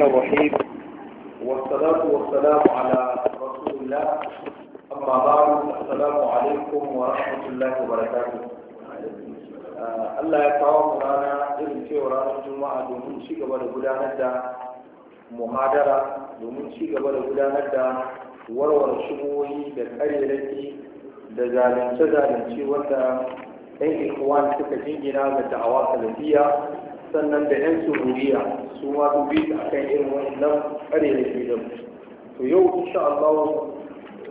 الرحيم والصلاة والسلام على رسول الله أما بعد السلام عليكم ورحمة الله وبركاته Allah ya kawo mu rana irin cewa ranar Juma'a domin ci gaba da gudanar da muhadara domin ci gaba da gudanar da warware shigoyi da karyarki da zalunce-zalunce wanda ɗan ikuwan suka jingina da da'awa salafiya sannan da 'yan sururiya su ma dubi a kan irin wannan kare da ke yau to yau insha Allah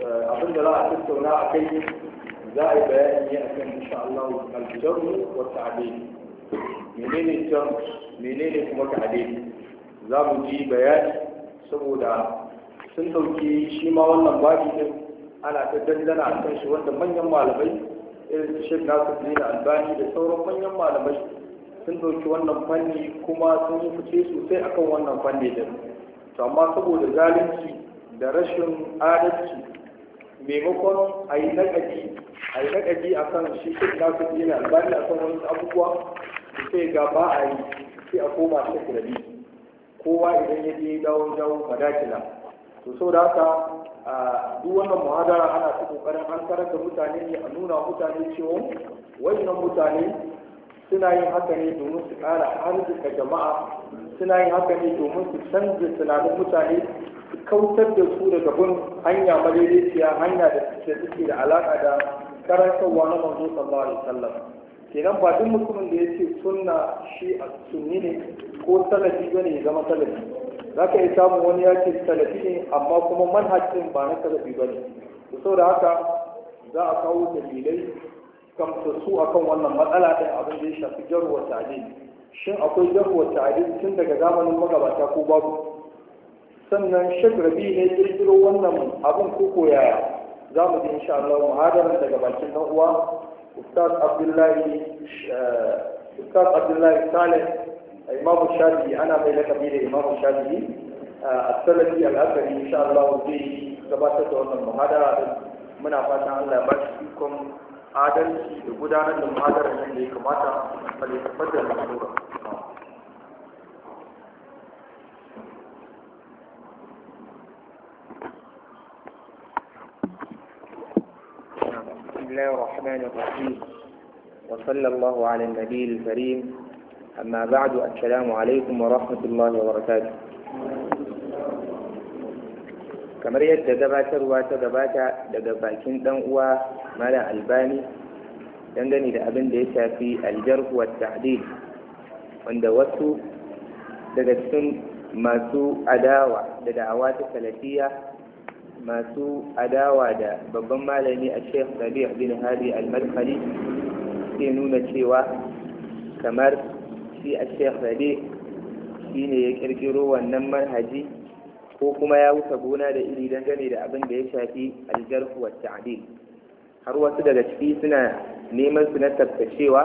eh, abin da za a tattauna a kai za a yi bayani ne a kan insha Allah aljaru wa ta'adili menene jan menene kuma ta'adili za mu ji bayani saboda sun ɗauki shi ma wannan babi ɗin ana ta dandana a kan shi wanda manyan malamai irin na su shek nasu albani da sauran manyan malamai sun ɗauki wannan fanni kuma sun yi fice sosai akan wannan fanni din to amma saboda zalunci da rashin adalci maimakon a yi nagadi a yi nagadi a kan shi shi na su yi na albani a kan wani abubuwa sai ga ba a yi sai a koma shi kowa idan ya je dawo dawo madakila to saboda haka duk wannan muhadara ana ta kokarin an karanta mutane ne a nuna mutane cewa wannan mutane suna yin haka ne domin su ƙara arzika jama'a suna yin haka ne domin su canza tunanin mutane su kautar da su daga bin hanya madaidaiciya hanya da suke da alaƙa da karantarwa na manzo sallallahu alaihi wasallam kenan ba duk mutumin da ya ce sunna shi a sunni ne ko salafi bane ya zama salafi za ka iya samun wani ya ce salafi ne amma kuma manhajin ba na salafi bane saboda haka za a kawo dalilai kamta a kan wannan matsala ɗin abin da ya shafi jarwa tare shin akwai jarwa tare tun daga zamanin magabata ko babu sannan shek rabi ne ƙirƙiro wannan abin ko koyaya za mu ji insha Allah muhadarar daga bakin dan uwa Ustaz Abdullahi eh, Ustaz Abdullahi Saleh Imam Shafi'i ana mai lakabi da Imam Shafi'i السلفي الأثري إن شاء الله zai gabatar da wannan muhadara muna fatan Allah ya ba shi ikon adalci da gudanar da muhadarar nan da ya kamata a littafar da lalura بسم الله الرحمن الرحيم وصلى الله على النبي الكريم أما بعد السلام عليكم ورحمة الله وبركاته kamar yadda gabatarwa ta gabata daga bakin dan uwa malam albani dangane da abin da ya shafi aljar wa ta'dil wanda wasu daga cikin masu adawa da da'awa ta salafiya masu adawa da babban malami a sheikh rabi' bin hari al-madkhali ke nuna cewa kamar shi a sheikh rabi' shine ya kirkiro wannan manhaji ko kuma ya wuce gona da iri dangane da abin da ya shafi aljarhu wa ta'dil har wasu daga ciki suna neman su na tabbacewa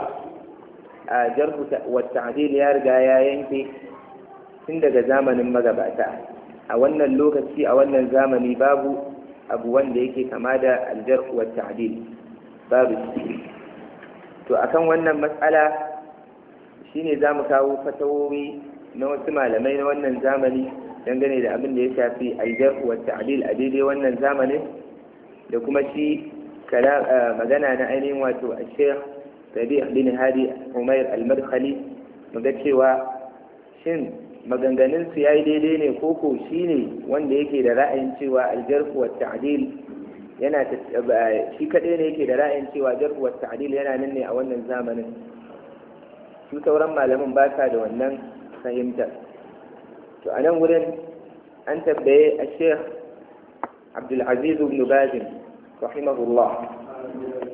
a jarhu wa ta'dil ya riga ya yanke tun daga zamanin magabata a wannan lokaci a wannan zamani babu abu wanda yake kama da aljarhu wa ta'dil babu to akan wannan matsala shine zamu kawo fatawowi na wasu malamai na wannan zamani dangane da abin da ya shafi aljar wa ta'dil a daidai wannan zamanin da kuma shi eh, magana na ainihin wato a sheikh tabi bin hadi umair al-madkhali muga cewa shin maganganun su yayi daidai ne ko ko shine wanda yake da ra'ayin cewa aljar wa ta'dil yana eh, shi kadai ne yake da ra'ayin cewa aljar wa ta'dil yana nan ne a wannan zamanin su sauran malamin ba sa da wannan fahimtar to a nan wurin an tabbaye a sheikh abdulaziz ibn baz rahimahullah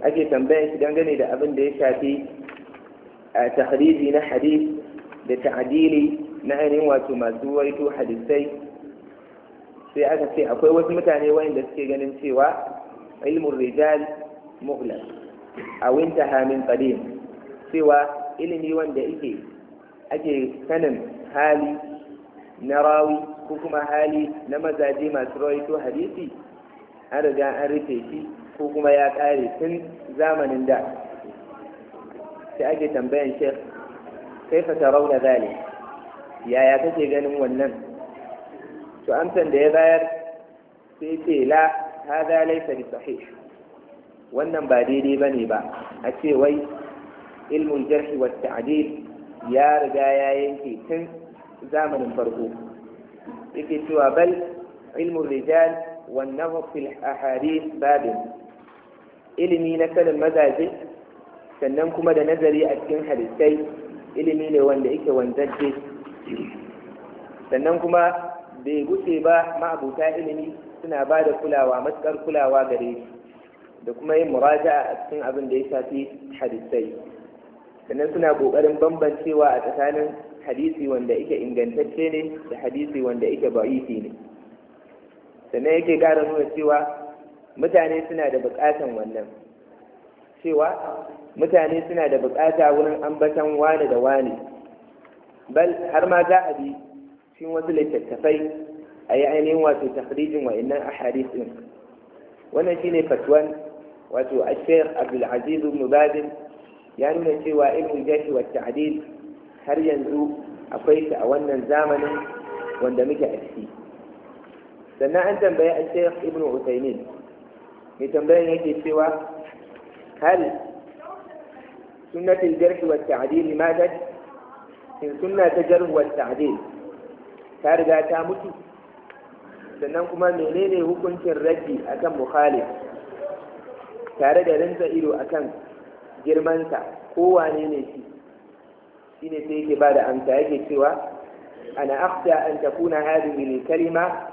ake tambaye shi dangane da abin da ya shafi a tahriji na hadis da ta'adili na ainihin wato masu waito hadisai sai aka ce akwai wasu mutane wayanda suke ganin cewa ilmin rijal muhlal a winta hamin qadim cewa ilimi wanda yake ake sanin hali na rawi ko kuma hali na mazaje masu rawaito hadisi an riga an rufe shi ko kuma ya ƙare tun zamanin da sai ake tambayan shek kai fata rauna zali yaya kake ganin wannan to amsan da ya bayar sai ce la hada laysa bi sahih wannan ba daidai ne ba a ce wai ilmin jarh wa ta'dil ya riga ya yanke tun zamanin farko yake cewa bal ilmu rijal wannan fil ahari babin ilimi na sanin mazaje sannan kuma da nazari a cikin halittai ilimi ne wanda yake wanzarce sannan kuma bai guce ba ma'abuta ilimi suna ba da kulawa matukar kulawa gare shi da kuma yin muraja a cikin abin da ya shafi hadisai sannan suna ƙoƙarin bambancewa a tsakanin hadisi wanda yake ingantacce ne da hadisi wanda yake ba'ifi ne sannan yake ƙara nuna cewa mutane suna da buƙatan wannan cewa mutane suna da buƙata wurin ambatan wane da wane bal har ma za a bi cikin wasu littattafai a yi ainihin wato tafrijin innan a hadisin wannan shine fatwan wato ashir abdulaziz ibn ya nuna cewa ilmul jashi wa ta'dil har yanzu akwai ta a wannan zamanin wanda muke a ciki sannan an tambaya a ibnu ibn usaimin mai tambayan yake cewa hal sunnatul jarh wa ta'dil ma da in sunna ta jarh wa ta'dil ta riga ta mutu sannan kuma menene hukuncin raji akan mukhalif tare da rinza ido akan girmansa ko wane ne shi ne sai yake da amsa yake cewa ana akhsha an takuna hadhihi kalima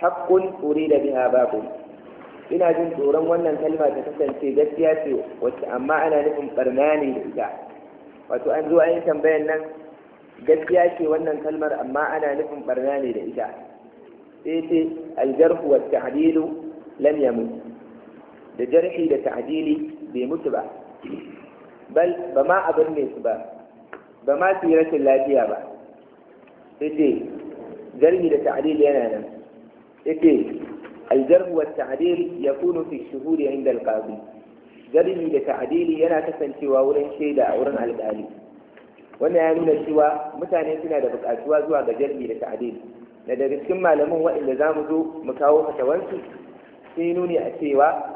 haqqun urida biha batil ina jin tsoron wannan kalma ta kasance gaskiya ce wacce amma ana nufin barna ne da ita wato an zo an yi tambayar nan gaskiya ce wannan kalmar amma ana nufin barna ne da ita sai ce aljarhu wa ta'dilu lam yamut da jarhi da ta'dili bai mutu ba bal ba ma abin ne su ba ba ma su rashin lafiya ba yace jarhi da ta'dil yana nan yace ta'dil yakunu fi shuhuri inda al-qadi jarhi da ta'dil yana kasancewa wurin shaida a wurin al-qadi wannan ya nuna cewa mutane suna da buƙatuwa zuwa ga jarhi da ta'adili da daga cikin malaman waɗanda za mu zo mu kawo fatawansu sun nuni a cewa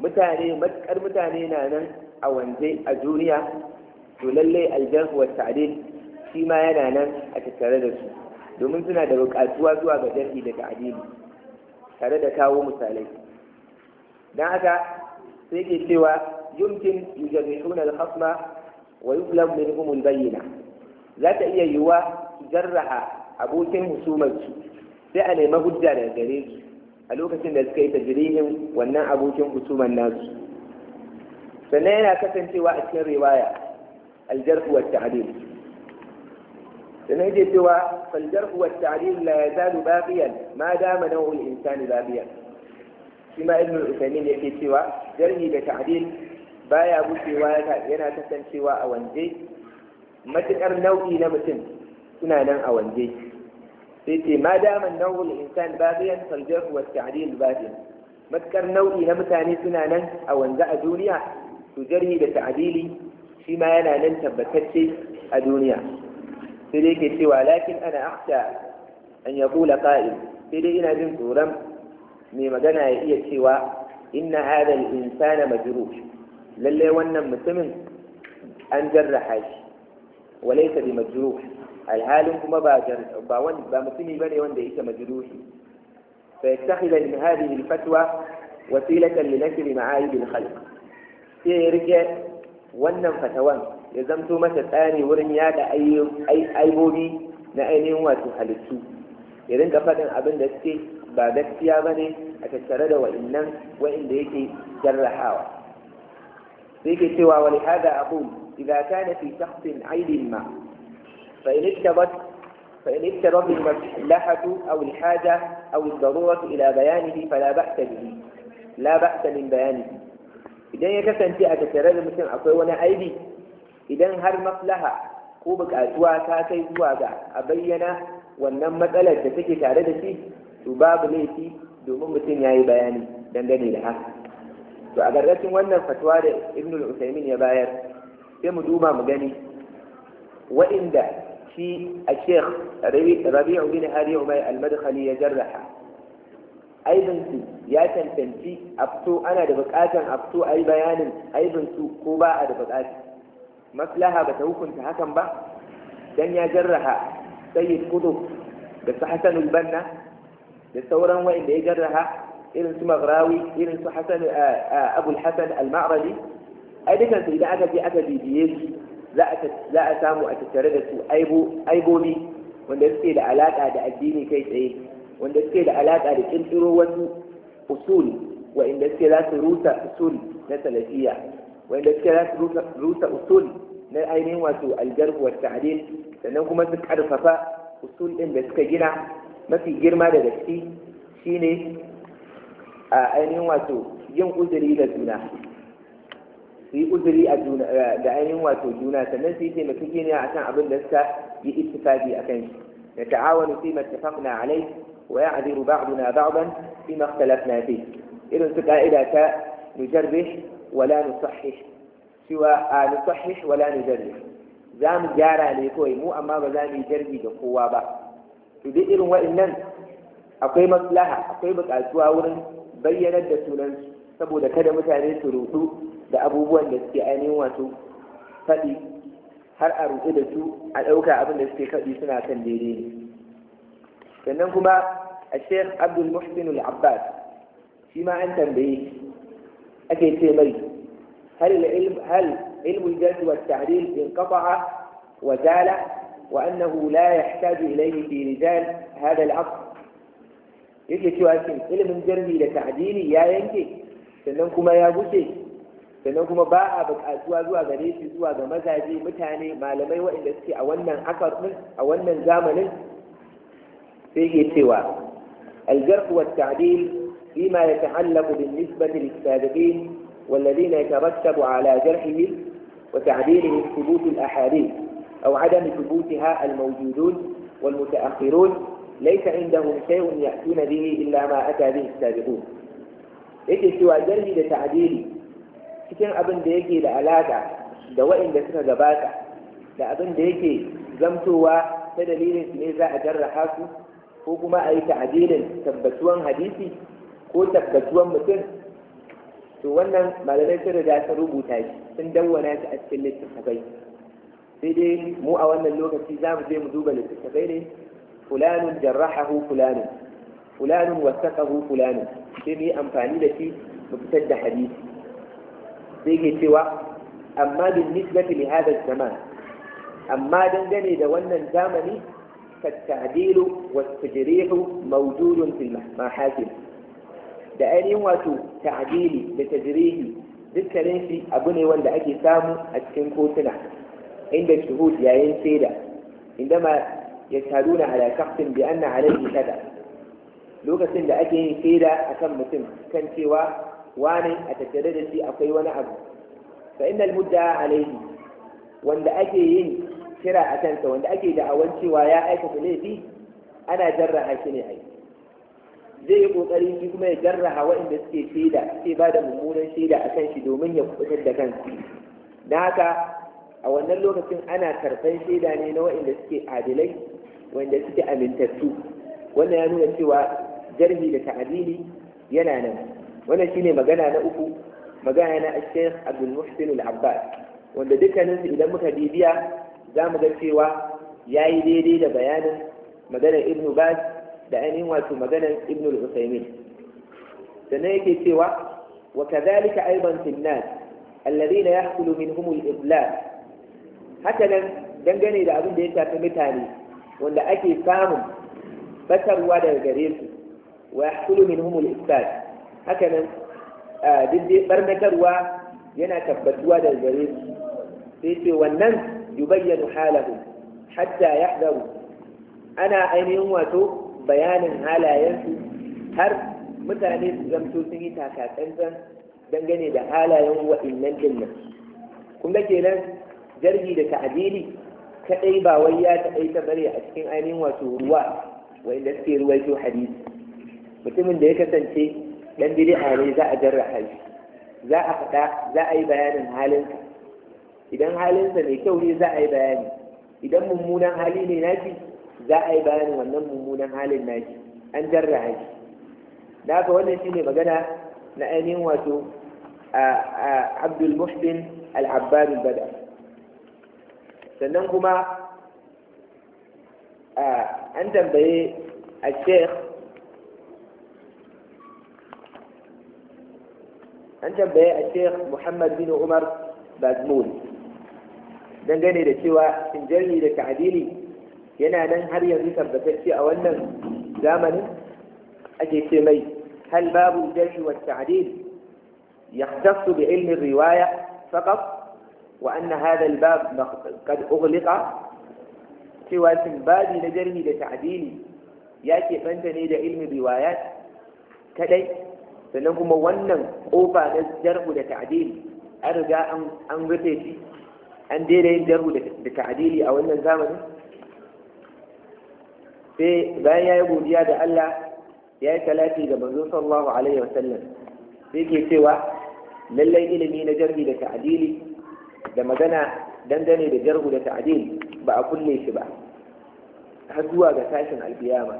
mutane matuƙar mutane na nan a wanzai a duniya to lallai aljarh wa ta'dil shi ma yana nan a tattare da su domin suna da buƙatuwa zuwa ga jarhi da ta'dili tare da kawo misalai dan haka sai ke cewa yumkin yujarrihuna al-khasma wa yuflam minhum al-bayyina za ta iya yiwa jarraha abokin husumarsu sai a nemi hujja da gare su a lokacin da suka yi tajirihin wannan abokin husumar nasu sannan yana kasancewa a cikin riwaya الجرح والتعديل سنجد سوى فالجرح والتعديل لا يزال باقيا ما دام نوع الإنسان باقيا فيما ابن العثيمين يكي سوى جرحي بتعديل بايا بوشيوا ينا تسن سوى أونجي matuƙar nau'i na mutum suna nan a wanje sai ce ma daman nau'ul insan babiyan faljar wa ta'dil babiyan matuƙar nau'i na mutane suna nan a wanje a duniya to da ta'dili shi ma yana nan tabbatacce a duniya sai dai ke cewa lakin ana akta an ya kula ƙa'il sai dai ina jin tsoron mai magana ya iya cewa inna hada insana majruh lalle wannan mutumin an jarraha shi walaysa bi majruh alhalin kuma ba ba wani ba mutumi bane wanda yake majruhi fa yattakhidha min hadhihi alfatwa wasilatan li nakri ma'ayib alkhalq sai ya rike wannan fatawan ya zamto masa tsari wurin yada aibobi na ainihin wato halittu ya rinka faɗin abin da suke ba gaskiya ba ne a tattare da wa'innan wa'inda yake jarrahawa sai ke cewa wani hada abu idza kana fi shakhsin aibin ma fa in ittabat fa in ittabat al-maslahatu aw al-haja aw al-daruratu ila bayanihi fala ba'sa bihi la ba'sa min bayanihi idan ya kasance a tattare da mutum akwai wani aibi idan har maslaha ko bukatuwa ta kai zuwa ga a bayyana wannan matsalar da take tare da shi to babu laifi domin mutum ya yi bayani dangane da haka to a gargashin wannan fatuwa da ibn al-usaimin ya bayar sai mu duba mu gani wa'inda shi a sheikh rabi'u bin hari umar al-madkhali ya jarraha aibinsu ya tantanci a ana da bukatan afto fito a yi bayanin aibinsu ko ba a da bukata maslaha ba ta hukunta hakan ba dan ya jarraha sayyid kudu da su hasanul banna da sauran wa'inda ya jarraha irin su magrawi irin su hasan abul hasan al-ma'radi ai su idan aka je aka bibiye su za a samu a tattare da su aibobi wanda suke da alaka da addini kai tsaye wanda suke da alaƙa da ƙirƙiro wasu usuli wa'inda suke za su rusa usuli na salafiya wa'inda suke za su rusa usuli na ainihin wato aljarhu wa ta'dil sannan kuma su karfafa usul ɗin da suka gina mafi girma da gaske shine a ainihin wato yin uzuri da juna su yi uzuri da ainihin wato juna sannan su yi taimakon gina a kan abin da suka yi ittifaqi a kan shi da ta'awanu fi mattafaqna alai ويعذر بعضنا بعضا فيما اختلفنا فيه إذن تقائدة نجرح ولا نصحح سوى آه نصحح ولا نجرح زام جارة لكوي مو أما بزام جرحي بقوة با تدئر وإنن akwai maslaha akwai bukatuwa wurin bayyanar da sunansu saboda kada mutane su ruɗu da abubuwan da suke ainihin wasu faɗi har a rutu da su a ɗauka abin da suke faɗi suna kan daidai sannan kuma a sheikh abdul muhsin al shi ma an tambaye ake ce mai hal ilmin hal ilm al-jarh wa at-ta'dil inqata'a wa zala wa annahu la yahtaju ilayhi fi rijal hada cewa shin ilimin jarhi da ta'dili ya yanke sannan kuma ya wuce? sannan kuma ba a buƙatuwa zuwa gare shi zuwa ga mazaje mutane malamai waɗanda suke a wannan akar a wannan zamanin فيه سوى الجرح والتعديل فيما يتعلق بالنسبة للسابقين والذين يترتب على جرحه وتعديله ثبوت الأحاديث أو عدم ثبوتها الموجودون والمتأخرون ليس عندهم شيء يأتون به إلا ما أتى به السابقون yake سوى جرح لتعديل كتن أبن ديكي da دواء لسنة alaƙa لأبن ديكي زمتوا gabata إذا أجرحاكم ko kuma a yi ta'adilin tabbatuwan hadisi ko tabbatuwan mutum to wannan malamai sun riga sun rubuta shi sun dawwana shi a cikin littattafai sai dai mu a wannan lokaci za mu je mu duba littattafai ne fulanun jarrahahu fulanun fulanun wasaqahu fulanun sai mu yi amfani da shi mu fitar da hadisi sai ke cewa amma bin nisbati li hadha zaman amma dangane da wannan zamani فالتعديل والتجريح موجود في المحاكم da ainihin wato ta'adili da tajrihi dukkanin shi abu ne wanda ake samu a cikin kotuna inda shuhud yayin shaida indama na ala shakhsin bi anna alayhi kaza lokacin da ake yin shaida akan mutum kan cewa wani a tattare da shi akwai wani abu fa innal mudda alaihi? wanda ake yin kira a kansa wanda ake awan cewa ya aikata laifi ana jarraha shi ne ai zai yi kokarin shi kuma ya jarraha waɗanda suke shaida sai ba da mummunan shaida a kan shi domin ya kubutar da kansa Na haka a wannan lokacin ana karfan shaida ne na waɗanda suke adilai wanda suke amintattu wannan ya nuna cewa jarhi da ta'adili yana nan wannan shine magana na uku magana na Sheikh Abdul Muhsin Al-Abbas wanda dukkaninsu idan muka bibiya za mu ga cewa ya yi daidai da bayanin maganar ibn baz da ainihin wato maganar ibn al-usaimin sannan yake cewa wa kadhalika aidan fil nas ya yahsulu min humul iblal haka nan dangane da abin da ya shafi mutane wanda ake samun batarwa daga gare su wa yahsulu min humul ifsad haka nan duk barnatarwa yana tabbatuwa daga gare su sai ce wannan yubayyanu halahum hatta yahdaru ana ainihin wato bayanin halayensu har mutane su zamto sun yi takatsantsan dangane da halayen wa'innan dinnan kun kenan jargi da ta'adili kaɗai ba wai ya taƙaita bare a cikin ainihin wato ruwa wanda suke ruwaito hadisi mutumin da ya kasance dan bid'a ne za a jarraha shi za a faɗa za a yi bayanin halinsa idan halinsa mai kyau ne za a yi bayani idan mummunan hali ne naki za a yi bayani wannan mummunan halin naki an jarra shi da haka wannan shine magana na ainihin wato abdul muhsin al-abbad al-bada sannan kuma an tambaye a sheikh an tambaye a sheikh muhammad bin umar bazmul dangane da cewa shin da ta'adili yana nan har yanzu tabbatacce a wannan zamanin ake ce mai hal babu jarri wa ta'adili يختص بعلم الرواية فقط وأن هذا الباب قد أغلق سوى باب نجره لتعديله يأتي فانتني لعلم الروايات كدي sannan kuma wannan ƙofa na jarhu da ta'adili an riga an rufe shi an daina yin darbu da ta'adili a wannan zamanin sai bayan ya yi godiya da Allah ya yi talati ga manzo sallallahu alaihi wasallam sai ke cewa lallai ilimi na jarhi da ta'adili da magana dangane da jarhu da ta'adili ba a kulle shi ba har zuwa ga tashin alkiyama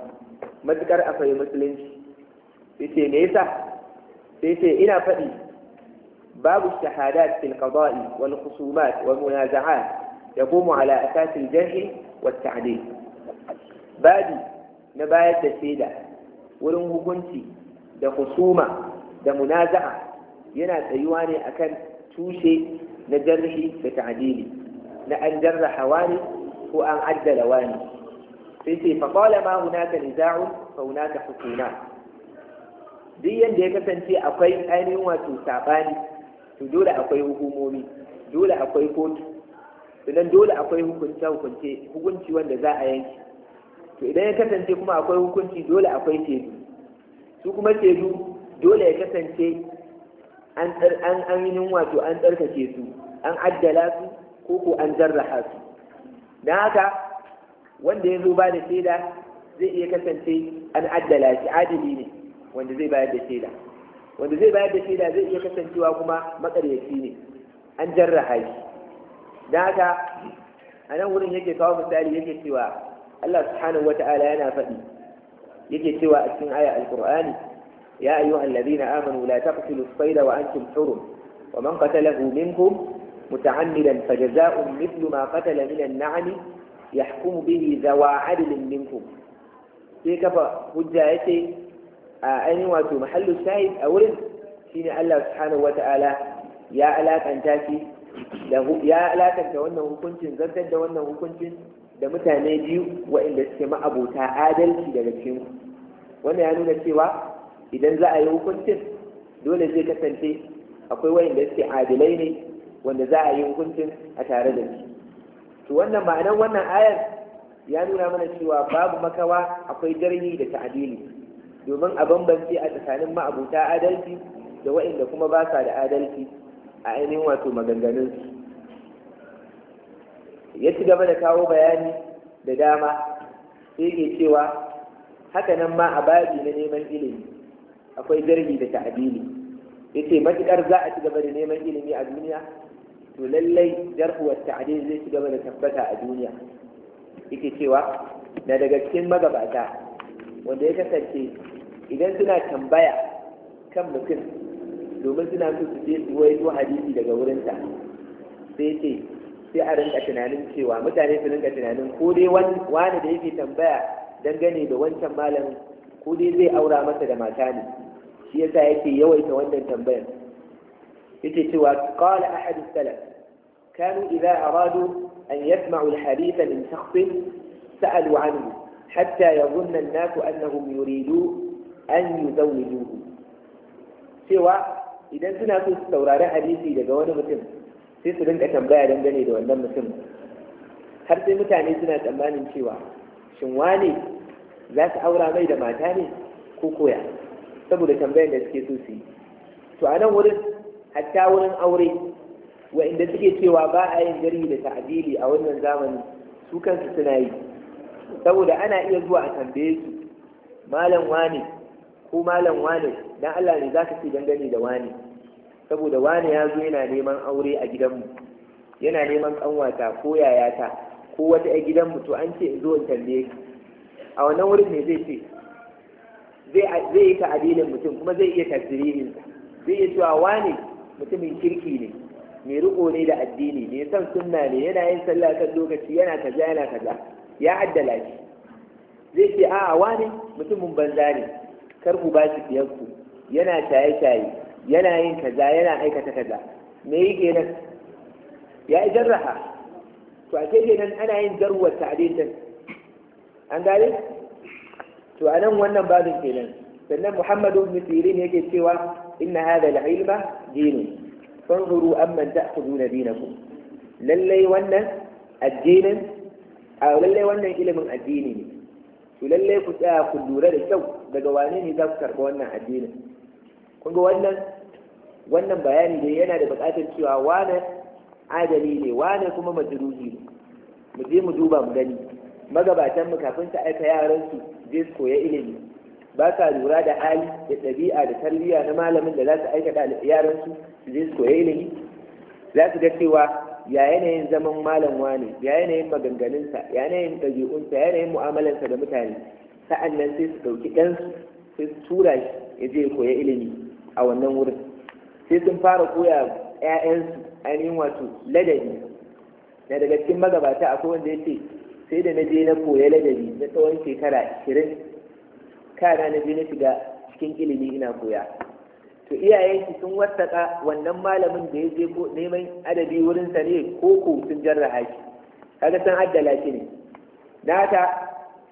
matukar akwai musulunci sai ce me yasa sai ce ina faɗi باب الشهادات في القضاء والخصومات والمنازعات يقوم على أساس الجرح والتعديل بادي نباية تسيدة ولن هكونتي da husuma da munaza'a yana tsayuwa ne akan tushe na jarhi da ta'adili na an jarraha wani ko an addala wani sai sai fa qala ma hunaka niza'u fa hunaka duk yadda ya kasance akwai ainihin wato sabani to dole akwai hukumomi dole akwai kotu sannan dole akwai hukunce hukunce hukunci wanda za a yanki to idan ya kasance kuma akwai hukunci dole akwai tebu, su kuma tebu, dole ya kasance an aminin wato an tsarkake su an addala su ko ko an jarraha su don haka wanda ya zo ba da shaida zai iya kasance an addala shi adili ne wanda zai bayar da shaida wanda zai bayar da shaida zai iya kasancewa kuma makaryaci ne an jarraha shi don haka a nan wurin yake kawo misali yake cewa Allah subhanahu wa ta'ala yana faɗi yake cewa a cikin aya alqur'ani ya ayyuha alladhina amanu la taqtulu as-sayda wa antum hurum wa man qatalahu minkum muta'ammidan fajaza'un mithlu ma qatala min an-na'am yahkumu bihi dhawa minkum sai kafa hujja yace a ainihin wato mahallu shahid a wurin shine Allah subhanahu wata'ala ya alakanta shi ya alakanta wannan hukuncin zartar wannan hukuncin da mutane biyu waɗanda suke ma'abota adalci daga cikin wannan ya nuna cewa idan za a yi hukuncin dole zai kasance akwai waɗanda suke adilai ne wanda za a yi hukuncin a tare da shi to wannan ma'anar wannan ayar ya nuna mana cewa babu makawa akwai jarhi da ta'adili domin a bambance a tsakanin ma'abuta adalci da waɗanda kuma ba sa da adalci a ainihin wato su ya ci gaba da kawo bayani da dama sai ke cewa hakanan ma a babi na neman ilimi akwai zargi da ta'adili ya ce matuƙar za a ci gaba da neman ilimi a duniya to lallai jarhuwar ta'adili zai ci gaba da tabbata a duniya yake cewa na daga cikin magabata wanda ya kasance idan suna tambaya kan mutum domin suna so su je wai zuwa hadisi daga wurinsa sai ce sai a rinka tunanin cewa mutane su rinka tunanin ko dai wani da yake tambaya dangane da wancan malam ko dai zai aura masa da mata ne shi yasa yake yawaita wannan tambayar yace cewa qala ahadu salaf kanu idza aradu an yasma'u al-haditha min shakhs sa'alu anhu hatta yadhunna an-nasu annahum yuridu an yi zaune zawujuhu cewa idan suna so su saurari hadisi daga wani mutum sai su rinka tambaya dangane da wannan mutum har sai mutane suna tsammanin cewa shin wane za su aura mai da mata ne ko koya saboda tambayar da suke so su yi to a nan wurin hatta wurin aure wa'inda suke cewa ba a yin jari da ta'adili a wannan zamani su kansu suna yi saboda ana iya zuwa a tambaye su malam wane ko malam wane dan Allah ne zaka ce dangane da wane saboda wane ya zo yana neman aure a gidanmu yana neman kanwata ko yayata ko wata a gidanmu to an ce in zo in tambaye ka a wannan wurin ne zai ce zai yi ka adilin mutum kuma zai iya tasirin zai iya cewa wane mutumin kirki ne mai riko ne da addini ne san sunna ne yana yin sallah kan lokaci yana kaza yana kaza ya addala shi zai ce a'a wane mutumin banza ne kar ku ba shi ku yana shaye-shaye yana yin kaza yana aikata kaza me yi kenan ya yi jarraha to a ke kenan ana yin jarwar ta'adidin an gane to a nan wannan babin kenan sannan muhammadu ibn sirin yake cewa inna hadha al-ilma dinu fanzuru amman ta'khuduna dinakum lallai wannan addinin a lallai wannan ilimin addini ne to lalle ku tsaya ku lura da kyau daga wane ne za ku karɓi wannan addinin kun ga wannan wannan bayani dai yana da buƙatar cewa wane adali ne wane kuma majruhi ne mu je mu duba mu gani magabatan mu kafin su aika yaran su je su koya ilimi ba sa lura da hali da ɗabi'a da tarbiyya na malamin da za su aika yaran su su je su koya ilimi za su ga cewa ya yanayin zaman malam wani ya yanayin maganganunsa ya yanayin ɗabi'unsa ya yanayin mu'amalarsa da mutane sa'an nan sai su ɗauki ɗansu sai su tura shi ya je koya ilimi a wannan wurin sai sun fara koya ‘ya'yansu ainihin wato ladabi na daga cikin magabata akwai wanda ya ce sai da na je na koya ladabi na tsawon shekara ashirin kana na je na shiga cikin ilimi ina koya to iyayen shi sun wattaka wannan malamin da ya je ko neman adabi wurin sa ne ko ko sun jarraha shi kaga san addala shi ne da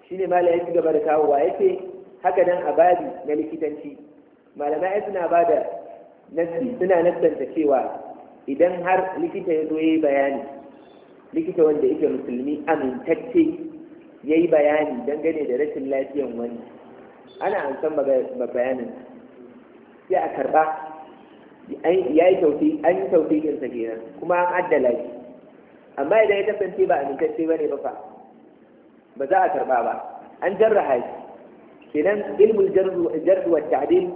shine malamin ya ci gaba da kawowa yace haka nan a babi na likitanci malamai suna ba da nasi suna nasanta cewa idan har likita ya zo ya yi bayani likita wanda yake musulmi amintacce ya yi bayani dangane da rashin lafiyan wani ana an san bayanin يا كربا يا أي توتي أي توتي كن سكينا كم عم أما إذا أنت بنتي بقى من كتبي بني بفا بزا كربا بقى أن جر هاي كلام علم الجر الجر والتعديل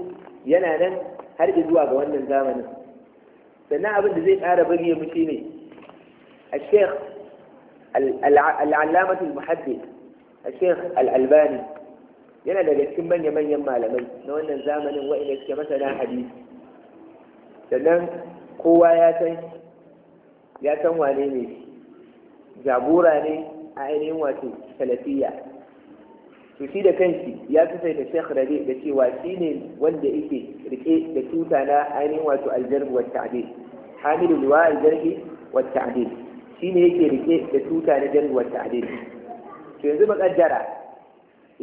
ينال هل جدوا جوان من زمان سنا أبن زيد عرب مشيني الشيخ العلامة المحدث الشيخ الألباني yana daga cikin manya-manyan malamai na wannan zamanin wa'inda suke masana hadisi sannan kowa ya san ya san wane ne jagora ne a ainihin wato salafiya to shi da kanshi ya sai da shekh rabi da cewa shi ne wanda yake rike da tuta na ainihin wato aljarbi wa ta'dil hamilu liwa aljarbi wa ta'dil shi ne yake rike da tuta na jarbi wa ta'dil to yanzu makaddara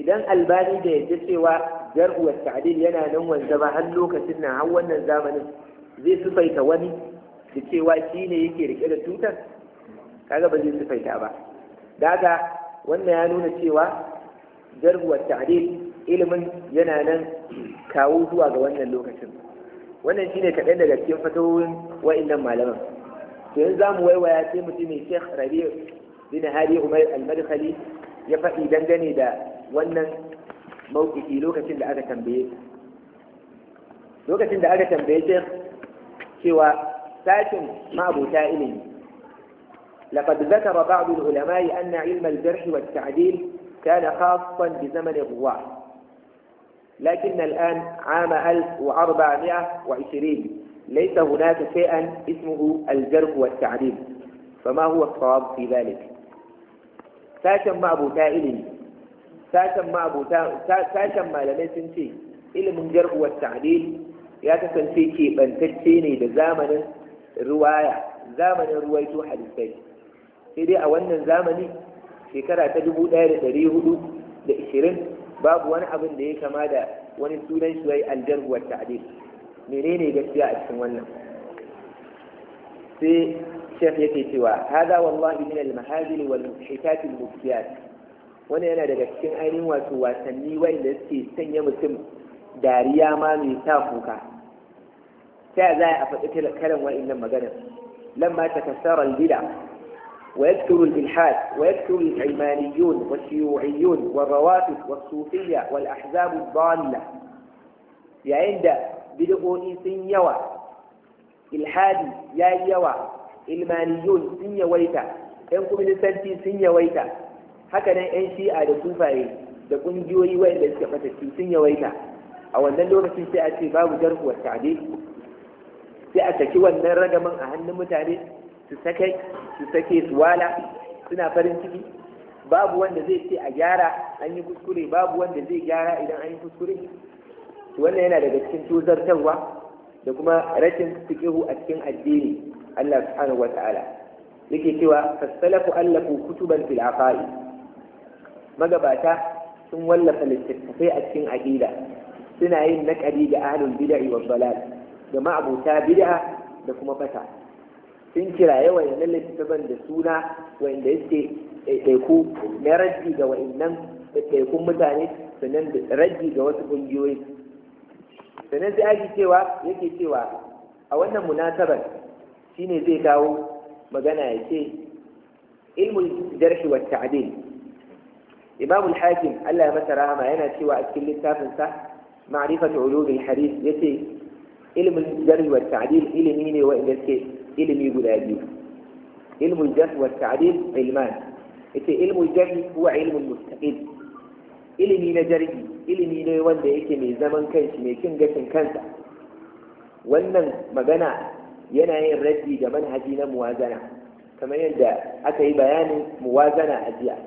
idan albani da yadda cewa jar'u wa ta'dil yana nan wanda ba har lokacin nan har wannan zamanin zai sufaita wani da cewa shi ne yake rike da tutar kaga ba zai sufaita ba daga wannan ya nuna cewa jar'u wa ta'dil ilimin yana nan kawo zuwa ga wannan lokacin wannan shine kaɗan daga cikin fatawoyin wa'annan malaman to yanzu zamu waiwaya sai mutum mai Sheikh Rabi' bin Hadi Umar al-Madkhali ya faɗi dangane da wannan mawkifi lokacin da aka tambaye lokacin da aka tambaye shi cewa sashin ma'abuta ilimi لقد ذكر بعض العلماء أن علم الجرح والتعديل كان خاصا بزمن الرواة لكن الآن عام 1420 ليس هناك شيئا اسمه الجرح والتعديل فما هو الصواب في ذلك ساشا ما أبو تائل sashen sashen malamai sun ce ilimin jar'uwar ta'dil ya kasance keɓantacce ne da zamanin ruwaya zamanin ruwaito hadisai sai dai a wannan zamani shekara ta dubu ɗaya da hudu da ishirin babu wani abin da ya kama da wani sunan shi wai aljarhuwar ta'adil menene gaskiya a cikin wannan sai ya yake cewa hada wallahi min al-mahajil wal muhtakat al-mufsiyat wani yana daga cikin ainihin wato wasanni wanda suke sanya mutum dariya ma mai sa kuka ta za a faɗi karin wa'innan maganar lamma ta kasara albida ويذكر الإلحاد ويذكر العلمانيون والشيوعيون والروافد والصوفية والأحزاب الضالة يعند بدؤون سن يوى إلحادي يا يوى علمانيون سن يويتا ينكم لسنتي سن يويتا haka nan yan shi'a da sufaye da ƙungiyoyi wayanda suke fatattu sun yawaita a wannan lokacin sai a ce babu jarhuwar ta'adi sai a saki wannan ragaman a hannun mutane su sake su sake su wala suna farin ciki babu wanda zai ce a gyara an yi kuskure babu wanda zai gyara idan an yi kuskure wannan yana daga cikin tozartarwa da kuma rashin fiqihu a cikin addini Allah subhanahu wata'ala yake cewa fasalafu allafu kutuban fil aqaid magabata sun wallafa littattafai a cikin aqida suna yin naƙari ga ahlul bid'i wa dalal da ma'abuta bid'a da kuma fata sun kiraye wayannan littattafan da suna wanda yake ɗaiɗaiku na raddi ga wayannan ɗaiɗaikun mutane sannan da raddi ga wasu ƙungiyoyi sannan sai ake cewa yake cewa a wannan munasabar shine zai kawo magana ya ce ilmul jarhi wa ta'dil imamul hakim Allah ya masa rahama yana cewa a cikin littafin sa ma'rifatu ulumil hadith yace ilmul jarh wa ta'dil ilimi ne wa inda ke ilimi guda biyu ilmul jarh wa ta'dil ilman yace ilmul jarh huwa ilmul mustaqil ilimi na jarhi ilimi ne wanda yake mai zaman kanshi mai cin gashin kansa wannan magana yana yin raddi da manhaji na muwazana kamar yadda aka yi bayanin muwazana a jiya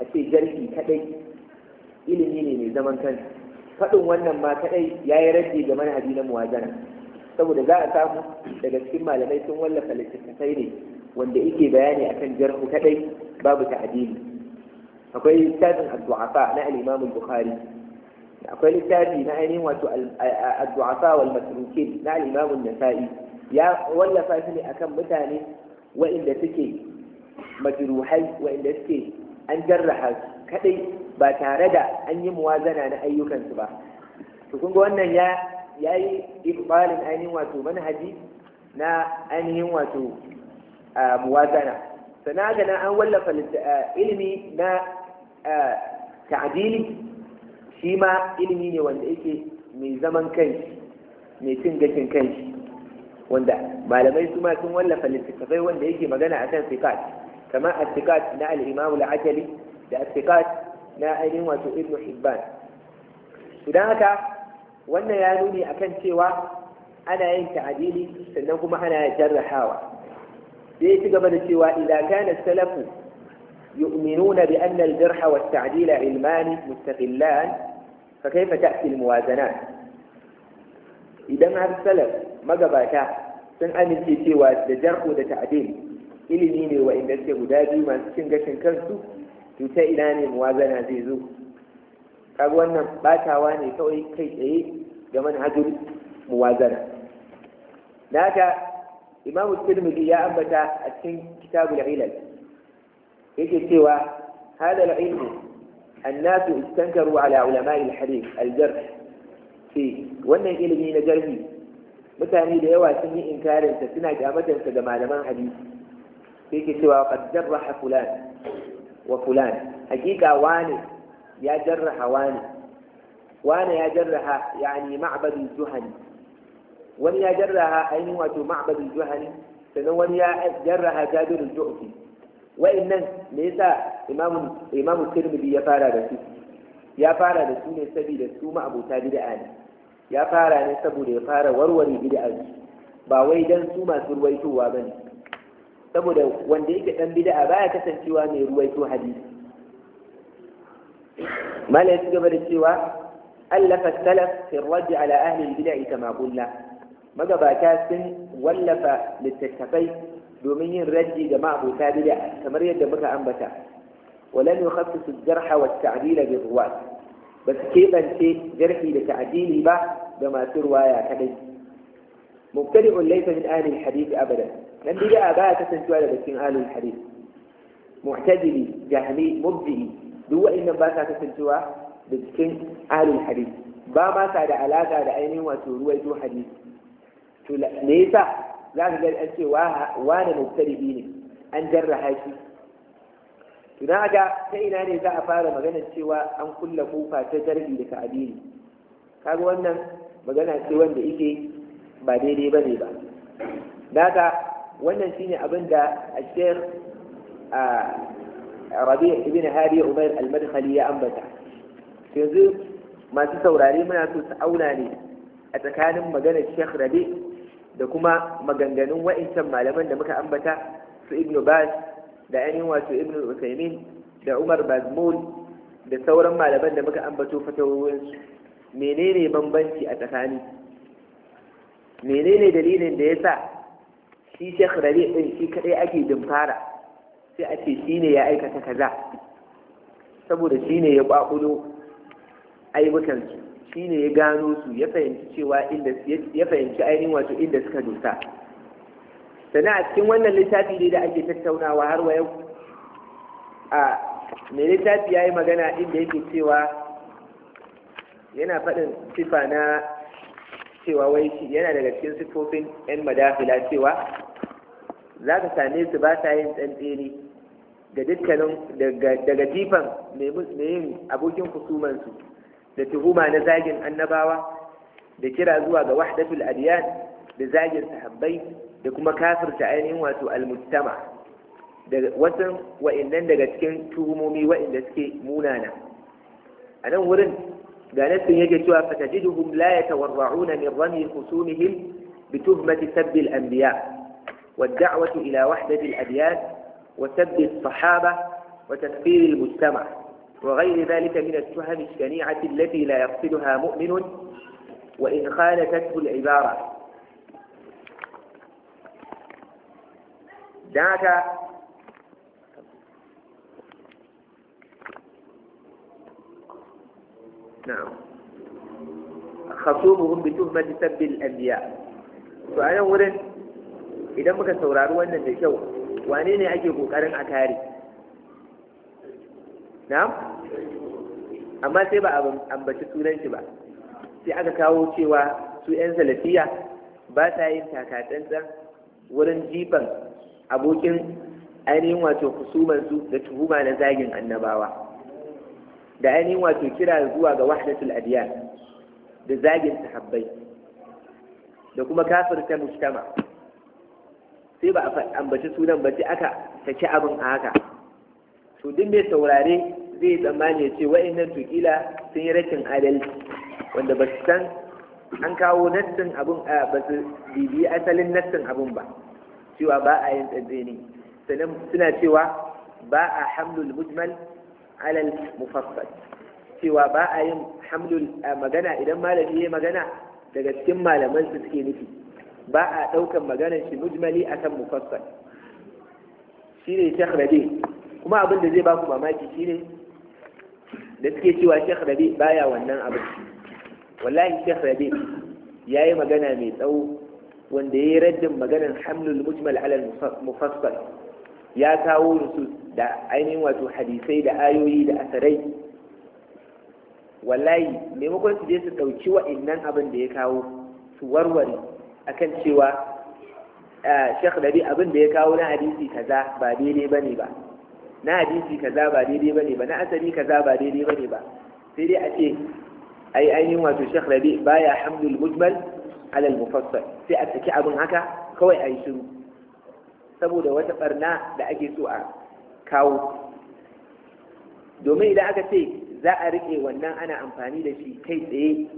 a ce jarhi kadai ilimi ne mai zaman kansa faɗin wannan ma kadai ya yi rage ga manhaji na muwazana saboda za a samu daga cikin malamai sun wallafa littattafai ne wanda yake bayani akan jarhu kadai babu ta'adili akwai littafin addu'afa na al-Imam al-Bukhari akwai littafi na ainihin wato addu'afa wal matrukin na al-Imam an-Nasa'i ya wallafa shi ne akan mutane wa'inda suke majruhai wa'inda suke an jarraha su kadai ba tare da an yi muwazana na ayyukansu ba to kun ga wannan ya yi iqbalin ainihin wato manhaji na ainihin wato muwazana sannan ga an wallafa ilimi na ta'adili? shi ma ilimi ne wanda yake mai zaman kanshi mai cin gashin kanshi wanda malamai su ma sun wallafa littattafai wanda yake magana a kan sifat kamar attikat na al-imam al-ajali da attikat na ainihin wato ibn hibban idan haka wannan ya nuni akan cewa ana yin ta'adili sannan kuma ana jarrahawa sai ya ci da cewa idan kana salafu يؤمنون بأن الجرح والتعديل علمان مستقلان فكيف تأتي الموازنات إذا هذا السلف ما قبلتها sun amince cewa da jar'u da ta'adil ilimi ne wa inda suke guda biyu masu cin gashin kansu to ta ina ne muwazana zai zo kaga wannan batawa ne kawai kai tsaye ga manhajul muwazana da imam tirmidhi ya ambata a cikin kitabul ilal yake cewa هذا العلم الناس استنكروا على علماء al الجرح في wannan ilimi na jarhi mutane da yawa sun yi inkarinsa suna kyamatarsa ga malaman hadisi sai ke cewa qad jarraha fulan wa fulan hakika wani ya jarraha wani wani ya jarraha yani ma'badul juhani wani ya jarraha ainihin wato ma'badul juhani sannan wani ya jarraha jabirul ju'fi wa'annan me yasa imamu imamu tirmidhi ya fara da su ya fara da su ne saboda su ma'abuta bid'a ne ya fara ne saboda ya fara warware bid'a ba wai dan su masu ruwaitowa bane saboda wanda yake dan bid'a baya kasancewa mai ruwaito hadisi mala ya gaba da cewa allafa salaf fi raji ala ahli bid'a kama qulna magabata sun wallafa littattafai domin yin raji ga ma'abota bid'a kamar yadda muka ambata ولم يخصص الجرح والتعديل بالرواة بس كيف أنت جرحي لتعديلي به بما تروى يا كدي مبتدئ ليس من أهل الحديث أبدا Nan bid'a ba kasancewa daga cikin ahlul hadith mu'tadili jahili mubdi duk wa'annan ba sa kasancewa da cikin ahlul hadith ba ma sa da alaka da ainihin wato ruwaito hadith to me yasa za ka ga an ce wane mubtadi ne an jarraha shi to dan haka ta ina ne za a fara magana cewa an kulla kufa ta jarbi da ta'abiri kaga wannan magana ce wanda yake ba daidai bane ba daga wannan shine abin da Sheikh Rabi' ibn Hadi Umar al-Madkhali ya ambata yanzu masu saurare muna so su auna ne a tsakanin maganar Sheikh Rabi' da kuma maganganun wa'incan malaman da muka ambata su Ibn Baz da ainihin wato Ibn Usaimin da Umar Bazmul da sauran malaman da muka ambato su menene bambanci a tsakani menene dalilin da ya sa shi shekh rari ɗin shi kaɗai ake fara, sai a ce shi ne ya aikata kaza saboda shi ne ya ƙwaƙulo ayyukansu shi ne ya gano su ya fahimci cewa inda ya fahimci ainihin wato inda suka dosa sana a cikin wannan littafi ne da ake tattaunawa har wa yau a mai littafi ya yi magana inda yake cewa yana faɗin sifa na cewa wai shi yana daga cikin siffofin 'yan madafila cewa za ka same su ba sa yin tsantseni ga dukkanin daga jifan mai yin abokin kusumansu da tuhuma na zagin annabawa da kira zuwa ga wahdatul adiyan da zagin sahabbai da kuma kafirta ainihin wato almujtama da wasan wa'annan daga cikin tuhumomi wa'anda suke munana a nan wurin ga nassin yake cewa fatajiduhum la yatawarra'una min rami khusumihim bi tuhmati sabbil anbiya' والدعوة إلى وحدة الأديان وسد الصحابة وتكفير المجتمع وغير ذلك من التهم الشنيعة التي لا يقصدها مؤمن وإن خالفته العبارة دعك نعم خصومهم بتهمة سب الأنبياء فأنا أولا idan muka saurari wannan da kyau wane ne ake kokarin a kare na'am amma sai ba a ambaci sunanci ba sai aka kawo cewa su 'yan salafiya ba sa yin takatsantsan wurin jifan abokin ainihin wato kusumansu da tuhuma na zagin annabawa da ainihin wato kira zuwa ga wahdatul adiyan da zagin sahabbai da kuma kafirta mujtama sai ba a ambaci sunan ba sai aka saki abin a haka to duk mai saurare zai tsammani ya ce wa'annan tukila sun yi rashin adalci wanda ba su san an kawo nassin abin a ba su bibiyi asalin nassin abin ba cewa ba a yin ne, sannan suna cewa ba a hamlul mujmal alal mufassal cewa ba a yin hamlul magana idan malami ya magana daga cikin malaman su suke nufi ba a ɗaukan maganar shi mujmali a kan mufassal ne Sheikh Rabi kuma abin da zai ba ku mamaki shine da suke cewa Sheikh Rabi baya wannan abin wallahi Sheikh Rabi yi magana mai tsawo wanda ya yi raddin maganar hamlul mujmal alal mufassal ya kawo nusus da ainihin wato hadisai da ayoyi da asarai wallahi maimakon su je su ɗauki wa'innan abin da ya kawo su warware akan cewa ah, Sheikh dabi abin da ya kawo na hadisi kaza ba daidai bane ba na hadisi kaza ba daidai bane ba na asali kaza ba daidai bane ba sai dai a ce ai ainihin wato Sheikh dabi baya hamdul mujmal ala al-mufassal sai a saki abin haka kawai a yi shiru saboda wata barna da ake so a kawo domin idan aka ce za a rike wannan ana amfani da shi kai tsaye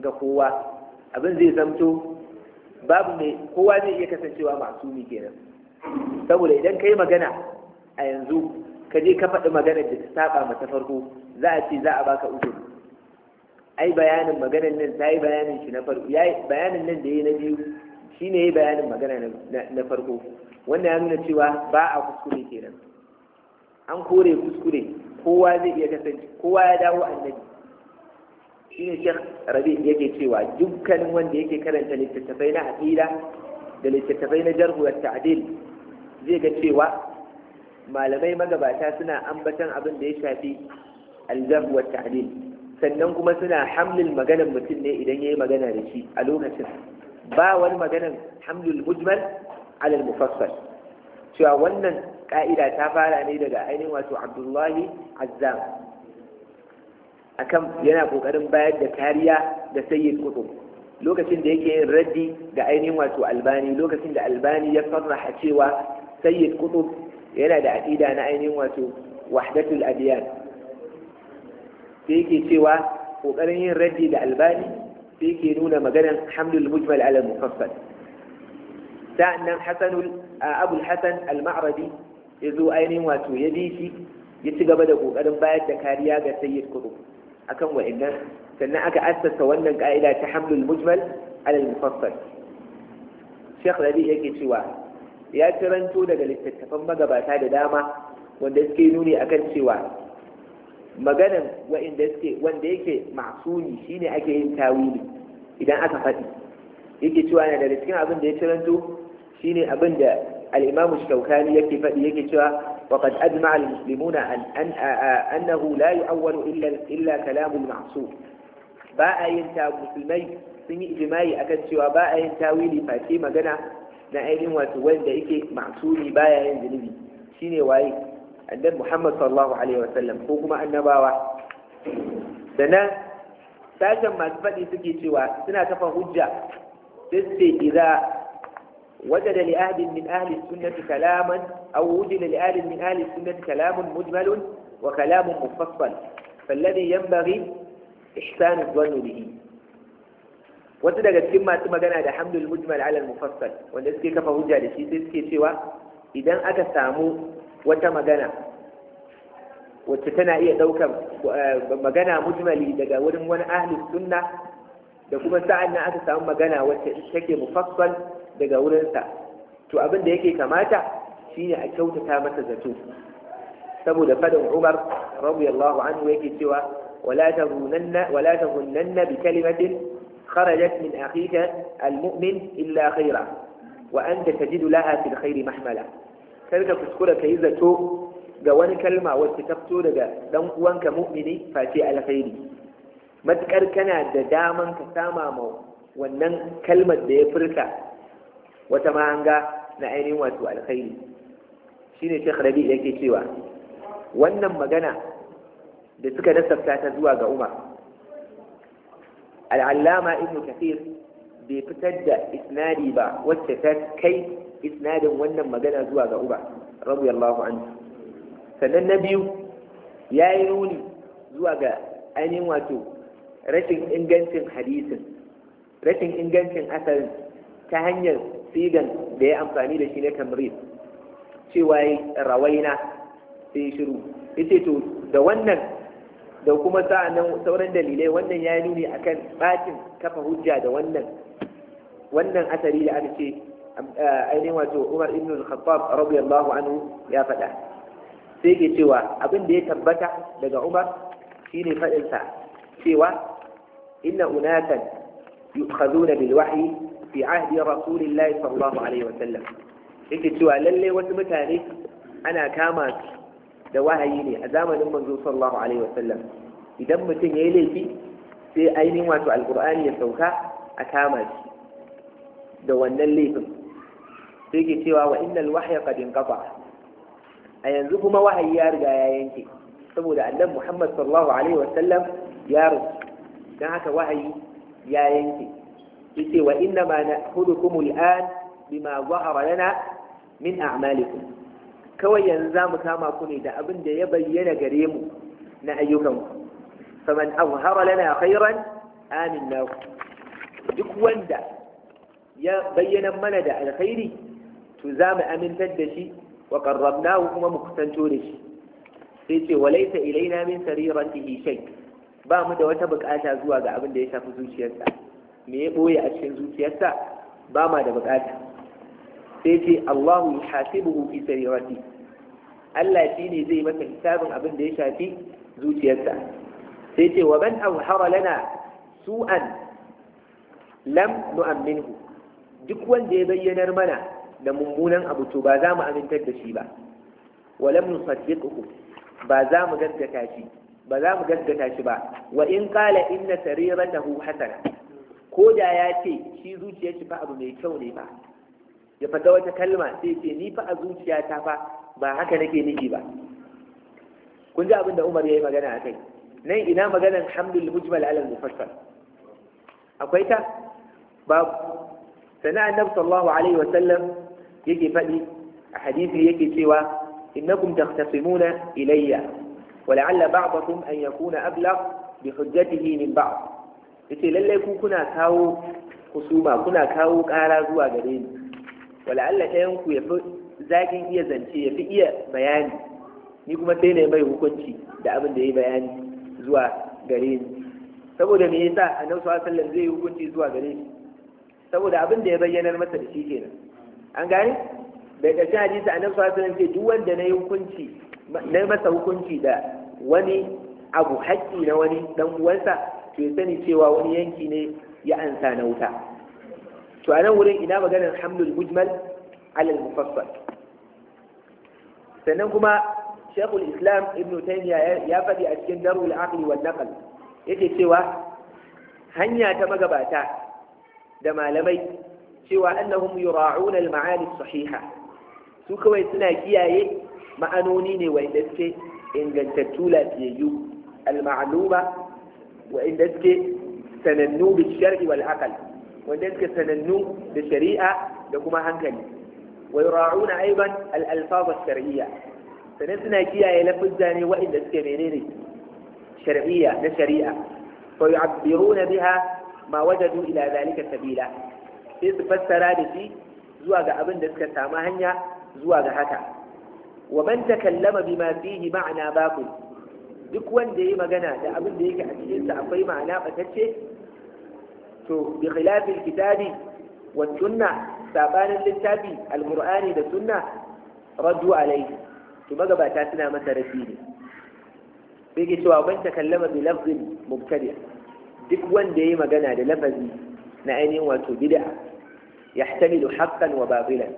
ga kowa abin zai zamto babu mai kowa zai iya kasancewa masumi kenan saboda idan ka yi magana a yanzu ka je ka faɗi magana da ta saba ma ta farko za a ce za a baka uzuri ai bayanin maganar nan ta yi bayanin shi na farko bayanin nan da ya na biyu shi ne ya yi bayanin magana na farko wannan ya nuna cewa ba a kuskure kenan an kore kuskure kowa zai iya kasance kowa ya dawo annabi shi ne rabi yake cewa dukkanin wanda yake karanta littattafai na aƙida da littattafai na jarhu da ta'dil zai ga cewa malamai magabata suna ambatan abin da ya shafi aljarhu wa ta'dil sannan kuma suna hamlin maganar mutum ne idan ya yi magana da shi a lokacin ba wani maganar hamlul mujmal alal mufassal cewa wannan ka'ida ta fara ne daga ainihin wato abdullahi azzam akan yana kokarin bayar da kariya da sayyid kutub lokacin da yake yin raddi ga ainihin wato albani lokacin da albani ya sarraha cewa sayyid kutub yana da aqida na ainihin wato wahdatul adiyan sai yake cewa kokarin yin raddi da albani sai yake nuna maganar hamdul mujmal ala mufassal sa'annan hasanul abul hasan al-ma'radi yazo ainihin wato ya bi shi ya ci gaba da kokarin bayar da kariya ga sayyid kutub akan wa'annan sannan aka assasa wannan ka'ida ta hamlul mujmal alal mufassal Sheikh Rabi yake cewa ya tiranto daga littattafan magabata da dama wanda suke nuni akan cewa maganan wa'inda suke wanda yake masuni shine ake yin tawili idan aka faɗi yake cewa na daga cikin abin da ya tiranto shine abin da al-Imam Shawkani yake faɗi yake cewa وقد أجمع المسلمون أن أن آه، أنه لا يؤول إلا إلا كلام المعصوم باء ينتاب المسلمي سن إجماع أكنت وباء ينتاوي لفاتي مجنى نائل وتوين ذلك معصومي باء ينزلني سن واي عند محمد صلى الله عليه وسلم حكم أن باوا سنة ما بدي سكي سوى سنة تفهجة تسي إذا وجد لأهل من أهل السنة كلاما أو وجد لأهل من أهل السنة كلام مجمل وكلام مفصل فالذي ينبغي إحسان الظن به wasu daga cikin masu magana da hamdul mujmal ala mufassal wanda suke kafa hujja da shi sai suke cewa idan aka samu wata magana wacce tana iya ɗaukar magana mujmali daga wurin wani ahlus sunna da kuma sa'an nan aka samu magana wacce take mufassal daga wurinsa to abin da yake kamata shine a kyautata masa zato saboda fadin Umar radiyallahu anhu yake cewa wala tahunanna wala tahunanna bi kalimatin kharajat min akhika almu'min illa khaira wa anta tajidu laha fil khairi mahmala karka kuskura kai zato ga wani kalma wacce ta fito daga dan uwanka mu'mini face alkhairi matukar kana da daman ka sama ma wannan kalmar da ya furta wata mahanga na ainihin wato alkhairi shine Sheikh Rabi yake cewa wannan magana da suka nasabta ta zuwa ga Umar al'allama ibn kafir bai fitar da isnadi ba wacce ta kai isnadin wannan magana zuwa ga uba radiyallahu anhu sannan na biyu ya yi nuni zuwa ga ainihin wato rashin ingancin hadisin rashin ingancin asalin ta hanyar sigan da ya amfani da shi na tamrid cewa rawaina sai shiru yace to da wannan da kuma sa'annan sauran dalilai wannan ya nuni akan bakin kafa hujja da wannan wannan asari da aka ce ainihin wato Umar ibn al-Khattab radiyallahu anhu ya faɗa sai ke cewa abin da ya tabbata daga Umar shine faɗinsa cewa inna unatan yu'khaduna bil wahyi fi ahdi rasulillahi sallallahu alaihi wa sallam yake cewa lalle wasu mutane ana kama su da wahayi ne a zamanin manzo sallallahu alaihi wasallam idan mutum yayi laifi sai ainihin wato alqur'ani ya sauka a kama shi da wannan laifin sai ke cewa wa innal wahya qad inqata a yanzu kuma wahayi ya riga ya yanke saboda annabi Muhammad sallallahu alaihi wa sallam ya rusu dan haka wahayi ya yanke yace wa inna ma na'khudhukum al'an bima zahara lana min a'malikum kawai yanzu za mu kama ku ne da abin da ya bayyana gare mu na ayyukanku faman azhara lana khairan aminna duk wanda ya bayyana mana da alkhairi to za mu amintar da shi wa qarrabnahu kuma mu kusanto da shi sai ce walaita ilaina min sariratihi shay ba mu da wata bukata zuwa ga abin da ya shafi zuciyarsa me ya ɓoye a cikin zuciyarsa ba ma da bukata sai ce Allahu yuhasibuhu fi sarirati Allah shi ne zai masa hisabin abin da ya shafi zuciyarsa sai ce wa an awhara lana su'an lam nu'amminhu duk wanda ya bayyanar mana da mummunan abu to ba za mu amintar da shi ba wa lam nusaddiquhu ba za mu gaggata shi ba za mu gaggata shi ba wa in qala inna sariratahu hasana ko da ya ce shi zuciya shi abu mai kyau ne ba ya fata wata kalma sai ce ni fa a zuciyata fa ba haka nake nufi ba kun ji abin da Umar yi magana a kai nan ina maganar hamdul mujmal ala mufassal akwai ta babu sana annabi sallallahu alaihi wa sallam yake faɗi a hadisi yake cewa innakum taqtasimuna ilayya ولعل an yakuna يكون bi بحجته من بعض yace lallai ku kuna kawo kusuma kuna kawo ƙara zuwa gare ni wala Allah ta yanku ya fi zagin iya zance ya fi iya bayani ni kuma sai na mai hukunci da abin da ya yi bayani zuwa gare ni saboda me yasa annabi sallallahu alaihi zai yi hukunci zuwa gare ni? saboda abin da ya bayyanar masa da shi kenan an gane da ƙarshen hadisi annabi sallallahu alaihi ce duk wanda na yi hukunci na masa hukunci da wani abu haƙƙi na wani dan uwansa to ya sani cewa wani yanki ne ya ansa na wuta to a nan wurin ina maganar hamlul mujmal alal mufassal sannan kuma shekul islam ibn taymiya ya faɗi a cikin darul aqli wal naql yake cewa hanya ta magabata da malamai cewa annahum yura'una al ma'ani sahiha su kawai suna kiyaye ma'anoni ne wanda suke ingantattu lafiyayyu al ma'luma wa'inda suke sanannu da shari'i wal akal wanda suke sanannu da shari'a da kuma hankali wa yura'una aiban al alfaz shar'iyya sannan suna kiyaye lafuzza ne wa'inda suke menene shar'iyya na shari'a fa yu'abbiruna biha ma wajadu ila zalika sabila sai su fassara da shi zuwa ga abin da suka samu hanya zuwa ga haka wa man takallama bima fihi ma'ana batil duk wanda ya yi magana da abin da yake a cikinsa akwai ma'ana batacce to bi khilafil kitabi wa sunna sabanin littafi alqur'ani da sunna raddu alaihi to magabata suna masa rafi ne sai ke cewa ban takallama bi lafzin mubtadi duk wanda ya yi magana da lafazi na ainihin wato bid'a yahtamilu haqqan wa batilan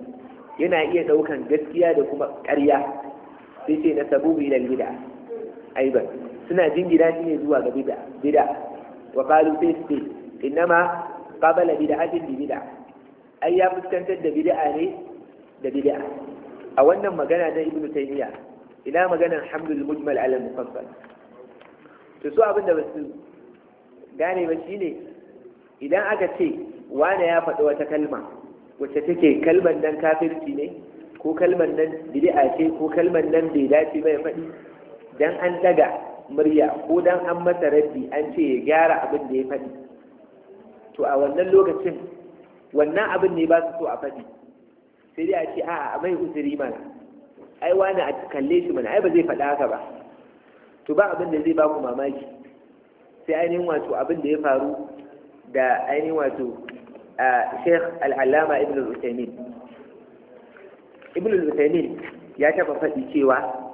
yana iya daukan gaskiya da kuma ƙarya sai ce na sabubi ila bid'a aiban suna jingina shi ne zuwa ga bid'a bid'a wa qalu sai su ce innama qabala bid'atin bi bid'a ai ya fuskantar da bid'a ne da bid'a a wannan magana da ibnu taymiya ina magana hamdul mujmal ala mufassal to so abinda ba su gane ba shine idan aka ce wane ya faɗi wata kalma wacce take kalmar nan kafirci ne ko kalmar nan bid'a ce ko kalmar nan bai dace ba ya faɗi dan an daga murya ko dan an masa rabbi an ce ya gyara abin da ya faɗi to a wannan lokacin wannan abin ne ba su so a faɗi sai dai a ce a'a mai uzuri mana ai wani a kalle shi mana ai ba zai faɗa haka ba to ba abin da zai ba ku mamaki sai ainihin wato abin da ya faru da ainihin wato Sheikh Al-Allama Ibn Al-Utaimin Ibn Al-Utaimin ya taba faɗi cewa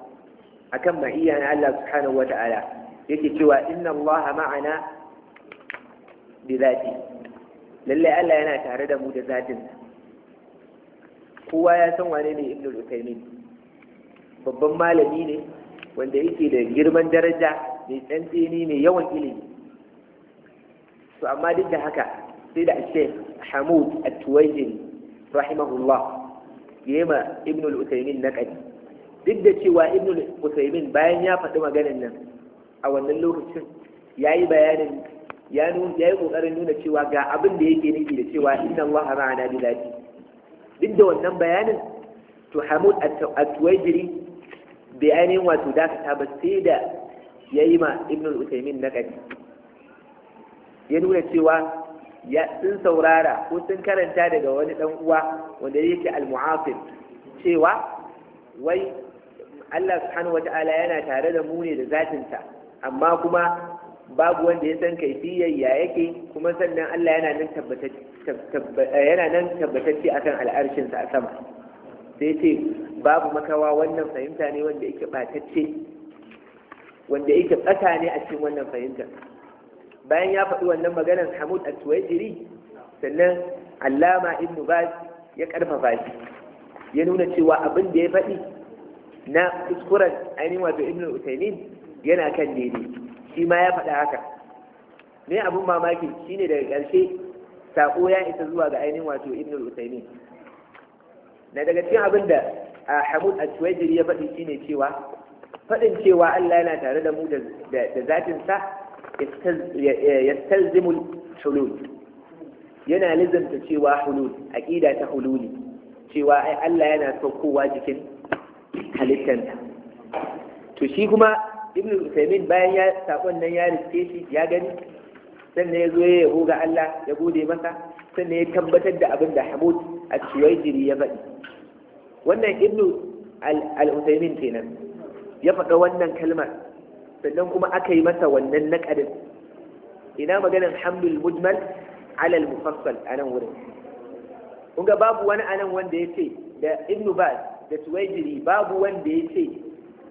akan ma'iyya na Allah subhanahu wata'ala yake cewa inna Allah ma'ana bi zati lalle Allah yana tare da mu da zatin kowa ya san wane ne Ibn al babban malami ne wanda yake da girman daraja mai tsantseni mai yawan ilimi to amma duk da haka sai da Sheikh Hamud At-Tuwaijin rahimahullah yema Ibn al-Utaymin duk da cewa ibnu bayan ya faɗi maganan nan a wannan lokacin ya yi bayanin ya yi ƙoƙarin nuna cewa ga abin da yake nufi da cewa inna allaha ma'ana bi zati duk da wannan bayanin to hamud at-tuwaijiri bai ainihin wato dakata ba sai da ya yi ma ibn na naƙadi ya nuna cewa ya sun saurara ko sun karanta daga wani dan uwa wanda yake al-mu'afir cewa wai Allah subhanahu wata'ala yana tare da mu ne da zatinsa amma kuma babu wanda ya san kaifiyar ya yake kuma sannan Allah yana nan yana nan tabbatacce akan al'arshinsa a sama sai ce babu makawa wannan fahimta ne wanda yake batacce wanda yake tsaka ne a cikin wannan fahimtar bayan ya faɗi wannan maganar Hamud at-Tuwaijiri sannan Allama Ibn Baz ya karfafa shi ya nuna cewa abin da ya faɗi na kuskuren ainihin wato ibn usaimin yana kan daidai shi ma ya faɗa haka ne abin mamaki shine daga ƙarshe Sako ya isa zuwa ga ainihin wato ibn usaimin na daga cikin abin da hamud a ya faɗi shine cewa faɗin cewa Allah yana tare da mu da zatinsa yastalzimul hulul yana lizanta cewa hulul ƙida ta hululi cewa ai Allah yana saukowa jikin halittanta to shi kuma ibn usaimin bayan ya sakon nan ya riske shi ya gani sannan ya zo ya yabo ga Allah ya gode masa sannan ya tabbatar da abin da Hamud a Suwaijiri ya faɗi wannan ibn al-usaimin kenan ya faɗa wannan kalmar sannan kuma aka yi masa wannan naƙarin ina maganin hamdul mujmal alal mufassal a nan wurin kun ga babu wani anan wanda ya ce da ibnu baz da tuwaijiri babu wanda ya ce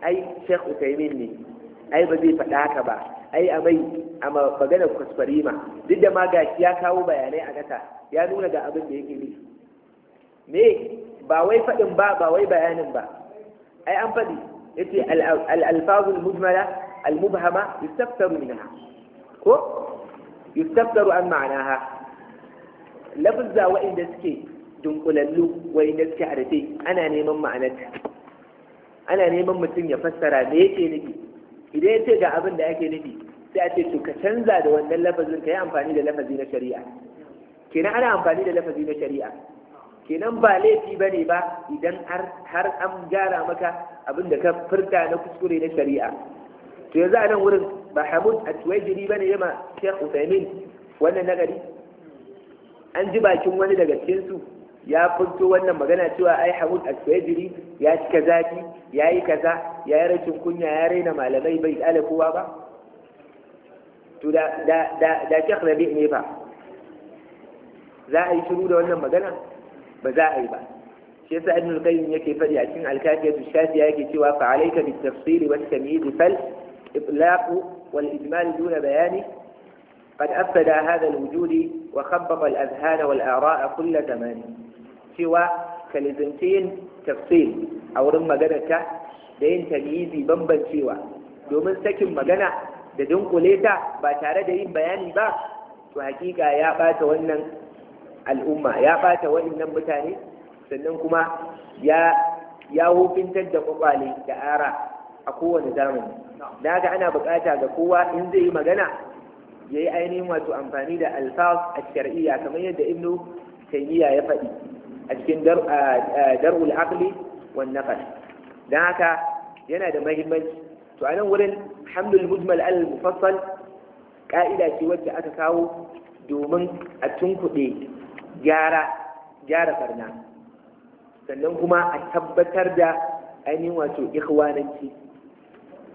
ai shekh utaimin ne ai ba zai faɗa haka ba ai a mai a maganar kuskurima duk da magashi ya kawo bayanai a gata ya nuna ga abin da yake nufi me ba wai faɗin ba ba wai bayanin ba ai an faɗi yace al-alfazul mujmala al-mubhama yustaftaru minha ko yustaftaru an ma'anaha lafza inda suke dunkulallu wai gaske a dace ana neman ma'anarta ana neman mutum ya fassara me yake nufi idan ya ce ga abin da ake nufi sai a ce to ka canza da wannan lafazin ka yi amfani da lafazi na shari'a kenan ana amfani da lafazi na shari'a kenan ba laifi ba ne ba idan har an gyara maka abin da ka furta na kuskure na shari'a to yanzu a nan wurin ba hamud a tuwajiri ba ne yama shekh usaimin wannan nagari an ji bakin wani daga cikinsu ya kunto wannan magana cewa ai hamud al-fajiri ya cika zaki ya yi kaza ya yi rashin kunya ya raina malamai bai tsale kowa ba to da da da da shekh rabi ne ba za a yi shiru da wannan magana ba za a yi ba shi yasa ibn al-qayyim yake fadi a cikin al-kafiyatu shafiya yake cewa fa alayka bit tafsir wa tamyiz fal itlaq wal ijmal dun bayani قد أفسد هذا الوجود وخبط الأذهان والآراء كل زمان cewa kalizance yin tafsir a wurin maganarta da yin tamizi bambancewa domin sakin magana da dunkule ta ba tare da yin bayani ba to hakika ya bata wannan al'umma ya bata waɗannan mutane sannan kuma ya ya hukuntar da kwakwale da ara a kowane zamani da haka ana bukata ga kowa in zai yi magana ya yi ainihin wato amfani da alfaz a shari'a kamar yadda ibnu tayyiya ya faɗi a cikin dar'ul aqli wan naqal dan haka yana da muhimmanci to anan wurin hamdul mujmal al mufassal ka'ida ce wacce aka kawo domin a tunkuɗe gyara gyara farna sannan kuma a tabbatar da ainihin wato ikhwananci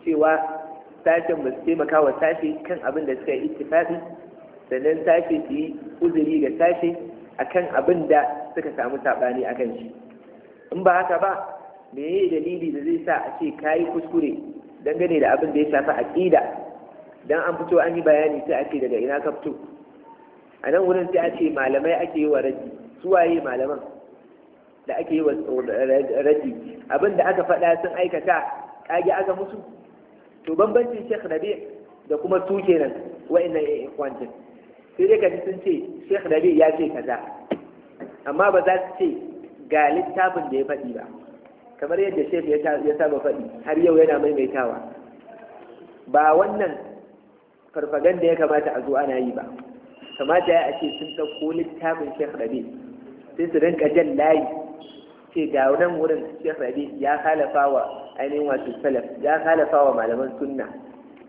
cewa sashen ba su taimaka wa sashe kan abin da suka yi ittifaqi sannan sashe su yi uzuri ga sashe akan abin da suka samu saɓani kan shi in ba haka ba me yi dalili da zai sa a ce kayi kuskure dangane da abin da ya shafi aƙida dan an fito an yi bayani sai ake daga ina ka fito a nan wurin sai a ce malamai ake yi wa raji suwaye malaman da ake yi wa raji abin da aka faɗa sun aikata kage aka musu to bambancin shekh rabi da kuma su kenan wa'annan ya sai dai kaji sun ce Sheikh Rabi ya ce kaza amma ba za su ce ga littafin da ya faɗi ba kamar yadda Sheikh ya saba faɗi har yau yana maimaitawa ba wannan da ya kamata a zo ana yi ba kamata ya ce sun ɗauko littafin Sheikh Rabi sai su rinka jan layi ce ga nan wurin Sheikh Rabi ya halafa wa ainihin wasu salaf ya halafa wa malaman sunna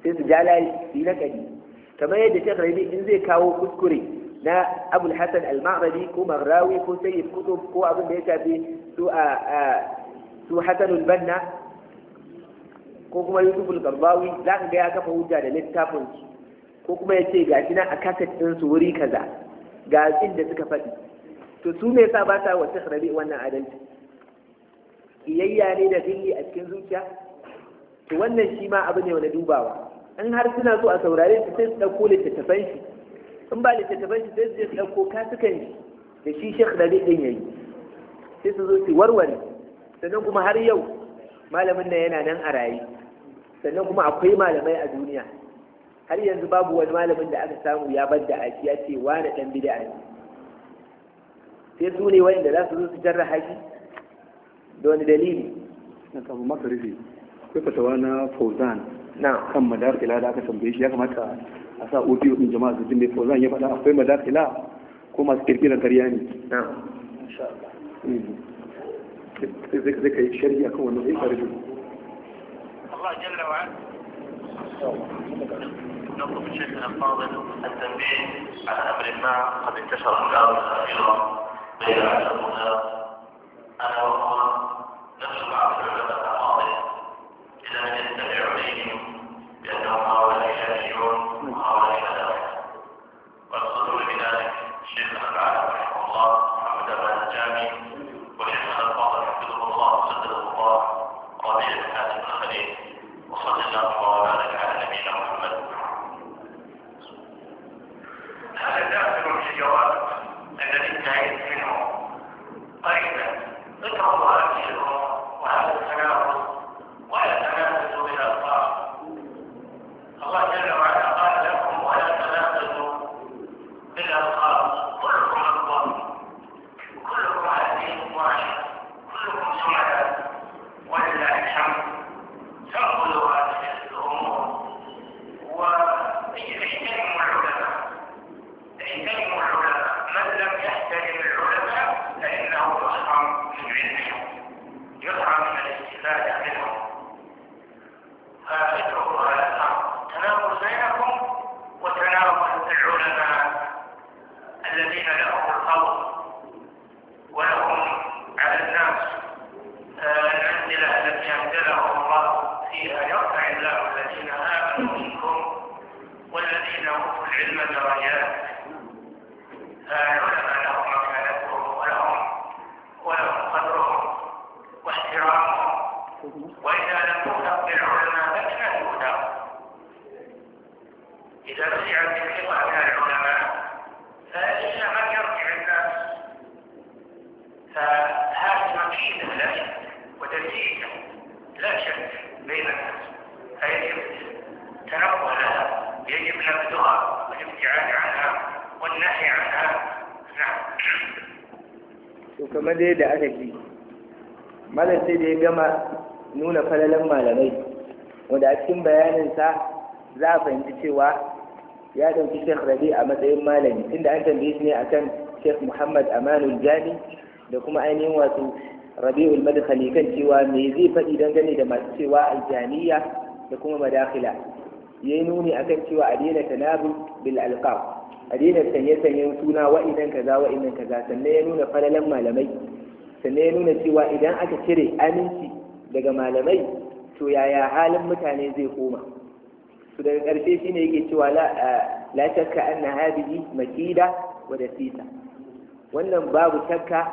sai su ja layi su yi kamar yadda shekar rabi in zai kawo kuskure na abul hasan al-ma'radi ko Marawi, ko sayyid kutub ko abin da ya shafi su a su banna ko kuma yusuf al-qardawi za ka ga ya kafa hujja da littafin ko kuma ya ce ga shi na a kaset ɗin su wuri kaza ga inda suka faɗi to su me yasa ba sa wa shekar rabi wannan adalci iyayya ne da dilli a cikin zuciya to wannan shi ma abu ne wani dubawa in har suna so a saurare shi sai su ɗauko littattafan shi in ba littattafan shi sai su yi su ɗauko kasukan shi da shi shek da ɗin ya yi sai su zo su warware sannan kuma har yau malamin nan yana nan a raye sannan kuma akwai malamai a duniya har yanzu babu wani malamin da aka samu ya bar da aki ya ce wani ɗan bida ne sai su ne wanda za su zo su jarra haji da wani dalili na samu maka rufe kuka tawa na fauzan kan madar ila da aka tambaye shi ya kamata a sa audio din jama'a su jinde ko zan yi faɗa akwai madar ila ko masu kirkirar karya ne zai ka yi shari'a akan wannan zai karfi الله جل وعلا نطلب شيخنا الفاضل التنبيه على امر ما قد انتشر الان كثيرا بين العلماء انا وهو نفس بعض العلماء Obrigado. gama nuna falalan malamai wanda a cikin bayaninsa za a fahimci cewa ya ɗauki Sheikh Rabi a matsayin malami tunda an tambaye shi ne akan Sheikh Muhammad Amanul Jami da kuma ainihin wato Rabi'ul Madkhali kan cewa me zai faɗi dangane da masu cewa aljaniya da kuma madakhila yi nuni akan cewa a daina tanabu bil alqab a daina sanye-sanyen suna wa'idan kaza wa'idan kaza sannan ya nuna falalan malamai sannan ya nuna cewa idan aka cire aminci daga malamai to yaya halin mutane zai koma su daga ƙarshe ne yake cewa la shakka na hadhihi makida wa sita wannan babu shakka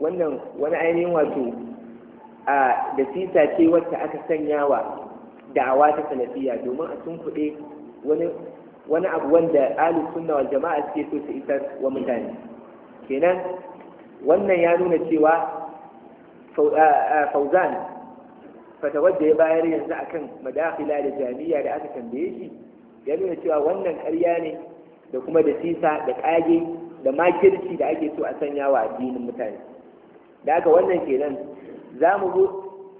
wannan wani ainihin wato a sita ce wacce aka sanya wa da'awa ta salafiya domin a kuɗe wani wani abu wanda ahlus sunna wal jama'a suke so su isar wa mutane kenan wannan ya nuna cewa fauzan fatawar da ya bayar yanzu akan madafila da jami'a da aka tambaye shi ya nuna cewa wannan karya ne da kuma da sisa da ƙage da makirci da ake so a sanya wa addinin mutane da aka wannan kenan za mu zo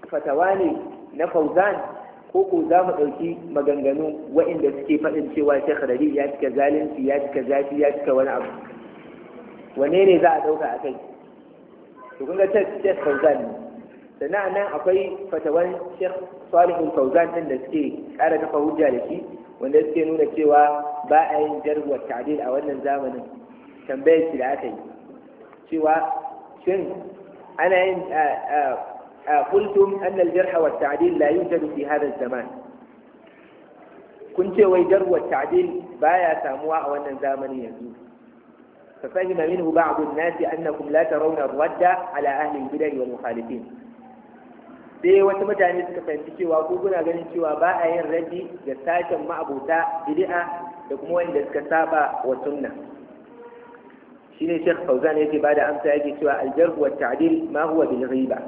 fatawa ne na fauzan ko ko za mu ɗauki maganganu waɗanda suke faɗin cewa shekh ya cika zalunci ya cika zafi ya cika wani abu wane ne za a ɗauka a kai to kun ga Sheikh Fauzan ne sannan nan akwai fatawan Sheikh Salihul Fauzan din da suke ƙara kafa hujja da shi wanda suke nuna cewa ba a yin jarwar ta'dil a wannan zamanin tambayar shi da aka yi cewa shin ana yin annal أن الجرح والتعديل لا يوجد في هذا zaman? kun ce wai jarwar ta'dil baya samuwa a wannan zamanin yanzu ففهم منه بعض الناس أنكم لا ترون الرد على أهل البدع والمخالفين sai wata mutane suka fahimci cewa ko kuna ganin cewa ba a yin raddi ga sashen ma'abuta bid'a da kuma wanda suka saba wa sunna shine Sheikh Fauzan yake bada amsa yake cewa al-jarh wa ta'dil ma huwa bil ghiba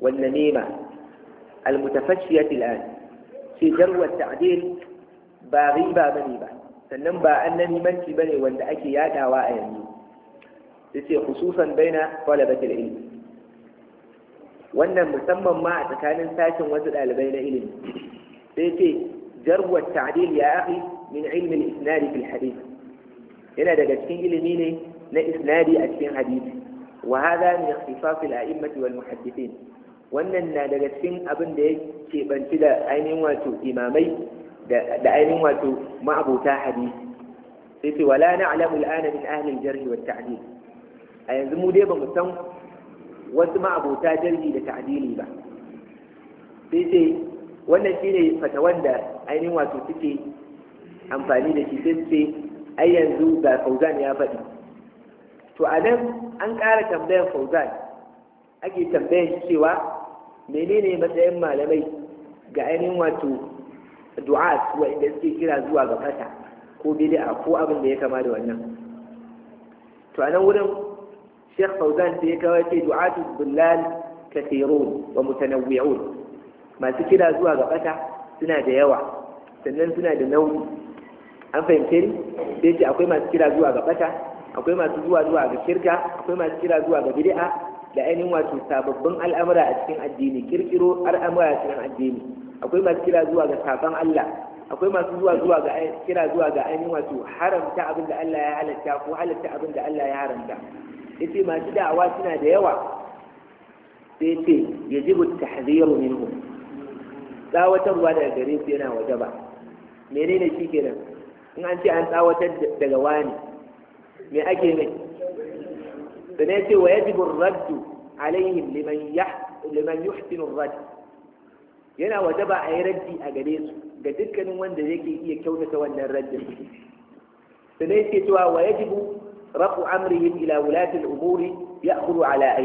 wal namima al mutafashiyat al-an shi jarh wa ta'dil ba ghiba bane ba sannan ba annamimanci bane wanda ake yadawa a yanzu yace khususan baina talabatil ilm wannan musamman ma a tsakanin sashin wasu ɗalibai na ilimi sai ce jarwa ta'dil ya akhi min ilmi al-isnad fil hadith yana daga cikin ilimi ne na isnadi a cikin hadisi wa hadha min ikhtisas al-a'immati wal muhaddithin wannan na daga cikin abin da ya keɓanci da ainihin wato imamai da ainihin wato ma'abuta hadisi sai ce wala alamu al'ana min ahlin jarhi wa ta'dil a yanzu mu dai ba mu san wasu ma'abuta jarhi da ta'dili ba sai ce wannan shine fatawan da ainihin wato suke amfani da shi sai ce ai yanzu ga Fauzan ya faɗi to a nan an ƙara tambayar Fauzan ake tambayar shi cewa menene matsayin malamai ga ainihin wato du'at wa'inda suke kira zuwa ga fata ko bid'a ko abin da ya kama da wannan to a nan wurin Sheikh Fauzan sai ya kawo ce du'atu billal kathirun wa mutanawwi'un masu kira zuwa ga fata suna da yawa sannan suna da nauyi an fahimce ni sai ce akwai masu kira zuwa ga fata akwai masu zuwa zuwa ga shirka akwai masu kira zuwa ga bid'a da ainihin wato sababbin al'amura a cikin addini kirkiro al'amura a cikin addini akwai masu kira zuwa ga saban Allah akwai masu zuwa zuwa ga kira zuwa ga ainihin wato haramta abin da Allah ya halatta ko halatta abin da Allah ya haramta yace masu da'awa suna da yawa sai yace yajibu tahziru minhu tsawatarwa daga gare su yana wajaba menene shi kenan in an ce an tsawatar daga wani me ake mai sannan ce wa yajibu raddu alaihim liman yana wajaba a yi raddi a gare su ga dukkanin wanda yake iya kyautata wannan raddi sannan yake cewa wa yajibu rafu amrihim ila wulati al-umuri ya'khudhu ala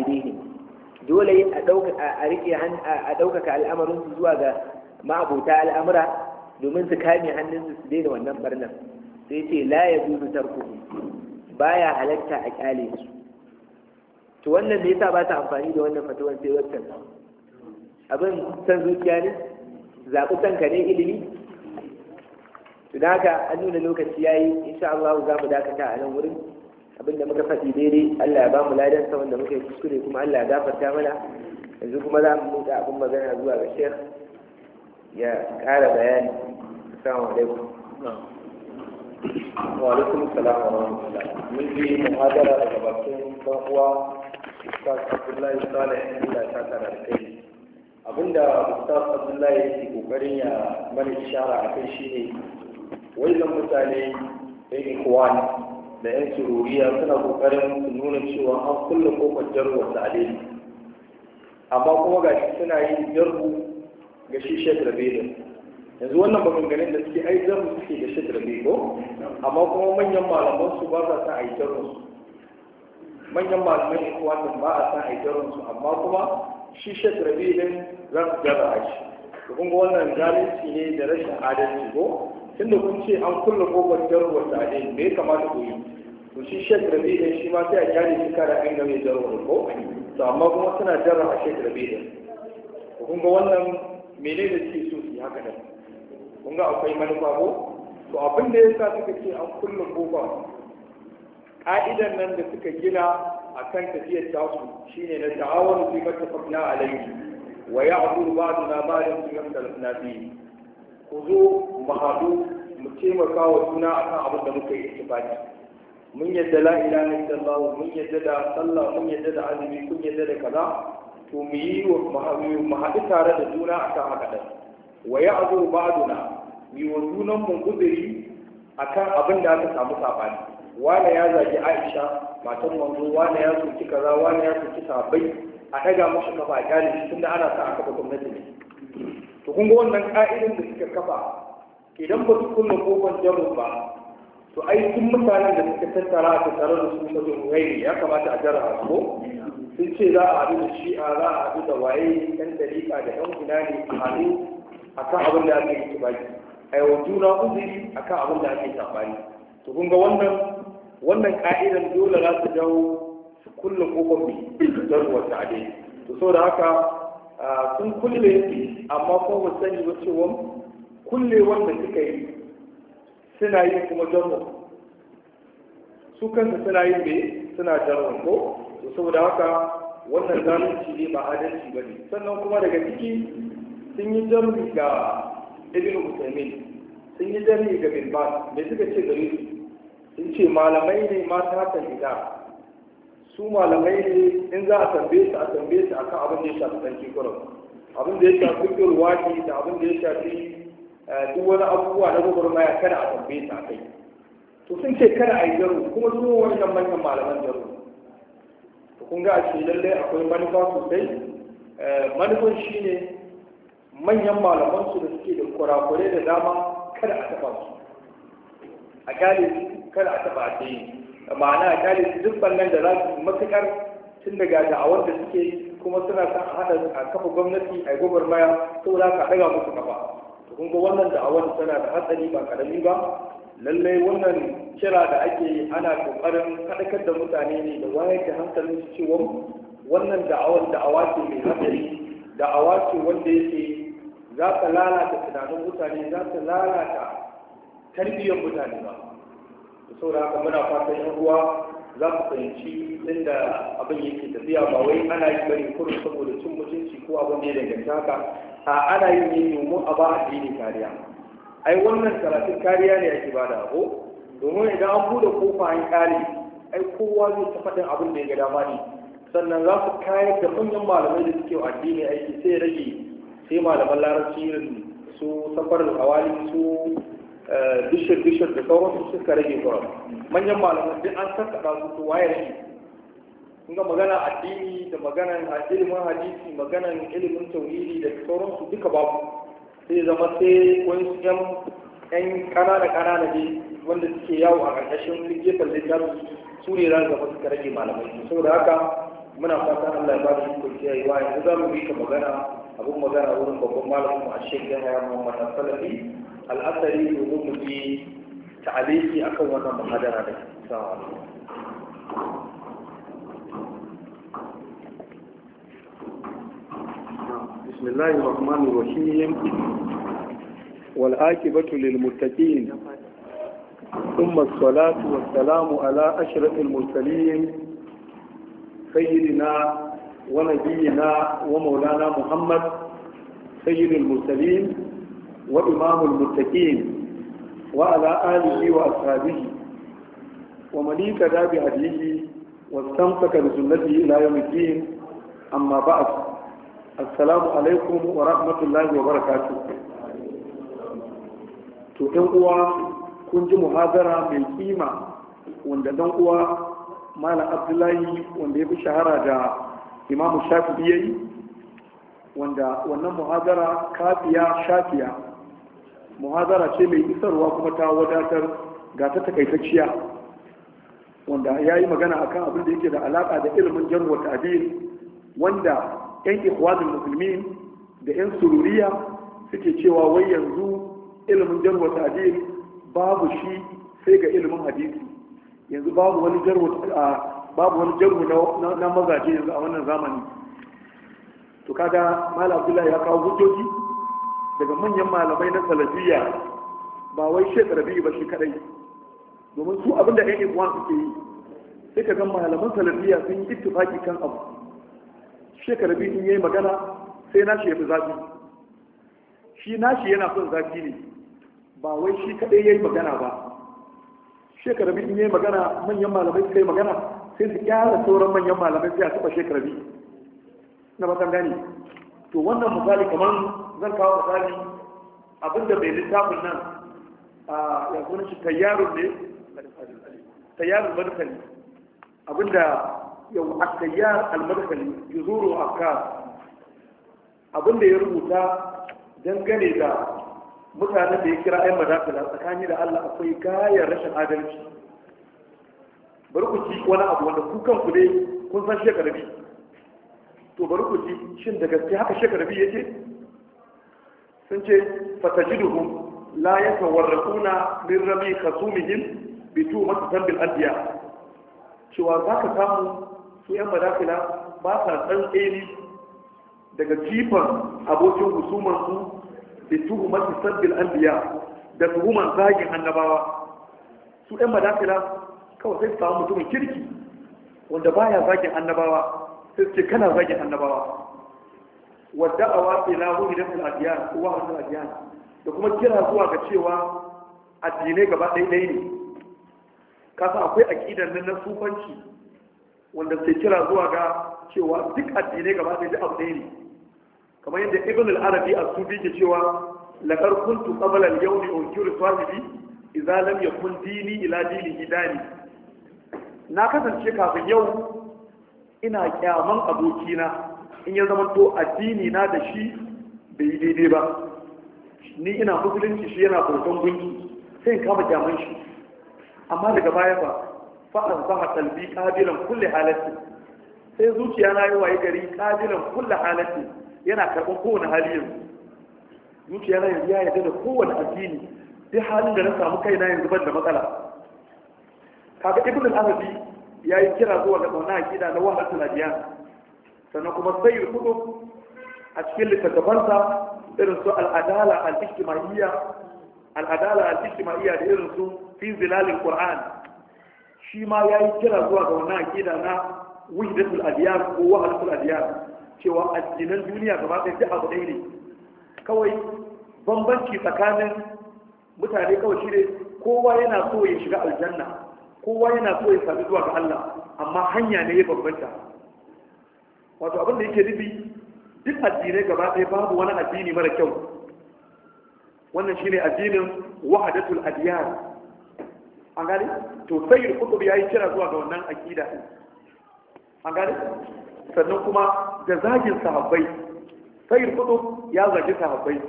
dole a a rike a ɗaukaka al'amarin su zuwa ga ma'abuta al'amura domin su kame hannunsu su daina wannan barnan sai ce la yajuzu tarkuhu baya halatta a kyale su to wannan me yasa ba ta amfani da wannan fatuwar sai wancan abin san zuciya ne zaɓi kanka ne ilimi to da haka an nuna lokaci yayi insha Allah za mu dakata a nan wurin abinda muka faɗi daidai Allah ya ba mu ladan sa wanda muka yi kuskure kuma Allah ya gafarta mana yanzu kuma za mu buɗe abin magana zuwa ga Sheikh ya ƙara bayani assalamu alaikum wa alaikum assalam wa rahmatullah mun ji muhadara daga bakin dan uwa Ustaz Abdullahi Saleh Allah ya saka da kai abinda Ustaz Abdullahi yake kokarin ya mana ishara a kai shine wannan mutane ɗan ikwan da yan sururiya suna kokarin su nuna cewa an kulle kofar jarwa sa'adai amma kuma ga shi suna yin jarru ga shi shek rabedin yanzu wannan maganganun da suke ai jarru suke da shek rabedin amma kuma manyan malaman su ba sa sa a yi jarru manyan malamai ikwanin ba a san aikin su amma kuma shi shek rabi din zan su shi da kun ga wannan zalunci ne da rashin adalci ko tunda kun ce an kulle kofar da ne me ya kamata ku yi to shi shek rabi din shi ma sai a kyale shi kada an game jarruwar ko to amma kuma suna jarra a shek rabi din kun ga wannan menene ne so su yi haka nan kun ga akwai manufa ko to abin da ya sa suka ce an kulle kofar ka'idar nan da suka gina a kan tafiyar tasu shine na ta'awun fi a alayhi wa da ba'duna ba'dan fi na biyu? ku zo mu haɗu mu taimaka wa juna kan abin da muka yi ittifaqi mun yadda na ilaha illallah mun yadda da sallah mun yadda da azumi kun yadda da kaza to mu yi mu haɗu tare da juna kan haka ɗin wa su na yi wa junan mu a kan abin da aka samu sabani wane ya zagi aisha matan manzo wane ya soki kaza wane ya soki sabai a daga masa kafa a kyale shi tunda ana sa a kafa gwamnati ne to kun ga wannan ka'idin da suka kafa idan ba su kunna kofar jamu ba to ai sun mutanen da suka tattara a tattare da su ta jumhuri ya kamata a jara ko sun ce za a haɗu da shi'a za a haɗu da waye ɗan dalika da yan gina ne a haɗu a kan abin da ake yi baki a yawan juna uzuri a kan abin da ake sabani to kun ga wannan wannan ka'idan dole za su jawo su kulle kofar bi don wata ade to so da haka sun kulle amma ko ba sani ba cewa kulle wanda suka yi suna yi kuma jarwa su kansu suna yin me suna jarwa ko to da haka wannan zalunci ne ba adalci ba ne sannan kuma daga ciki sun yi jarumi ga ibn Usaimin sun yi jarumi ga bin ba me suka ce gare su sun ce malamai ne mata ta gida su malamai ne in za a tambaye su a tambaye su akan abin da ya shafi sarki kurum abin da ya shafi kirwaki da abin da ya shafi eh, duk wani abubuwa na maya kada a tambaye su a kai to sun ce kada a yi jaro kuma su wannan manyan malaman jaro to kun ga a ce lallai akwai manufa sosai eh, manufan shi ne manyan malaman su da suke da kurakurai da dama kada a taba su a gane kada a ce addini ma'ana kare su duk bannan da za su matuƙar tun daga da'awar da suke kuma suna sa a haɗa a kafa gwamnati a maya, gwagwarmaya za ka ɗaga musu kafa kun ga wannan da'awar tana da hatsari ba karami ba lallai wannan kira da ake yi ana kokarin haɗakar da mutane ne da wayar da hankalin su cewa wannan da'awar da'awa ce mai hatsari da'awa ce wanda yake za ta lalata tunanin mutane za ta lalata tarbiyyar mutane ba da haka muna fatan yan uwa za ku fahimci inda abin yake tafiya ba wai ana yi bari kurin saboda cin mutunci ko abin da ya danganta haka a ana yi ne domin a ba addini kariya ai wannan karatun kariya ne ake ba da abu domin idan an buɗe kofa an kare ai kowa zai ta faɗin abin da ya ga dama ne sannan za su kayar da manyan malamai da suke addini aiki sai rage sai malaman larabci irin su safar alawali su bishir bishir da sauran su suka rage sauran manyan malamai duk an sassaɓa su waye shi kun ga magana addini da maganan ilimin hadisi maganan ilimin tauhidi da sauran su duka babu sai zama sai wani yan yan kanana kanana ne wanda suke yawo a ƙarƙashin gefen littafin su ne za su suka rage malamai saboda haka muna fatan Allah ya ba da ikon yi yanzu za mu bi ka magana abun magana wurin babban malamin mu a shekaru ya Muhammad Salafi al'asari domin mu ji ta'aliki akan wannan muhadara da sawa بسم الله الرحمن الرحيم والآكبة للمتقين ثم الصلاة والسلام على أشرف المرسلين سيدنا ونبينا ومولانا محمد سيد المرسلين وإمام المتكين وعلى آله وأصحابه ومليك اهتدى da واستمسك بسنته إلى يوم الدين أما بعد السلام عليكم ورحمة الله وبركاته to uwa kun ji muhazara mai kima wanda ɗan uwa malam abdullahi wanda ya fi shahara da imamu shafi yayi wanda wannan muhazara kafiya shafiya muhazara ce mai isarwa kuma ta wadatar ga ta takaitacciya wanda ya yi magana akan abin da yake da alaƙa da ilimin jarwa ta'adil wanda 'yan ikhwanin musulmi da 'yan sururiya suke cewa wai yanzu ilimin jarwa ta'adil babu shi sai ga ilimin hadisi yanzu babu wani jarwa babu wani jarwa na mazaje yanzu a wannan zamani to kaga malam abdullahi ya kawo hujjoji daga manyan malamai na salafiyya ba wai shek rabi ba shi kadai domin su abin da ɗan ikwan suke yi sai ka ga malaman salafiyya sun yi ittifaki kan abu shek rabi in yayi magana sai shi ya fi zafi shi na shi yana son zafi ne ba wai shi kadai yayi magana ba shek rabi in yi magana manyan malamai suka yi magana sai su kyara sauran manyan malamai sai a taɓa shek rabi na matan gani to wannan misali kamar zan kawo misali abinda bai littafin nan a yankunan shi tayyarun ne tayyarun abinda yau a tayyar almadakali yuzuru afkar abinda ya rubuta dangane da mutanen da ya kira ayyar madafila tsakani da Allah akwai gayar rashin adalci bari ku ci wani abu wanda ku kanku ne kun san shekara biyu to bari ku ji shin da gaske haka shekara biyu yake sun ce fatajiduhum la yatawarraquna min rabi khasumihim bi tumati zambil adiya cewa za ka samu su yan madafila ba sa dan tseni daga jifan abokin husuman su bi tuhumati sabbil anbiya da tuhuman zagin annabawa su yan madafila kawai sai su samu mutumin kirki wanda baya zagin annabawa sai ce kana zage annabawa wadda a wafe lahu idan fil adiyan ko wa fil da kuma kira zuwa ga cewa addinai gaba ɗaya ne kasa akwai aƙidar nan na sufanci wanda sai kira zuwa ga cewa duk addinai gaba ɗaya duk abu ɗaya ne kamar yadda ibn al-arabi as-sufi ke cewa laqad kuntu qabla al-yawm unkiru sahibi idza lam yakun dini ila dini hidani na kasance kafin yau ina kyaman abokina in ya zama to addini na da shi bai yi daidai ba ni ina musulunci shi yana bautan gunki sai in kama kyaman shi amma daga baya ba fa'an sama talbi kabilan kulle halatti sai zuciya na yi waye gari kabilan kulle halatti yana karɓar kowane hali yanzu zuciya na yanzu ya yarda da kowane addini duk halin da na samu kaina yanzu ban da matsala kaga ibnu al-arabi ya yi kira zuwa ga tsauna gida na wahar tunadiya sannan kuma sai kudu a cikin littattafansa irin su al'adala al'ikimaiya al'adala al'ikimaiya da irin su fi zilalin qur'an shi ma ya yi kira zuwa ga wannan akida na wujdatul adiyar ko wahalatul adiyar cewa addinan duniya gaba ɗaya duk abu ɗaya ne kawai bambanci tsakanin mutane kawai shi ne kowa yana so ya shiga aljanna kowa yana so ya sami zuwa ga Allah amma hanya ne ya bambanta wato abin da yake nufi duk addinai gaba ɗaya babu wani addini mara kyau wannan shine addinin wahadatul adiyan an gane to sayyid kutub yayi kira zuwa ga wannan aqida din an gane sannan kuma da zagin sahabbai sayyid kutub ya zagi sahabbai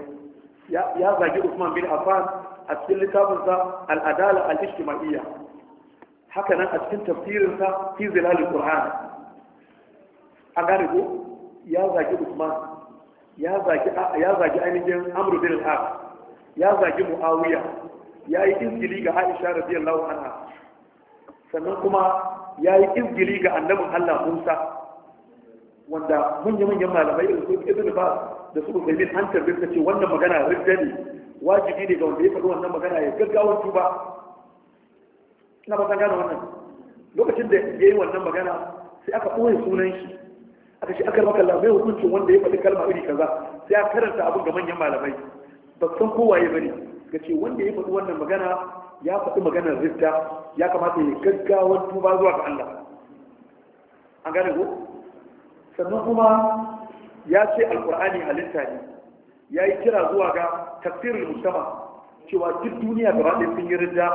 ya zagi Usman bin Affan a cikin littafinsa al-adala al-ijtimaiyya haka nan a cikin tafsirinsa fi zilalul qur'an an gane ko ya zagi usman ya zagi ya zagi ainihin amr bin al-as ya zagi muawiya ya yi izgili ga aisha radiyallahu anha sannan kuma ya yi izgili ga annabin Allah Musa wanda manya-manyan malamai irin su ibn ba da su bai bin hantar da ce wannan magana ridda ne wajibi ne ga wanda ya faɗi wannan magana ya gaggawa tuba ina ba gane wannan lokacin da ya yi wannan magana sai aka ɓoye sunan shi aka shi aka maka labai hukuncin wanda ya faɗi kalma iri kaza sai a karanta abin ga manyan malamai ba san kowa ya bane ga ce wanda ya faɗi wannan magana ya faɗi maganar rizda ya kamata ya gaggawar tuba zuwa ga Allah an gane ko sannan kuma ya ce alƙur'ani halitta ne ya yi kira zuwa ga tafsirin musamman cewa duk duniya gaba ɗaya sun yi rizda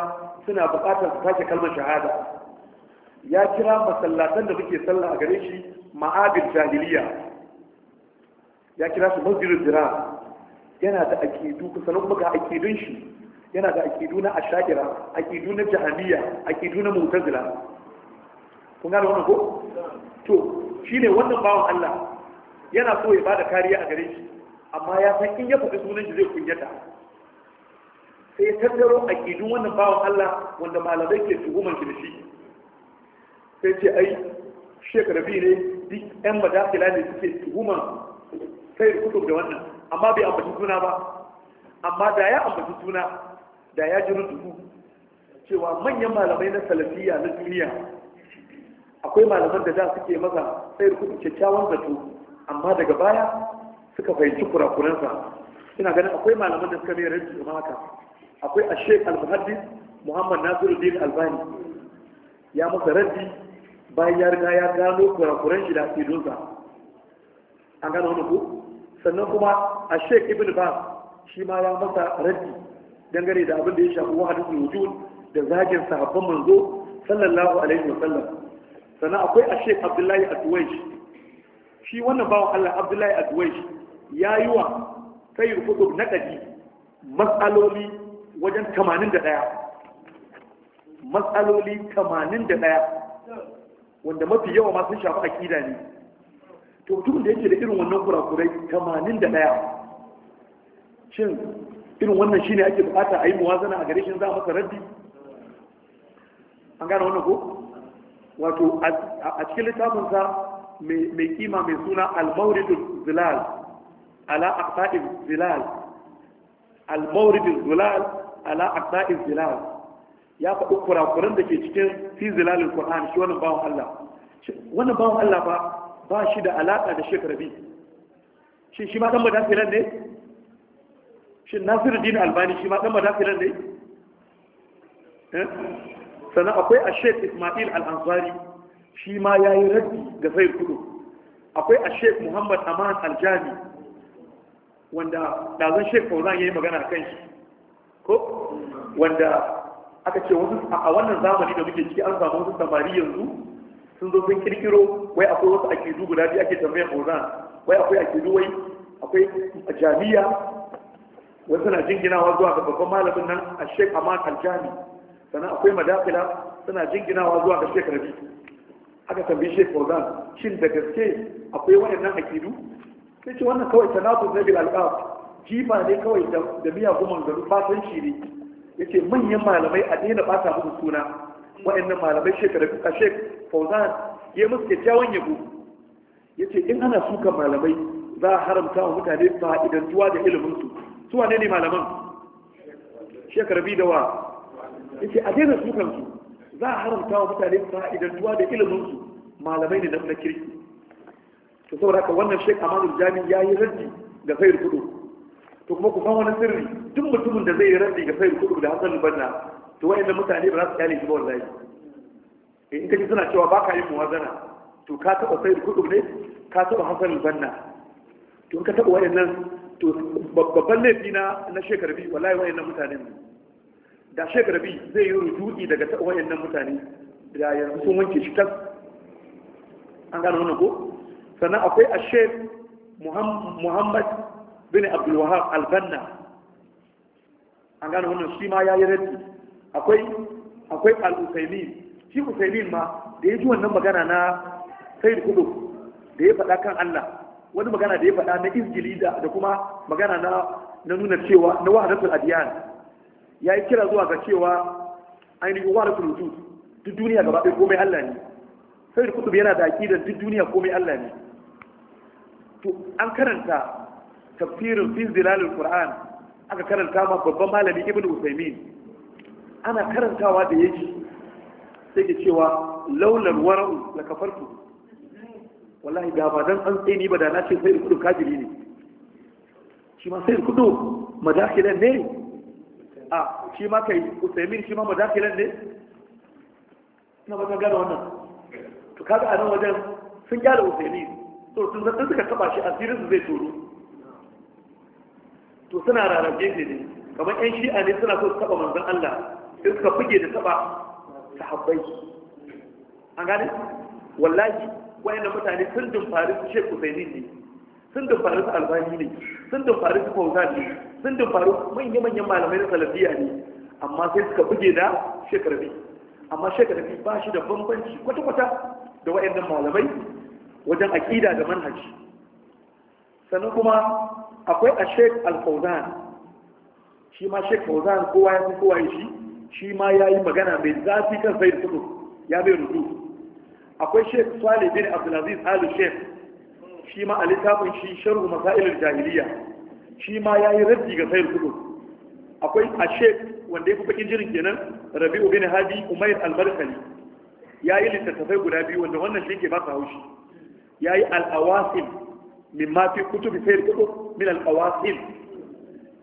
suna buƙatar su sake kalmar shahada ya kira masallatan da suke sallah a gare shi ma'abir jahiliya ya kira su masjidul zira yana da akidu kusan kuma ga akidun shi yana da akidu na ashakira akidu na jahiliya akidu na mutazila kun gane wannan ko to shine wannan bawan Allah yana so ya bada kariya a gare shi amma ya san in ya faɗi sunan shi zai kunyata sai ya tattaro aƙidun wannan bawan Allah wanda malamai ke tuhuman shi da shi sai ce ai shekara biyu ne duk yan ne suke tuhuman sai kutub da wannan amma bai ambaci suna ba amma da ya ambaci suna da ya ji dubu cewa manyan malamai na salafiya na duniya akwai malaman da za su ke maza sai kutub kyakkyawan zato amma daga baya suka fahimci kurakuransa ina ganin akwai malaman da suka mai rajin haka akwai a sheik al-muhaddis muhammad nasiruddin albani ya masa raddi bayan ya riga ya gano kurakuran shi da idonsa an gano wani ku sannan kuma a sheik ibn ba shi ma ya masa raddi dangane da abin da ya shafi wahadatul wujud da zagin sahabban manzo sallallahu alaihi wa sallam sannan akwai a sheik abdullahi adwaish shi wannan bawan Allah abdullahi adwaish ya yi wa sayyid kutub naqadi matsaloli wajen 81 matsaloli 81 wanda mafi yawa ma sun shafi akida ne to mutumin da yake da irin wannan kurakurai 81 shin irin wannan shine ake bukata a yi muwazana a gare shi za a masa raddi an gane wannan ko wato a cikin littafinsa mai kima mai suna al-mauridul zilal ala aqsa'il zilal al-mauridul zilal ala aqda'iz zilal ya faɗi kurakuran da ke cikin fi zilalin qur'an shi wannan bawon Allah wannan bawon Allah ba ba shi da alaka da Sheikh Rabi shin shi ma dan madafilan ne shin Nasiruddin Albani shi ma dan madafilan ne eh sannan akwai a Ismail Al-Ansari shi ma yayi raddi ga sai kudu akwai a Muhammad Aman Al-Jami wanda dazan shek Fauzan yayi magana kan shi ko wanda aka ce wasu a wannan zamani da muke ciki an samu wasu samari yanzu sun zo sun kirkiro wai akwai wasu akidu guda biyu ake tambayar Ozan wai akwai akidu wai akwai jami'a wasu na jinginawa zuwa ga babban malamin nan a Sheikh Ahmad Aljami sannan akwai madafila suna jinginawa zuwa ga Sheikh Rabi aka tambayi Sheikh Ozan shin da gaske akwai waɗannan akidu sai ce wannan kawai tanabuz na bil alqab Kifa ne kawai da miyagun mangaru fatanci ne ya ce manyan malamai a daina bata musu suna nan malamai shekara a shek fauzan ya musu kyakkyawan yabo ya ce in ana suka malamai za a haramta wa mutane fa'idantuwa da iliminsu su wane ne malaman shekara bi da wa ya ce a daina su za a haramta wa mutane fa'idantuwa da iliminsu malamai ne na kirki to saboda haka wannan shek amanul jami ya yi raddi ga sayar kudu to kuma ku san wani sirri duk mutumin da zai yi rabbi ga sayar kudu da hasan banna to wayannan mutane ba za su kyale shi ba wallahi eh, in kaji suna cewa baka yin yi muwazana to ka taba sayar kudu ne ka taba hasan banna to in ka taba wayannan to babban laifi na na shekarabi wallahi wayannan mutane ne da shekarabi zai yi rujudi daga taba wayannan mutane da yanzu sun wanke shi tas an gano wannan ko sannan akwai a shek muhammad bin abdul albanna an gane wannan shi ma ya yi raddi akwai akwai al shi usaimin ma da ya ji wannan magana na sayyid kudu da ya faɗa kan Allah wani magana da ya faɗa na izgili da kuma magana na nuna cewa na wahadatul adiyan ya yi kira zuwa ga cewa ainihin wahadatul wujud duk duniya gaba ɗaya komai Allah ne sai da kutub yana da aqidar duk duniya komai Allah ne to an karanta tafsirin fi zilalul qur'an aka karanta ma babban malami ibnu usaymin ana karantawa da yake sai ke cewa laulan wara'u la kafartu wallahi da ba dan an tsaye ni ba da na ce sai kudu kajiri ne shi ma sai kudu madakilan ne a shi ma kai usaymin shi ma madakilan ne ina ba ta gane wannan to kaga a nan wajen sun gyara usaymin to sun zan suka taɓa shi asirin su zai turo to suna rarrafe ne ne kamar yan shi'a ne suna so su taba manzon Allah sai ka buge da taba sahabbai an gane wallahi wayannan mutane sun dumfari su Sheikh Usaini ne sun dumfari su Albani ne sun dumfari su Fauzan ne sun dumfari manya-manyan malamai na salafiya ne amma sai suka buge da Sheikh Rabi amma Sheikh Rabi ba shi da bambanci kwata-kwata da wayannan malamai wajen aƙida da manhaji sannan kuma akwai a sheik al-fauzan shi ma sheik fauzan kowa ya fi kowa shi shi ma ya yi magana mai zafi kan sai da ya bai rudu akwai sheik swale bin abdulaziz alu sheik shi ma a littafin shi sharhu jahiliya shi ma ya yi raddi ga sai da akwai a sheik wanda ya fi bakin jirin kenan rabi'u bin hadi umair albarkali ya yi littattafai guda biyu wanda wannan shi ke ba su haushi ya yi al'awasin mimma fi kutubi sayar kudu min alƙawasil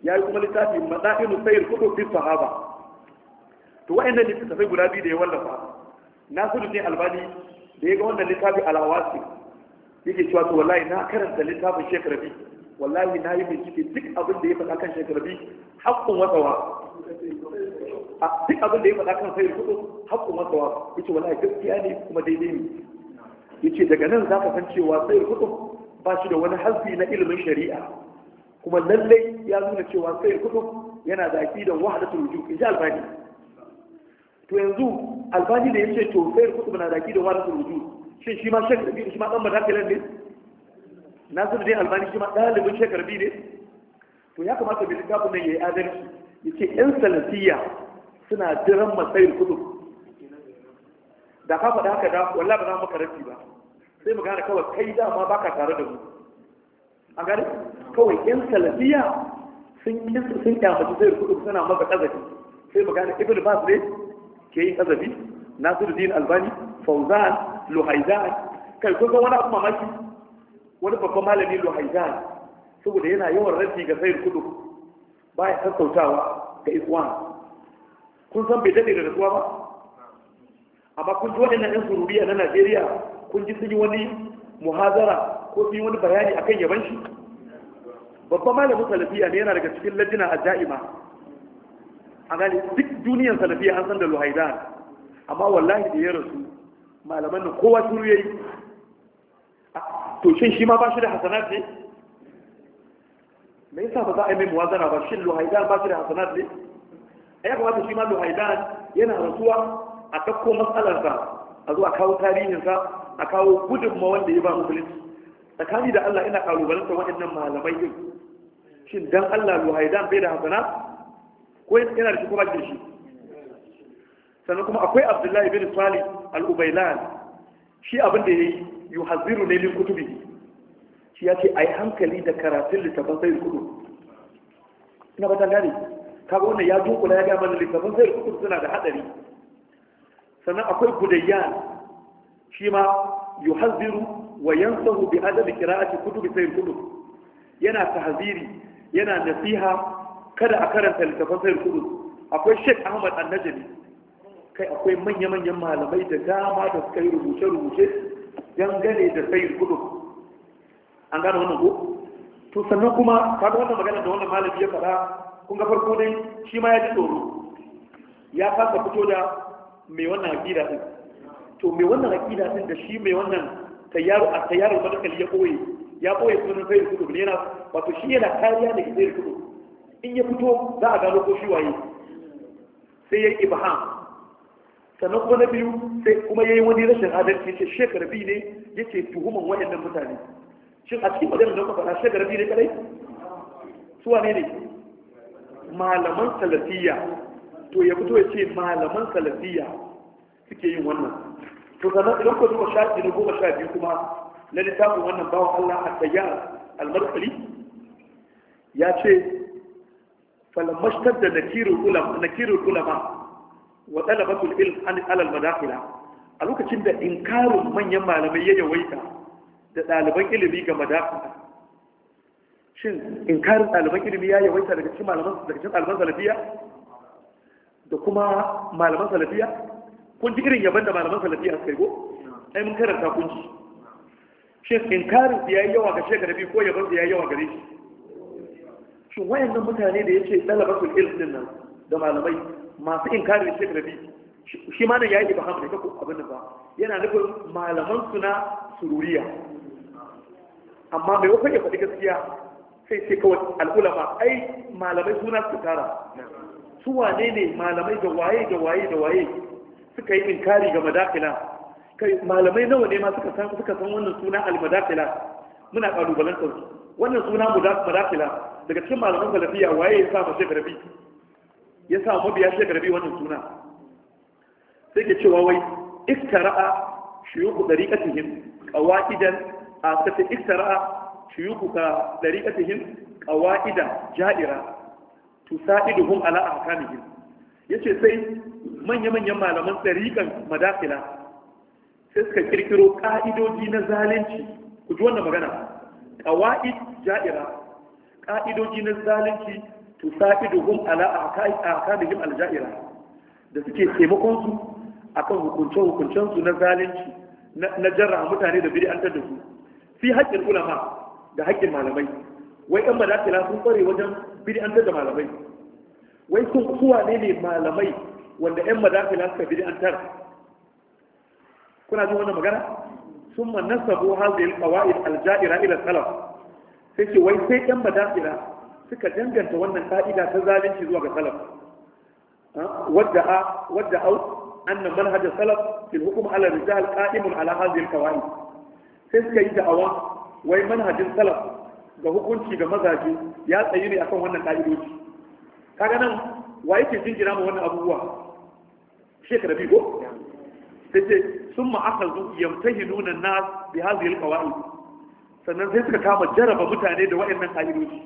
ya yi kuma littafi maɗa'inu sayar kudu fi sahaba to wa'annan littattafai guda biyu da ya wallafa nasiru ne albani da ya ga wannan littafi alawasi yake cewa to wallahi na karanta littafin shekarabi wallahi na yi bincike duk abin da ya faɗa kan shekarabi haƙƙun watsawa duk abin da ya faɗa kan sayar kudu haƙƙun watsawa yace wallahi gaskiya ne kuma daidai ne yace daga nan za ka san cewa sayar ba shi da wani hasbi na ilimin shari'a kuma lallai ya nuna cewa sai kudu yana da aqidan wahdatul wujud ji albani to yanzu albani da yace to sai kudu na da aqidan wahdatul wujud shin shi ma shek da shi ma dan madakalan ne Na nasiru dai albani shi ma dalibin shekar bi ne to ya kamata bi littafin nan yayi adalci yace in salafiya suna jiran matsayin kudu da ka faɗa haka da wallahi ba za mu karanti ba sai mu gane kawai kai dama baka tare da mu an gane kawai yan salafiya sun yi sun kyamaci zai kudu suna masa kazafi sai mu gane ibn bas ne ke yin kazafi nasiruddin albani fauzan luhaizan kai kun wani abu mamaki wani babban malami luhaizan saboda yana yawan raji ga sayar kudu baya sassautawa ga iswan kun san bai daɗe da rasuwa ba amma kun ji waɗannan yan sururiya na najeriya kun ji sun yi wani muhazara ko sun yi wani bayani akan yaban shi babban malamin salafiya ne yana daga cikin lajina a ja'ima a gani duk duniyan salafiya an san da luhaidan amma wallahi da ya rasu malaman nan kowa turu yayi to shin shi ma ba shi da hasanat ne me yasa ba za a yi mai muhazara ba shin luhaidan ba shi da hasanat ne A ai kamata shi ma luhaidan yana rasuwa a ɗauko matsalarsa a zo a kawo tarihinsa a kawo gudunma wanda ya ba musulunci tsakani da Allah ina ƙalubalanta waɗannan malamai din shin don Allah luhaidan bai da hasana ko yana da shi kuma shi sannan kuma akwai Abdullahi bin Salim al ubailan shi abin da yi haziru ne min kutubi shi a yi hankali da karatun littafin sai kudu ina ba ta gane kaga wannan ya dunkula ya gama mana littafin sai kudu suna da hadari sannan akwai gudayyan shi ma yuhazziru wa yansahu bi a cikin kutub sayyid kutub yana tahziri yana nasiha kada a karanta littafin sayyid kutub akwai Sheikh Ahmad An-Najmi kai akwai manya-manyan malamai da dama da suka yi rubuce-rubuce dangane da sayyid kudu an gane wannan ko to sannan kuma kaga wannan magana da wannan malami ya faɗa kun ga farko dai shi ma ya ji tsoro ya fasa fito da mai wannan akida din to mai wannan aqida din da shi mai wannan tayyaru a tayyaru madakali ya koyi ya koyi sunan zai kudu ne yana wato shi yana kariya da zai kudu in ya fito za a gano ko shi waye sai ya yi ibham sannan kuma na biyu sai kuma ya yi wani rashin adalci ce shekar biyu ne yake tuhuman waɗannan mutane shin a cikin maganar da kuma faɗa bi biyu ne kadai su wane ne malaman salafiya to ya fito ya ce malaman salafiya suke yin wannan to sannan idan ku duba shafi na goma sha biyu kuma na littafin wannan bawan Allah a tsayyar almarfali ya ce falamashtar da nakirul ulama wa talabatul ilm an alal madakila a lokacin da inkarin manyan malamai ya yawaita da ɗaliban ilimi ga madakila shin inkarin ɗaliban ilimi ya yawaita daga cikin malaman ɗaliban salafiya da kuma malaman salafiya kun ji irin yaban da malaman salafiya suka yi ko ai mun karanta kun ji shin inkarin da yayi yawa ga shekara biyu ko yaban da yayi yawa gare shi shin wayannan mutane da yace talabatul ilm din nan da malamai masu inkarin shekara biyu shi ma da yayi ibham ne ko abin da ba yana nufin malaman su na sururiya amma mai wuce ya faɗi gaskiya sai sai kawai al'ulama ai malamai suna su tara su wane ne malamai da waye da waye da waye suka yi inkari ga madakila kai malamai nawa ne ma suka san suka san wannan suna al-madakila muna kalubalantar su wannan suna madakila daga cikin malaman salafiya waye ya sa ma mace garbi ya sa mabiya shi garbi wannan suna sai ke cewa wai iktara'a shuyuku dariqatihim qawaidan a sai iktara'a shuyuku ka dariqatihim qawaidan ja'ira tusaiduhum ala ahkamihim Ya ce sai manya-manyan malaman tsarikan madafila sai suka kirkiro ka'idoji na zalunci ku ji wannan magana qawaid ja'ira ka'idoji na zalunci dogon ala ahkamihim yin alja'ira da suke taimakon su akan hukunce hukuncensu na zalunci na jarra mutane da an da su fi haƙƙin ulama da haƙƙin malamai wai 'yan madafila sun ƙware wajen bid'antar da malamai wai kun kuwa ne ne malamai wanda yan madafila suka bi an tara kuna jin wannan magana sun ma nasabu hazil qawaid aljaira ila salaf sai ce wai sai yan madafila suka danganta wannan ka'ida ta zalunci zuwa ga salaf wadda a wadda au anna manhaj salaf fil hukm ala rijal qa'imun ala hadhihi alqawaid sai suka yi da'awa wai manhajin salaf ga hukunci ga mazaje ya tsayi ne akan wannan ka'idoji kaga nan wa yake jira ma wannan abubuwa shekara biyu ko sai ce sun ma'aka zu yamtahi nuna na bi hazi kawai sannan sai suka kama jaraba mutane da wa'annan ka'idoji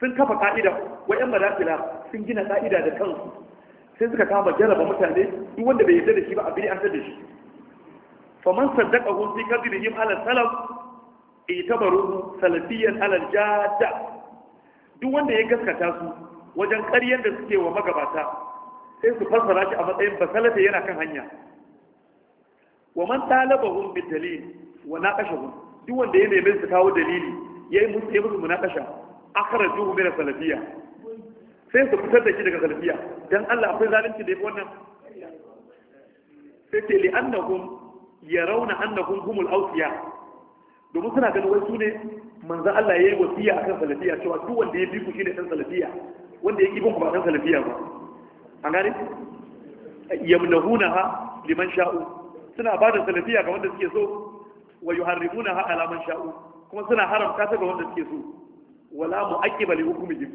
sun kafa ka'ida wa'yan madafila sun gina ka'ida da kansu sai suka kama jaraba mutane duk wanda bai yarda da shi ba a bi an da shi man saddaka hu fi kadrihim ala salam itabaru salafiyan ala jadda duk wanda ya gaskata su wajen ƙaryen da suke wa magabata sai su fassara shi a matsayin basalata yana kan hanya wa man talabahum bi dalil wa naqashahum duk wanda ya nemi su kawo dalili yayi musu yayi musu munaqasha akhrajuhu min salafiyya sai su fitar da shi daga salafiyya dan Allah akwai zalunci da yafi wannan sai ce li annahum yarawna annahum humul awsiya domin suna ganin wai su ne manzo Allah yayi wasiya akan salafiyya cewa duk wanda ya bi ku shi shine dan salafiyya wanda ya kibin ba san salafiya ba an gane yamnahunaha liman sha'u suna ba da salafiya ga wanda suke so wa yuharrimunaha ala man sha'u kuma suna haramta ta ga wanda suke so wala mu'aqqiba li hukmihim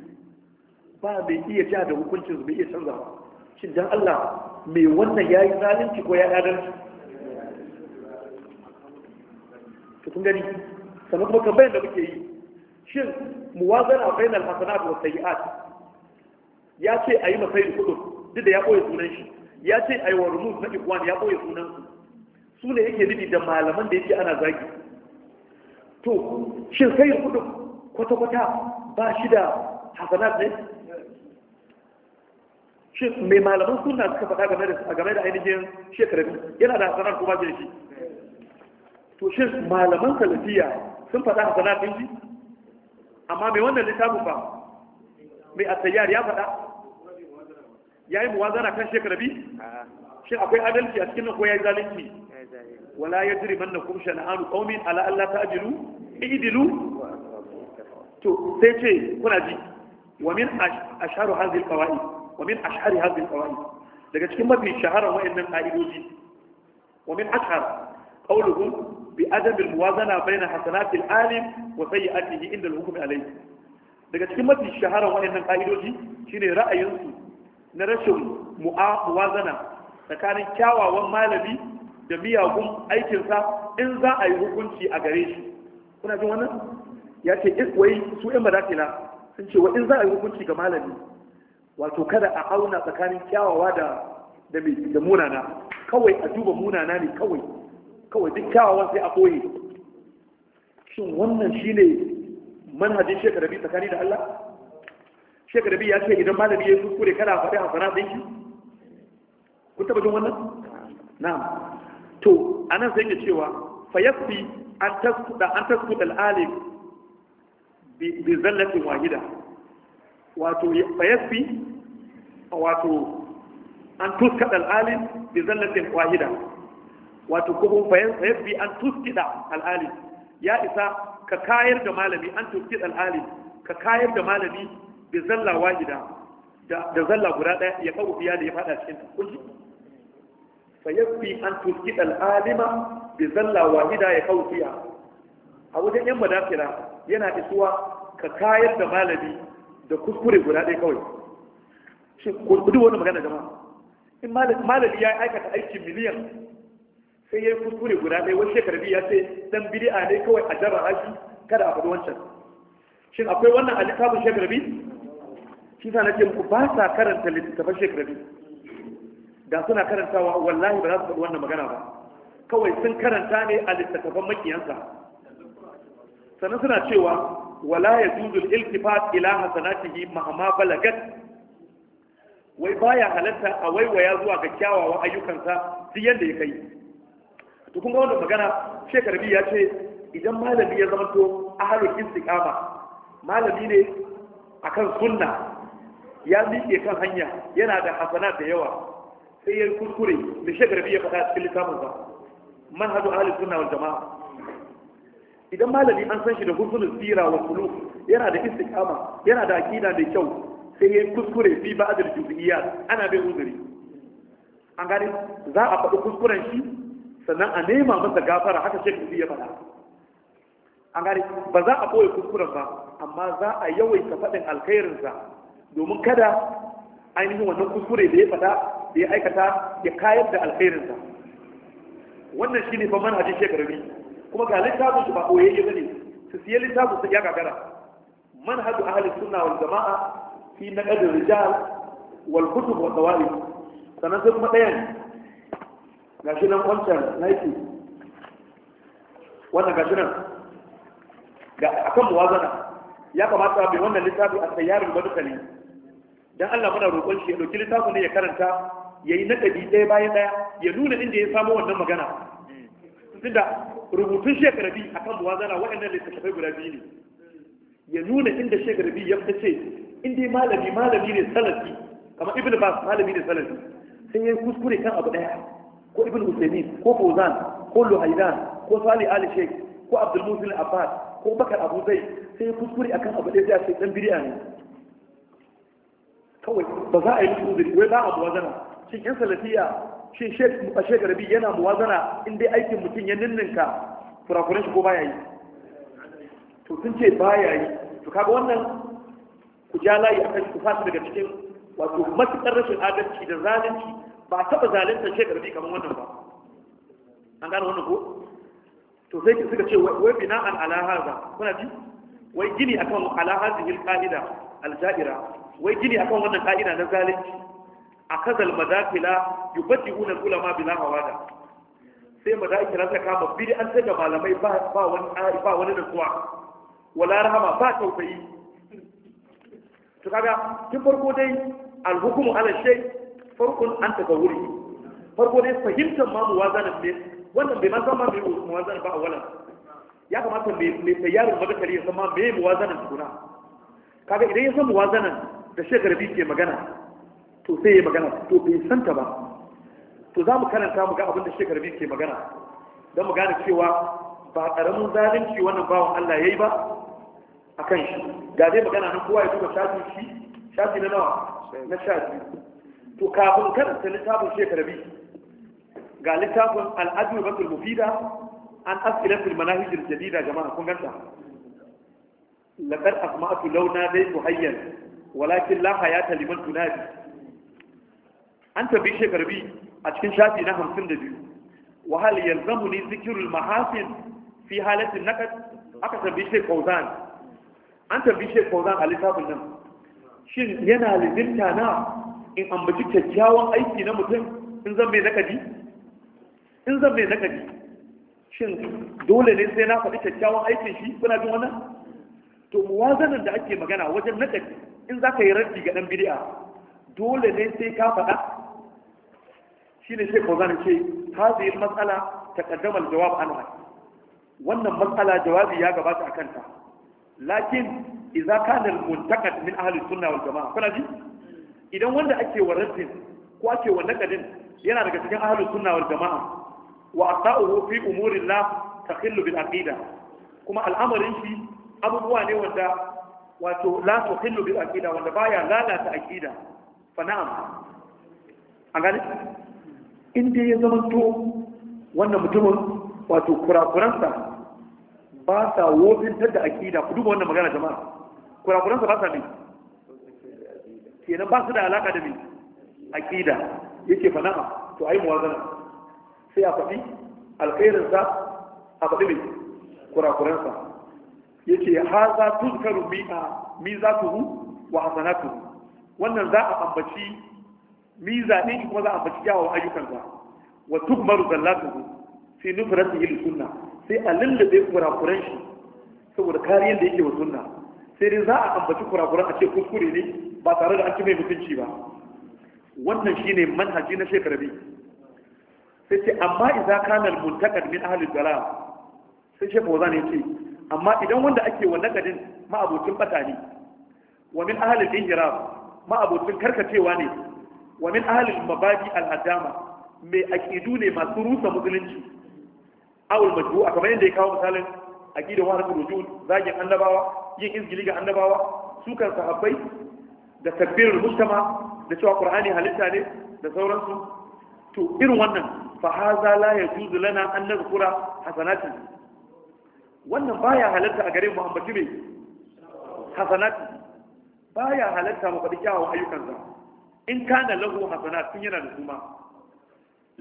ba bai iya ta da hukuncin su bai iya canza ba shin dan Allah me wannan yayi zalunci ko ya adalci to kun gani sanan kuma kamar da muke yi shin muwazana bainal hasanat wa sayyi'at ya ce a yi masai kudur duk da ya ɓoye sunan shi ya ce a yi wa rumus na ikwan ya ɓoye sunan su su ne yake nufi da malaman da yake ana zagi to shin sai kudur kwata-kwata ba shi da hasanat ne shi mai malaman suna suka faɗa game da ainihin shekaru yana da hasanat kuma jin shi to shi malaman salafiya sun faɗa hasanat ɗin shi amma mai wannan littafin ba mai atayyar ya faɗa ya yi muwazara kan shekara bi shi akwai adalci a cikin nan ko ya yi zalunci wala ya jiri manna kum shana'anu qaumin ala Allah alla ta'dilu idilu to sai ce kuna ji wa min ashharu hadhihi alqawaid wa min ashhari hadhihi alqawaid daga cikin mafi shahara wa'annan qa'idoji wa min ashhar qawluhum bi adam almuwazana baina hasanati alalim wa sayyi'atihi inda alhukm alayhi daga cikin mafi shahara wa'annan qa'idoji shine ra'ayinsu na rashin muwazana tsakanin kyawawan malami da miyagun aikinsa in za a yi hukunci a gare shi kuna jin wannan ya ce wai su yan madafina sun ce wa in za a yi hukunci ga malami wato kada a auna tsakanin kyawawa da da da munana kawai a duba munana ne kawai kawai duk kyawawan sai a koye shin wannan shine manhajin shekara tsakani da Allah shekara biyu ya ce idan malami ya yi kuskure kana faɗi a zai shi kun taɓa jin wannan na'am to a nan sai ke cewa fa ya an taskuda an taskuda al bi zallatin wahida wato fa a wato an tuska da alim bi zallatin wahida wato kuma fa fi an tuski da alim ya isa ka kayar da malami an tuski da alim ka kayar da malami bi zalla wajida da zalla guda daya ya kawo biya da ya fada cikin kulli fa yakfi an tuskita al-alima bi zalla wahida ya kawo biya a wajen yan madafira yana isuwa ka kayar da malami da kuskure guda daya kawai shi ko duk wani magana jama'a in malami ya aikata aikin miliyan sai ya yi kuskure guda ɗaya wani shekarar ya ce dan bid'a ne kawai a jarra shi kada a faɗi wancan shin akwai wannan a littafin biyu? shi sa nake muku ba sa karanta littattafan shekarabi da suna karantawa wallahi ba za su faɗi wannan magana ba kawai sun karanta ne a littattafan makiyansa sannan suna cewa wala ya zuzul iltifat ila hasanatihi mahama balagat wai baya halatta a waiwaya zuwa ga kyawawa ayyukansa duk yadda ya kai Tukun kun ga wannan magana shekarbi ya ce idan malami ya zama to ahalul istiqama malami ne akan sunna ya miƙe kan hanya yana da hasana da yawa sai ya kuskure da shagarbi ya faɗa cikin littafin sa manhajul ahli sunna wal jama'a idan malami an san shi da husnul sira wa suluk yana da istiqama yana da aqida da kyau sai ya kuskure fi ba'd al juz'iyat ana bai uzuri an gane za a faɗi kuskuren shi sannan a nema masa gafara haka shekaru ya faɗa an gane ba za a ɓoye kuskuren ba amma za a yawaita faɗin alkhairinsa domin kada ainihin wannan kuskure da ya fada da ya aikata ya kayar da alkhairinsa wannan shine fa manhajin shekarami kuma ga littafin su ba koyayye bane su siya littafin su ya gagara manhaju ahli sunna wal jamaa fi naqd rijal wal kutub wa tsawari. sanan sai kuma ɗayan gashi nan laifin, nike wannan gashi nan ga akan muwazana ya kamata bai wannan littafi a tsayarin badukali dan Allah muna roƙon shi ya dauki littafin da ya karanta yayi na dabi ɗaya bayan ɗaya ya nuna inda ya samu wannan magana tunda rubutun shekarabi akan muwazana waɗannan littattafai guda biyu ne ya nuna inda shekarabi ya fita ce inda dai malami malami ne salafi kamar ibn bas malami ne salafi sai ya kuskure kan abu ɗaya, ko ibn usaimin ko fauzan ko luhaidan ko sali ali sheikh ko abdul musil abbas ko bakar abu zai sai ya kuskure akan abu daya sai dan bid'a ne kawai ba za a yi uzuri wai ba a buwazana shin yan salafiya shi shek biyu yana buwazana in dai aikin mutum ya ninninka kurakuren shi ko baya yi to sun ce baya yi to kaga wannan ku ja layi akan ku fasa daga cikin wato matuƙar rashin adalci da zalunci ba a taɓa zalunta biyu kamar wannan ba an gane wannan ko to sai suka ce wai bina'an alahaza, haza kuna ji wai gini akan ala hadhihi al al-ja'ira wai gini akan wannan ka'ida na zalunci a kazal madakila yubaddi'una ulama bila mawada sai madakila ta kama bidi an ta da malamai ba ba wani tsari ba wani nutsuwa wala rahama ba tausayi to kaga tun farko dai alhukumu ala shay farkon an ta gauri. farko dai fahimtar ma muwazanan ne wannan bai ma san ma bai muwazanan ba a wannan ya kamata mai tayyarin madakali ya san ma bai muwazanan tukuna kaga idan ya san muwazanan da shekarabi ke magana to sai ya magana to bai santa ba to za mu karanta mu ga abin da shekarabi ke magana don mu gane cewa ba ƙaramin zalunci wannan bawan Allah ya yi ba a kan shi ga dai magana na kowa ya duba shafi shi shafi na nawa na shafi to kafin karanta littafin shekarabi ga littafin al'adu batul mufida an asilatul manahijin jadida jama'a kun ganta laƙar asma'atu launa dai su hayyan walakin la hayata liman tunadi an tabi shekarbi a cikin shafi na 52 wa hal ni zikrul mahasin fi halatin naqad aka tabi shek kauzan an tabi shek kauzan a littafin nan shin yana lizinta na in ambaci kyakkyawan aiki na mutum in zan mai nakadi in zan mai nakadi shin dole ne sai na faɗi kyakkyawan aikin shi kuna jin wannan to muwazanan da ake magana wajen nakadi in za ka yi raddi ga ɗan bid'a dole ne sai ka faɗa shi ne sai kozan ce hazihil matsala ta kaddamar jawab anha wannan matsala jawabi ya gabata a kanta lakin idza kana al min ahli sunna wal jamaa kuna ji idan wanda ake wa raddin ko ake wa naqadin yana daga cikin ahli sunna wal jamaa wa aqa'uhu fi umuri la takhillu bil aqida kuma al'amarin shi abubuwa ne wanda wato la tuhillu bil aqida wanda baya lalata aqida fa na'am an gane in dai ya zama to wannan mutumin wato kurakuransa ba sa wofintar da aqida ku duba wannan magana jama'a kurakuransa ba sa ne kenan ba su da alaka da me aqida yake fa na'am to ai muwazana sai a faɗi sa a faɗi me kurakuransa ha yace haza tuzkaru mi'a hu wa hasanatu wannan za a ambaci miza ne kuma za a ambaci ayyukan ayyukansa wa tukmaru zallatu fi nufratihi lil sunna sai a lullube kurakuran shi saboda kariyar da yake wa sunna sai dai za a ambaci kurakuran a ce kuskure ne ba tare da an ci mai mutunci ba wannan shine manhaji na shekarabi sai ce amma idza kana al muntaqad min ahli dalal sai shefa zan yace amma idan wanda ake wa nakadin ma'abocin bata ne wa min ahalil injirab ma'abocin karkacewa ne wa min ahalin mabadi al'adama mai aƙidu ne masu rusa musulunci awul majbu a kamar yadda ya kawo misalin aƙidar wahar rujul zagin annabawa yin izgili ga annabawa sukan sahabbai da takbirul mustama da cewa qur'ani halitta ne da sauransu to irin wannan fa haza la yajuzu lana an nazkura hasanatin wannan baya halatta a gare mu ambaci mai hasanati baya halatta mu faɗi kyawun ayyukansa in kana lahu hasanat tun yana da kuma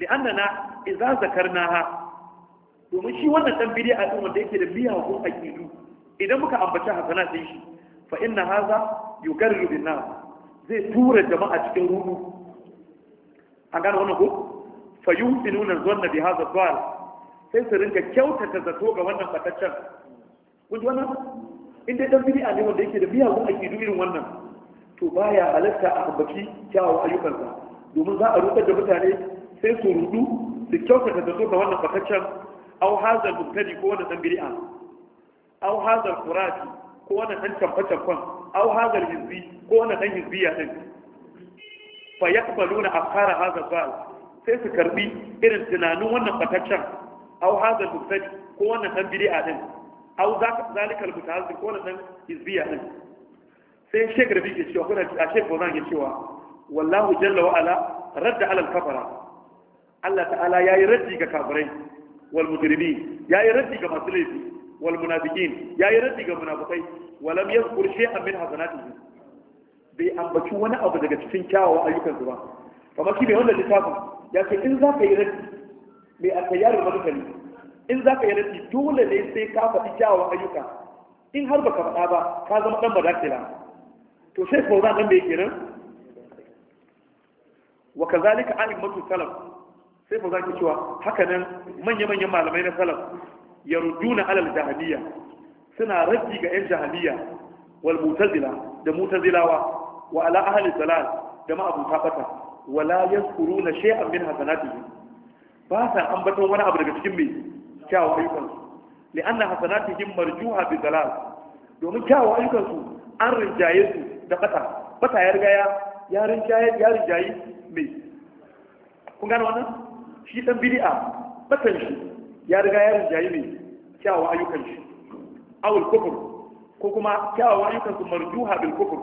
li'annana idza zakarnaha domin shi wannan dan a din wanda yake da miyagun aqidu idan muka ambaci hasanat din shi fa inna hadha yukarru bin nas zai tura jama'a cikin rudu an gano wannan ko fa yusinuna zanna bi hadha dhal sai su rinka kyautata zato ga wannan fataccen kun ji wannan in dai dan bid'a ne wanda yake da miyagun akidu irin wannan to baya halatta a ambaci kyawawan ayyukansa domin za a rudar da mutane sai su rudu su kyautata zato ga wannan fataccen au hazal mubtadi ko wannan dan bid'a au hazal qurati ko wannan dan tamfa-tamfan au hazal hizbi ko wannan dan hizbiya din fa yaqbaluna afkara hazal sai su karbi irin tunanin wannan fataccen Au hadha al-mubtadi ko wannan dan bid'a din aw zalika al-mutahazzi ko wannan dan hizbiya din sai Sheikh Rabi ke cewa kuna a Sheikh Bozan ke cewa wallahu jalla wa ala radda ala al-kafara Allah ta'ala yayi raddi ga kafirai wal mujrimin yayi raddi ga masu laifi wal munafiqin yayi raddi ga munafikai wa lam yazkur shay'an min hasanatihim bai ambaci wani abu daga cikin kyawawan ayyukansu ba kamar shi bai wanda littafin ya ce in za ka yi raddi mai a tayyar magani in za ka yi rafi dole ne sai ka faɗi kyawawan ayyuka in har baka faɗa ba ka zama ɗan badakila to sai ko za da yake nan wa kazalika a'immatu salaf sai ko za ki cewa haka nan manya-manyan malamai na salaf rujuna alal jahiliya suna raki ga yan jahiliya wal mutazila da mutazilawa wa ala ahli salal da ma Wala tabata wala na shay'an min hasanatihim ba sa ambaton wani abu daga cikin mai kyawun ayyukan su li anna hasanatihim marjuha bi dalal domin kyawun ayyukansu an rinjaye su da fata fata ya riga ya ya rinjaye ya rinjaye mai kun gane wannan shi dan bid'a fatan shi ya riga ya rinjaye mai kyawun ayyukan shi awul kufur ko kuma kyawun ayyukansu su marjuha bil kufur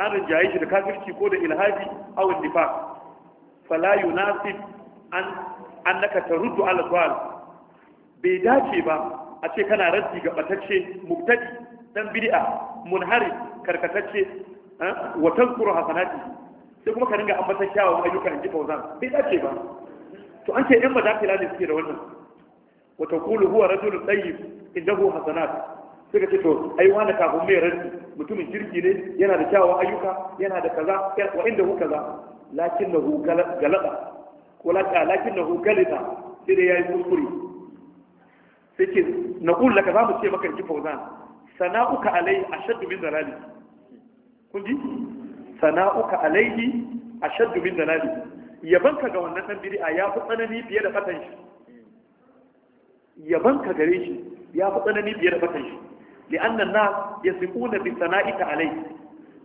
an rinjaye shi da kafirci ko da ilhadi awul nifaq fala yunasib an annaka taruddu ala dhal bai dace ba a ce kana raddi ga batacce mubtadi dan bid'a munhari karkatacce wa tazkuru hasanati sai kuma ka ringa ambatan kyawawan ayyukan in ji fauzan bai dace ba to an ce yan madakila ne suke da wannan wa taqulu huwa rajulun tayyib indahu hasanat ka ce to ai wani kafin mai rarri mutumin kirki ne yana da kyawawan ayyuka yana da kaza wa inda hu kaza lakin na hu galaba kulaka lakin na hukalita sai da ya yi kuskure sai ce na ƙulu ka za mu ce maka ji fauzan sana'uka alai a shaddu min dalali kun ji sana'uka alai a shaddu min dalali Yaban ka ga wannan ɗan bid'a ya fi tsanani fiye da fatan shi yabanka gare shi ya fi tsanani fiye da fatan shi li'annan na ya siƙuna bi sana'ika alai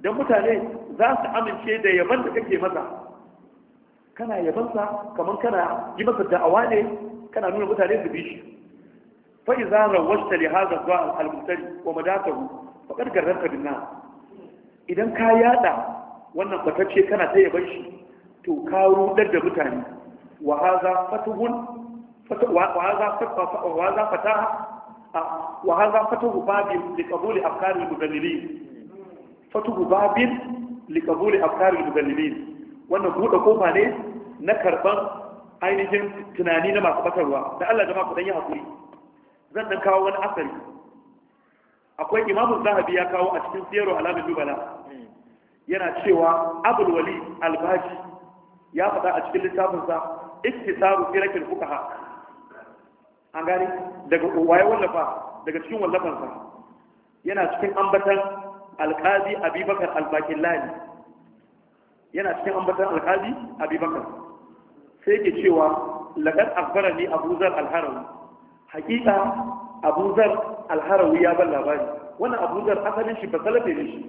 dan mutane za su amince da yaban da kake masa kana yabansa kamar kana yi masa da'awa ne kana nuna mutane su bi shi fa idza rawashta li hadha dha'a al-mutari wa madatahu faqad garrarta bin binna. idan ka yada wannan batacce kana ta yaban shi to ka rudar da mutane wa hadha fatuhun wa hadha wa hadha fataha wa hadha fatuhu babin li qabuli afkari al-mudallilin fatuhu babin li qabuli afkari al-mudallilin wannan buɗe kofa ne na karban ainihin tunani na masu batarwa da Allah jama'a ku dan yi haƙuri. zan dan kawo wani asari akwai imamu zahabi ya kawo a cikin siyarwa alamin dubala yana cewa abul wali albaji ya faɗa a cikin littafinsa iktisaru firakin ha. an gani daga waye wallafa daga cikin wallafansa yana cikin ambatan alƙazi Abibakar albakin lani yana cikin ambatan alƙazi Abibakar. sai ke cewa laƙar akbara ne abuzar alharawi hakika abuzar alharawi ya ban labari wannan abuzar asalin shi ba salafe ne shi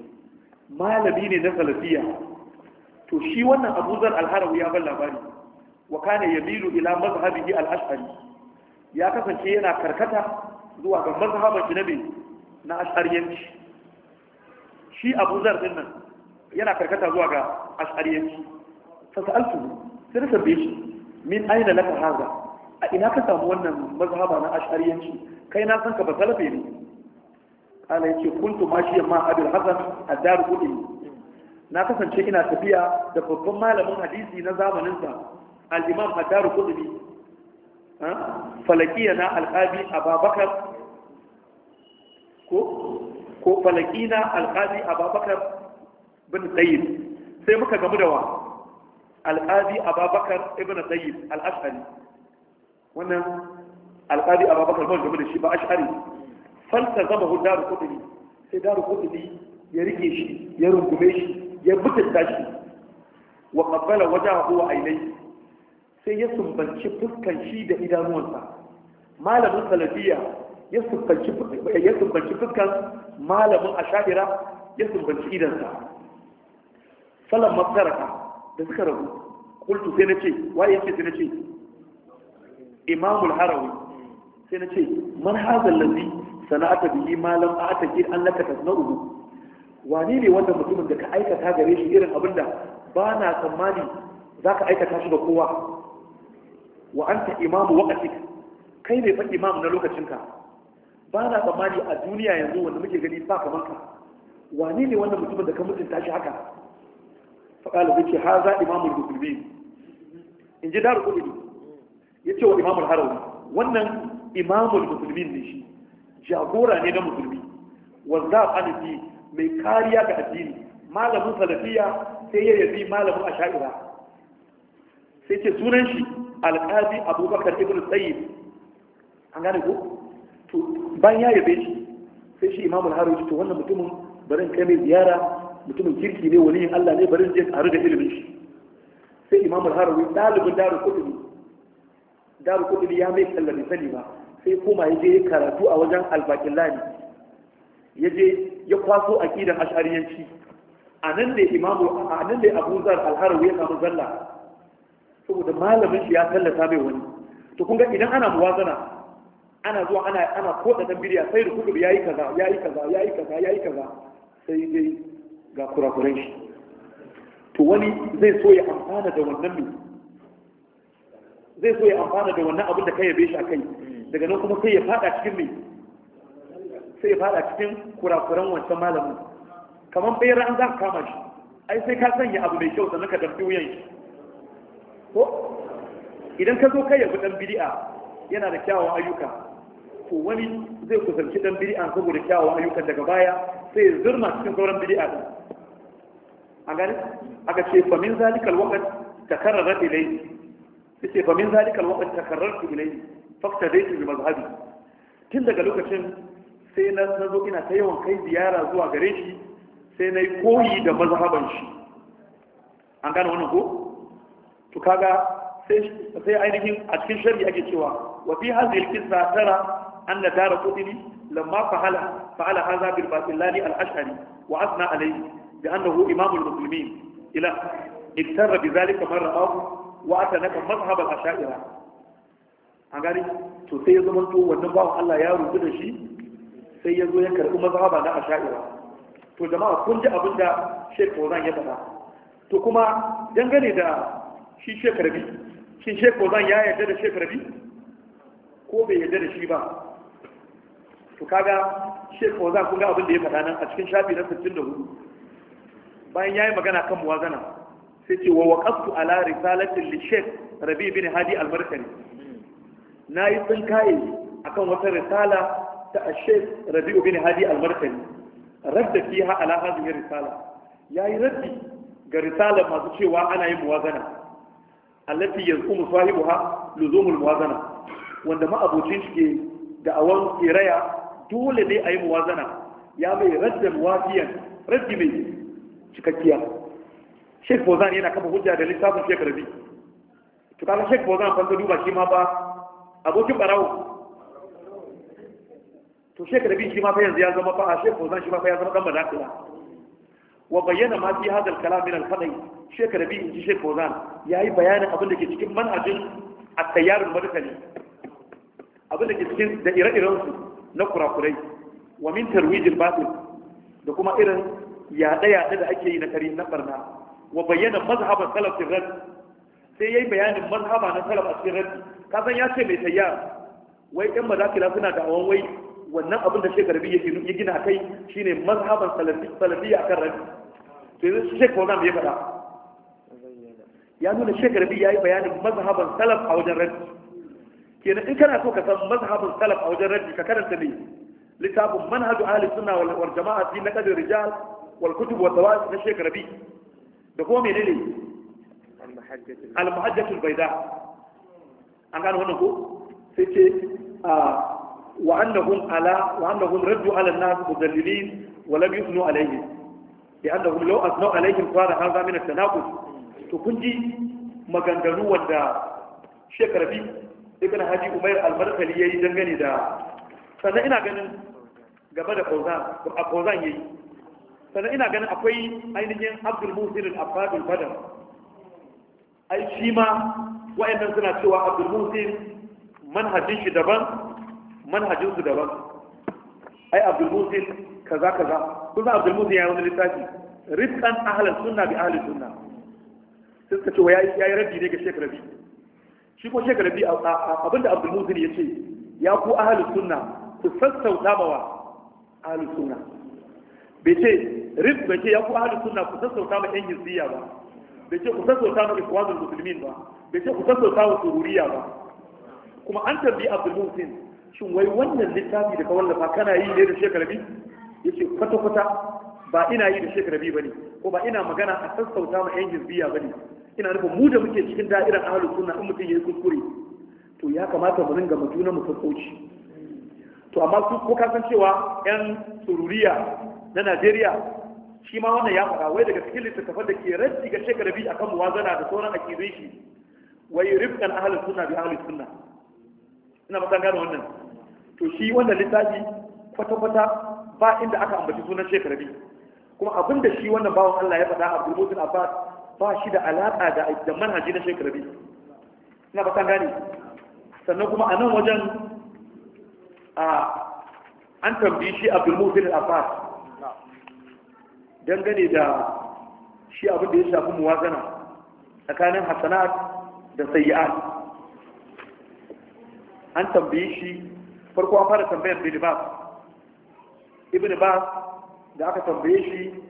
malami ne na salafiya to shi wannan abuzar alharawi ya ban labari wa kana yamilu ila mazhabihi al-ash'ari ya kasance yana karkata zuwa ga mazhaban shi na me na ash'ariyanci shi abuzar din nan yana karkata zuwa ga ash'ariyanci fa sa'altu sai na tambaye shi min aina laka haza a ina ka samu wannan mazhaba na ash'ariyanci kai na san ka ba salafe ne kala yace kuntu mashiyan ma abul hasan ad-dar na kasance ina tafiya da babban malamin hadisi na zamanin al-imam ad-dar qudni al ababakar ko ko falakina al ababakar bin tayyib sai muka gamu da wa alƙadi ababakar ibn tayyib Al'ashari. wannan alƙadi ababakar ba game da shi ba ash'ari falta zama hu daru kudini sai daru kudini ya rike shi ya rungume shi ya mutunta shi wa qabbala wajahu wa ainihi sai ya sumbanci fuskan shi da idanuwansa malamin salafiya ya sumbanci fuskan malamin asha'ira ya sumbanci idansa falan mafsaraka da suka rabu kultu sai na ce waye yake sai na ce Imam al harawi sai na ce man hazal ladhi sana'ata bihi ma lam a'taqid an laka tasna'uhu wani ne wanda mutumin da ka aikata gare shi irin abin da ba na tsammani za ka aikata shi da kowa wa anta imamu waqtik kai ne fa imam na lokacinka ba na tsammani a duniya yanzu wanda muke gani ba kaman ka wani ne wanda mutumin da ka mutunta shi haka faƙala zai ce ha za imamul musulmi in ji daru kudu ya ce wa imamul harawi wannan imamul musulmi ne shi jagora ne na musulmi wanda anifi mai kariya ga addini malamin salafiya sai ya yabi malamin asha'ira sai ce sunan shi alƙazi abubakar ibn sayyid an gane ko to bayan ya yabe shi sai shi imamul harawi to wannan mutumin barin kai mai ziyara mutumin kirki ne wani yin Allah ne bari zai tare da ilimin shi sai Imam al-Harawi dalibin Darul Qutni Darul Qutni ya mai sallami sani ba sai kuma ya je karatu a wajen Al-Baqillani ya je ya kwaso aqidan Ash'ariyanci a ne Imam a nan ne Abu Zar al-Harawi ya samu zalla saboda malamin shi ya tallata mai wani to kun ga idan ana muwazana ana zuwa ana ana koda dan bidiya sai da kudu yayi kaza yayi kaza yayi kaza yayi kaza sai dai ga kurakuran shi to wani zai so ya amfana da wannan mai zai so ya amfana da wannan abin da ka yabe shi a kai daga nan kuma sai ya fada cikin mai sai ya fada cikin kurakuran wancan malamin kamar bayan an za ka kama shi ai sai ka sanya abu mai kyau sannan ka damfi wuyan shi ko idan ka zo kai yabi dan bid'a yana da kyawawan ayyuka to wani zai kusanci dan bid'a saboda kyawawan ayyukan daga baya sai ya zurna cikin sauran bid'a din a gani aka ce fa min zalikal waqt takarrara ilayhi ce fa min zalikal waqt takarrartu ilayhi faqtadaytu bi mazhabi tun daga lokacin sai na zo ina ta yawan kai ziyara zuwa gare shi sai na yi koyi da mazhaban shi an gane wannan ko to kaga sai ainihin a cikin shari'a ake cewa wa fi hadhihi al-qissa tara أن دار قطني لما فعل فعل هذا بالباطلان الأشهري وأثنى عليه بأنه إمام المسلمين إلى اكتر بذلك من رآه وأتنك مذهب الأشاعرة an gani to sai ya zama to wannan bawan Allah ya rubu da shi sai ya zo ya karɓi mazhaba na asha'ira to jama'a kun ji abin da Sheikh Fauzan ya faɗa to kuma dangane da shi Sheikh Rabi shin Sheikh Fauzan ya yarda da Sheikh Rabi ko bai yarda da shi ba to kaga shek za ku ga abin da ya faɗa nan a cikin shafi na 64 bayan ya yi magana kan muwazana sai ce wa waqaftu ala risalatin li shek rabi bin hadi al-markari nayi tsinkaye kan wata risala ta shek rabi bin hadi al-markari radda fiha ala hadhihi risala Ya yi raddi ga risala masu cewa ana yin muwazana allati yazumu sahibuha luzumul muwazana wanda ma abocin shi ke da awon kiraya dole ne a yi muwazana ya mai rajin wafiyan rajin mai cikakkiya sheik bozan yana kafa hujja da littafin sheik rabi to kaga sheik bozan fanta duba shi ma ba abokin barawo to sheik rabi shi ma fa yanzu ya zama fa a sheik bozan shi ma fa ya zama dan madakila wa bayyana ma fi hadal kalam min al-fadai sheik rabi in ji sheik bozan yayi bayanin abin da ke cikin manhajin at tayyarul madkali abin da ke cikin da ire-iren su na kurakurai wa min tarwijil batil da kuma irin yaɗe yaɗe da ake yi na kari na barna wa bayyana mazhaban salaf sirrat sai ya yi bayanin mazhaba na salaf a sirrat ka san ya ce mai tayya wai ɗan mazakila suna da awon wai wannan abin da shekar biyu ya gina kai shine mazhaban salafiyya kan rabi to yanzu shekar wannan ya faɗa ya nuna shekar biyu ya yi bayanin mazhaban salaf a wajen rabi kenan in kana so ka san mazhabin salaf a wajen raddi ka karanta ne littafin manhaju ahli sunna wal wal jama'a fi naqd rijal wal kutub wa tawasi na shekh rabi da kuma menene al muhajjatul bayda an gano wannan ko sai ce a ah, wa annahum ala wa annahum raddu ala an-nas mudallilin wa lam yusnu alayhi bi annahum law asnu alayhim qala hadha min at-tanaqud to kun ji maganganu wanda shekarabi. ibn haji umair albarkali yayi dangane da sannan ina ganin gaba da fauzan a fauzan yayi sannan ina ganin akwai ainihin abdul muhsin al-abadul badar ai shi ma wayannan suna cewa abdul muhsin manhajin shi daban manhajin su daban ai abdul muhsin kaza kaza kuma abdul muhsin ya wani littafi rifkan ahlus sunna bi ahlus sunna sai suka ce wa yayi yayi ne ga shekarabi shi ko shekara bi abinda abdul muzin ya ce ya ku ahalus sunna ku sassauta mawa ahalus sunna bai ce rif bai ce ya ku ahalus sunna ku sassauta ma yan yizziya ba bai ce ku sassauta ma ikwanul musulmin ba bai ce ku sassauta ma sururiya ba kuma an tambayi abdul muzin shin wai wannan littafi da ka wallafa kana yi ne da shekara bi yace kwata-kwata ba ina yi da shekara bi bane ko ba ina magana a sassauta ma yan ba bane ina nufin mu da muke cikin da'irar ahalus suna in mutum yayi kuskure to ya kamata mu ringa mu juna mu sassauci to amma su ko kasan cewa yan sururiya na Najeriya shi ma wannan ya faɗa wai daga cikin littattafan da ke raddi ga shekara biyu akan muwazana da sauran akidai shi wai rifkan ahalus sunna bi ahalus sunna ina fatan gano wannan to shi wannan littafi kwata-kwata ba inda aka ambaci sunan shekara biyu kuma abinda shi wannan bawan Allah ya faɗa a Mutin Abbas ba shi da alaƙa da da manhaji na shekaru biyu ina ba gane sannan kuma a nan wajen a an tambayi shi abdul mufin al dangane da shi abin da ya shafi mu muwazana tsakanin Hassana da sayyi'at an tambayi shi farko an fara tambayar ibn ibini ibn ba da aka tambaye shi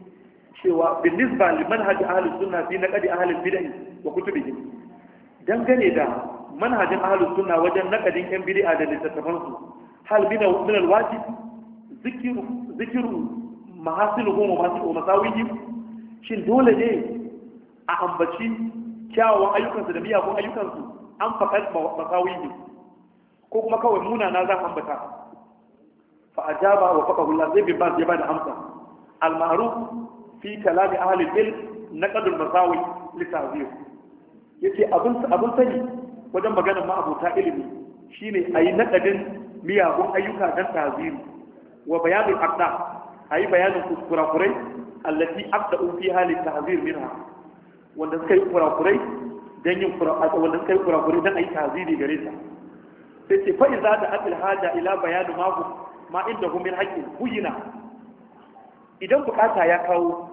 cewa bin nisba liman haji ahalin suna fi na kadi ahalin bidai wa kutubihim dangane da manhajin ahalin suna wajen nakadin yan bid'a da littattafansu hal min alwajib zikiru zikiru mahasiluhum wa masawihim shin dole ne a ambaci kyawawan ayyukansu da miyagun ayyukansu an faɗa masawihim ko kuma kawai munana za a ambata fa ajaba wa faqahu Allah sai bin ba ya bada amsa al-ma'ruf fi kalami ahalin ilm na kadul masawi litazir yace abun abin sani wajen maganar ma'abota ilimi shine ayi nakadin miyagun ayyuka dan taziri wa bayanin aqda ayi bayanin kuskurakurai allati aqda fi hali tahzir minha wanda suka yi kurakurai dan yin kurakurai wanda suka yi kurakurai dan ayi taziri gare ta sai ce fa iza da akil haja ila bayanu ma ma inda hum min haqqin buyina idan bukata ya kawo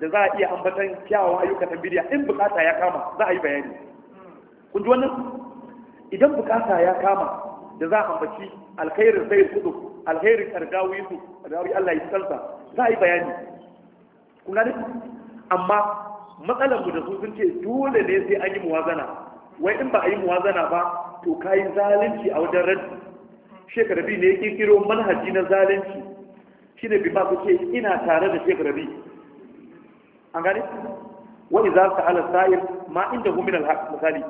da za a iya ambatan kyawawan ayyuka ta bidiya in bukata ya kama za a yi bayani kun ji wannan idan bukata ya kama da za a ambaci alkhairin zai kudu alkhairin yi su rawi Allah ya kansa za a yi bayani kun gane amma matsalar mu da su sun ce dole ne sai an yi muwazana wai in ba a yi muwazana ba to kayi zalunci a wajen raddi shekara biyu ne ya kirkiro manhaji na zalunci shine bi ba ku ce ina tare da shekara an gane Wani za su sa'ala sa'il ma inda hu min misali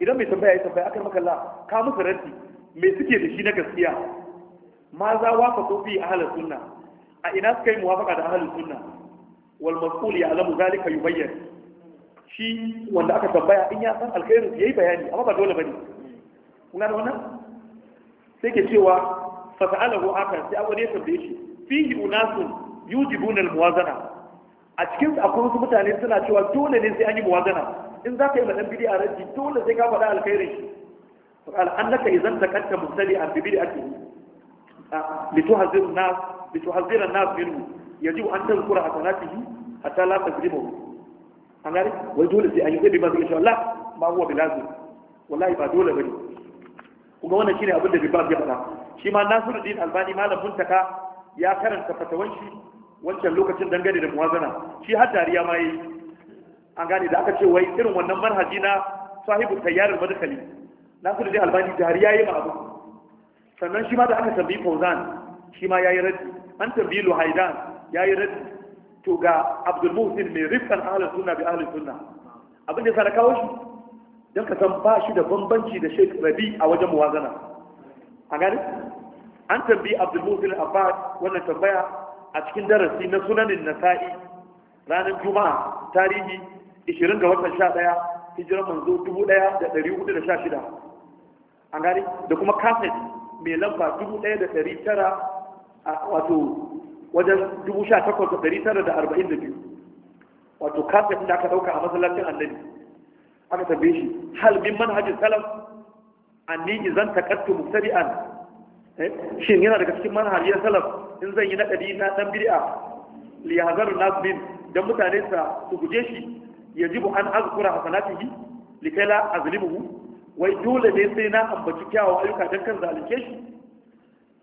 idan mai tambaya ya tambaya akan makalla ka musu ranti me suke da shi na gaskiya ma za wa ka a ahlus sunna a ina suka yi muwafaqa da ahlus sunna wal mas'ul ka yi yubayyan shi wanda aka tambaya in ya san alkhairin yi bayani amma ba dole ba ne. kun gane wannan sai ke cewa fa sa'alahu akan sai a wani tambaye shi fihi unasun yujibuna al-muwazana a cikin akwai wasu mutane suna cewa dole ne sai an yi muwazana in za ka yi madan bidi a raji dole sai ka faɗa alkhairin shi fakal annaka idan takatta mustali an bidi a cikin lituhazir nas lituhazir nas minhu yajibu an tazkura hasanatihi hatta la tazlimu an gari wai dole sai an yi zai ba zai insha Allah ma huwa bilazi wallahi ba dole bane kuma wannan shine abin da bibab ya faɗa shi ma Nasiruddin Albani malam muntaka ya karanta fatawan shi wancan lokacin dangane da muwazana shi har dariya ma yi an gane da aka ce wai irin wannan manhaji na sahibu tayyarar madakali na su da albani dariya yi ma sannan shi ma da aka tambayi fauzan shi ma ya yi raddi an tambayi luhaidan ya yi raddi to ga abdul muhsin mai rifkan ahalin sunna bi ahalin sunna abin da ya sa kawo shi don ka san ba shi da bambanci da sheik rabi a wajen muwazana An gane? an tambayi abdul muhsin abbas wannan tambaya a cikin darasi na sunanin nasa'i ranar juma'a tarihi 20 ga watan 11 hijiran manzo 1416 an gari da kuma kafin mai lamba 1900 wato wajen 1842 wato kafin da aka dauka a masallacin annabi aka tabbe shi hal min manhajin salaf anni idan taqattu mubtadi'an Eh? shin yana daga cikin manhajiyar salaf in zan yi naɗari na ɗan bid'a li hazaru nas min mutane sa su guje shi yajibu an azkura hasanatihi li kai la azlimuhu wai dole ne sai na ambaci kyawawan ayyuka dan kan zalike shi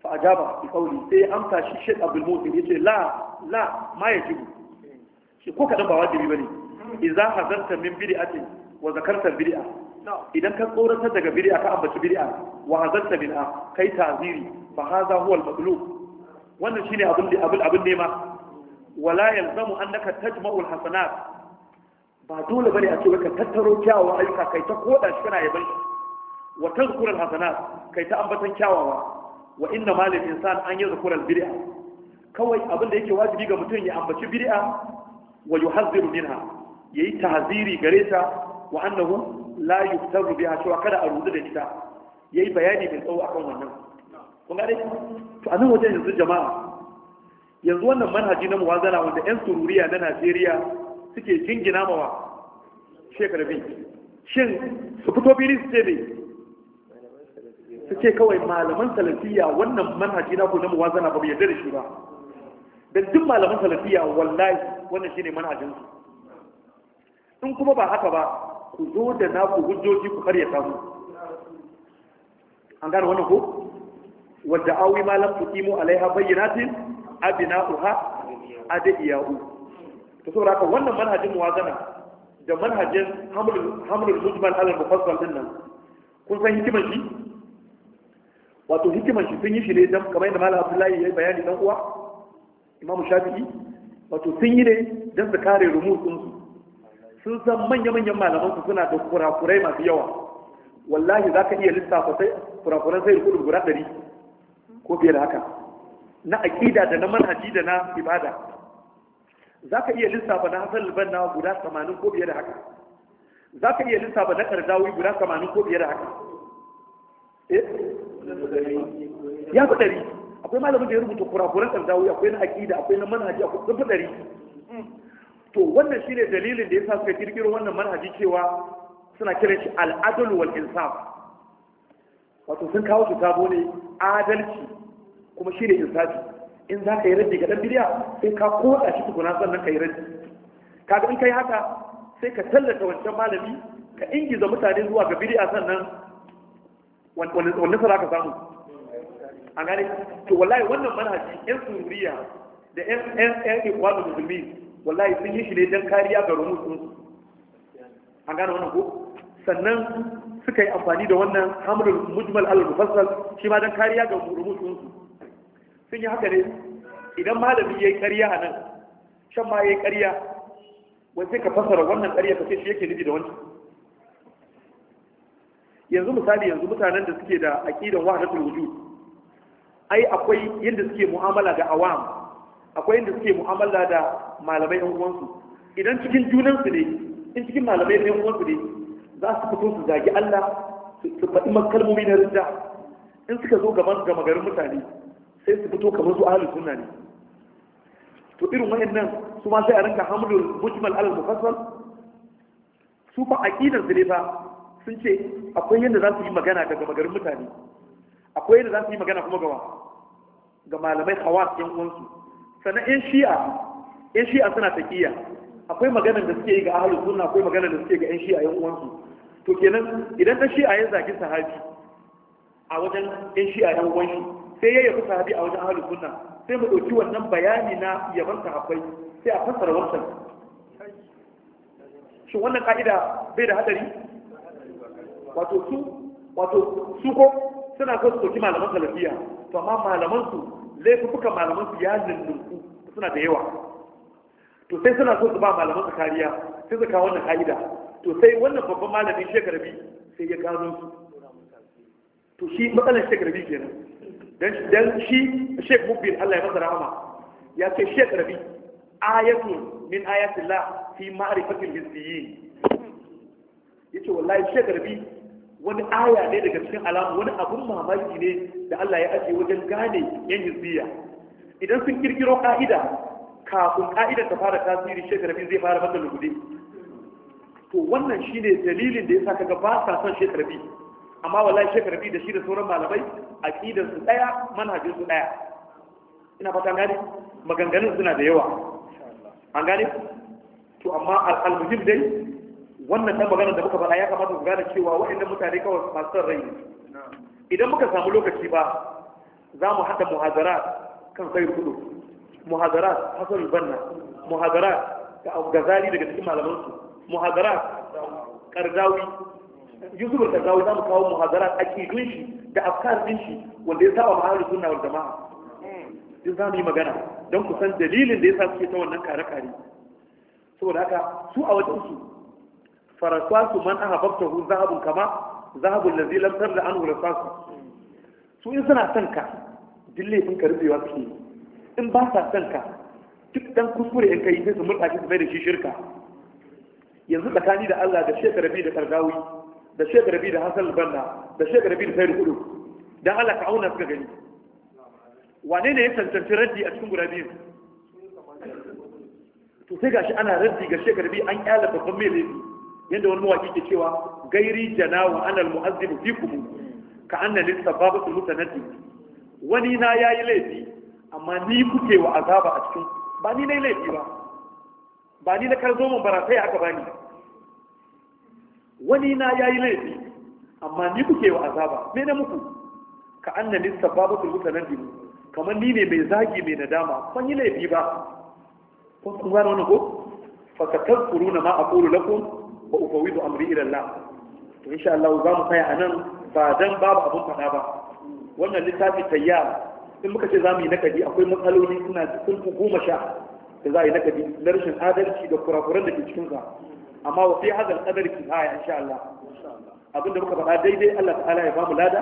fa ajaba bi qawli sai amsa shi Sheikh Abdul Mutin yace la la ma yajibu shi ko kadan ba wajibi bane idza hazarta min bid'atin wa zakarta bid'a idan ka tsoratar daga bid'a ka ambaci bid'a wa hazarta bid'a kai taziri fa hadha huwa al-maqlub wannan shine abin da abin abin nema wala yalzamu annaka tajma'u al-hasanat ba dole bane a ce ka tattaro kyawawan ayyuka kai ta koda shi kana yaban shi wa tazkura al-hasanat kai ta ambatan kyawawa wa inna ma lil insan an yadhkura al-bid'a kawai abin da yake wajibi ga mutum ya ambaci bid'a wa yuhazziru minha yayi tahziri gare ta wa annahu la yuftaru biha cewa kada a rudu da ita yayi bayani mai tsawo akan wannan kun ga dai to a nan wajen yanzu jama'a yanzu wannan manhaji na muwazana wanda yan sururiya na Najeriya suke jingina mawa Shekaru bin shin su fito fili su ce ne su ce kawai malaman salafiya wannan manhaji na ku na muwazana ba bai yarda da shi ba dan duk malaman salafiya wallahi wannan shine manhajinsu in kuma ba haka ba ku zo da naku hujjoji ku ta mu an gane wannan ko wadda awi ma lam tuqimu alaiha bayyinatin abina'uha adiyahu to saboda haka wannan manhajin muwazana da manhajin hamlul hamlul mujmal al mufassal din nan kun san hikimar shi wato hikimar shi sun yi shi ne dan kamar yadda malam abdullahi ya yi bayani dan uwa imam shafi'i wato sun yi ne dan su kare rumutun su sun san manya-manyan malaman su suna da kurakurai masu yawa wallahi za ka iya lissafa sai kurakuran sai rukunin guda ɗari ko fiye da haka na aƙida da na manhaji da na ibada za ka iya lissafa na hasan na guda tamanin ko fiye da haka za ka iya lissafa na kardawi guda tamanin ko fiye da haka eh? ya fi ɗari akwai malamin da ya rubuta kurakuran kardawi akwai na aƙida akwai na manhaji akwai na ɗari mm. to wannan shine dalilin da yasa suka kirkiro wannan manhaji cewa suna kiran shi al'adul wal insaf wato sun kawo su tabo ne adalci kuma shine insafi in za ka yi raddi ga dan biliya sai ka koda shi tukuna sannan ka yi raddi kaga in kai haka sai ka tallata wancan malami ka ingiza mutane zuwa ga biliya sannan wannan sara ka samu an gane to wallahi wannan manhaji yan suriya da yan yan yan ikwalu musulmi wallahi sun yi shi ne don kariya ga su an gane wannan ko sannan suka yi amfani da wannan hamrul mujmal al mufassal shi ma don kariya ga rumutun sun yi haka ne idan malami yi kariya a nan shan ma yi kariya wai sai ka fassara wannan kariya ka ce shi yake nufi da wani. yanzu misali yanzu mutanen da suke da aqidan wahdatul wujud ai akwai yanda suke mu'amala ga awam akwai inda suke mu'amala da malamai yan uwansu idan cikin junansu ne in cikin malamai yan uwansu ne za su fito su zagi Allah su faɗi kalmomi na rinda in suka zo gaban gama garin mutane sai su fito kamar su ahlus sunna ne to irin wayannan su ma sai a rinka hamlul mujmal alal mufassal su fa aqidar su ne fa sun ce akwai yadda za su yi magana ga gama garin mutane akwai yadda za su yi magana kuma ga ga malamai khawas yan uwansu sannan in shi'a in shi'a suna taƙiyya akwai maganar da suke yi ga ahalus sunna akwai maganar da suke ga yan shi'a yan uwansu to kenan idan ta shi'a ya zagi sahabi a wajen yan shi'a yan uwansu, sai ya yabi sahabi a wajen ahalus sunna sai mu ɗauki wannan bayani na yaban sahabbai sai a fassara wancan shin wannan ka'ida bai da hadari wato su wato su ko suna so su ɗauki malaman salafiya to amma malaman su laifuka malaman su ya lullunku suna da yawa to sai suna so su ba malaman su kariya sai su kawo wannan ha'ida, to sai wannan babban malamin shekarabi sai ya gano su to shi matsalar shekarabi kenan dan shi shek mubin Allah ya masa rahama ya ce shekarabi ayatun min ayatillah fi ma'rifatil hizbiyyin yace wallahi shekarabi wani aya ne daga cikin alamu wani abun mamaki ne da Allah ya ajiye wajen gane yan hizbiya idan sun kirkiro ka'ida kafin ka'idar ta fara tasiri shekar rabin zai fara masa lugude to wannan shine dalilin da ya sa kaga ba sa son shekar rabi amma wallahi shekar da shi da sauran malamai aqidar su daya manhajin su daya ina fata gane maganganun suna da yawa an gane to amma al-muhim dai wannan dan magana da muka faɗa ya kamata ku gane cewa waɗannan mutane kawai masu son rai idan muka samu lokaci ba za mu haɗa muhazara kan sai kudu muhazara hasan banna muhazara ta gazali daga cikin malaman su muhazara kardawi yusuf kardawi za mu kawo muhazara a kidun shi da afkar din shi wanda ya saba mahalin sunna wal jama'a din za mu yi magana don ku san dalilin da ya sa suke ta wannan kare-kare saboda haka su a wajen su farasasu man ahabbtahu zahabun kama zahabul lantar da tarda anhu rasasu su in suna son ka duk laifin ka rubewa suke in ba sa son ka duk dan kuskure in kai sai su murɗa shi su mai da shi shirka yanzu tsakani da Allah da shekara biyu da Kardawi da shekara biyu da Hassan Banna da shekara biyu da Sayyid Kudu dan Allah ka auna suka gani wane ne ya tantance raddi a cikin guda biyu to sai gashi ana raddi ga shekara biyu an kyala babban mai laifi yadda wani mawaki ke cewa gairi janawa anal mu'azzibu fikum ka anna lisababatu mutanaddi wani na yayi laifi amma ni kuke wa azaba a cikin ba ni nayi laifi ba ba ni na karzo mun sai aka bani wani na yayi laifi amma ni kuke wa azaba me na muku ka anna lisababatu mutanaddi kamar ni ne mai zagi mai nadama ban yi laifi ba kun gano ne ko fa ka ma aqulu lakum wa ba amri ila Allah to insha Allah za mu tsaya anan ba dan babu abun fada ba wannan littafi tayyar in muka ce za mu yi nakadi akwai matsaloli suna sun fi goma sha da za a yi nakadi na rashin adalci da kurakuran da ke cikinsa amma wa fi hazal kadar kifaya insha Allah abinda muka faɗa daidai Allah ta'ala ya ba mu lada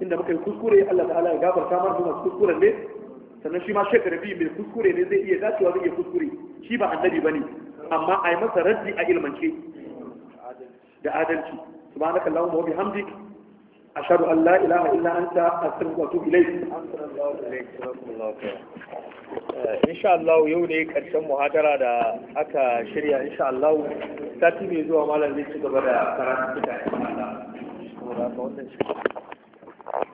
inda muka yi kuskure Allah ta'ala ya gafarta mana mu kuskuren ne sannan shi ma shekara biyu mai kuskure ne zai iya dacewa zai iya kuskure shi ba annabi bane amma a yi masa raddi a ilmance da adalci subhanaka allahumma wa bihamdik ashhadu an la ilaha illa anta astaghfiruka wa atubu ilayk eh, insha Allah yau ne karshen muhadara da aka shirya insha Allah sati mai zuwa malam zai ci gaba da karatu da Allah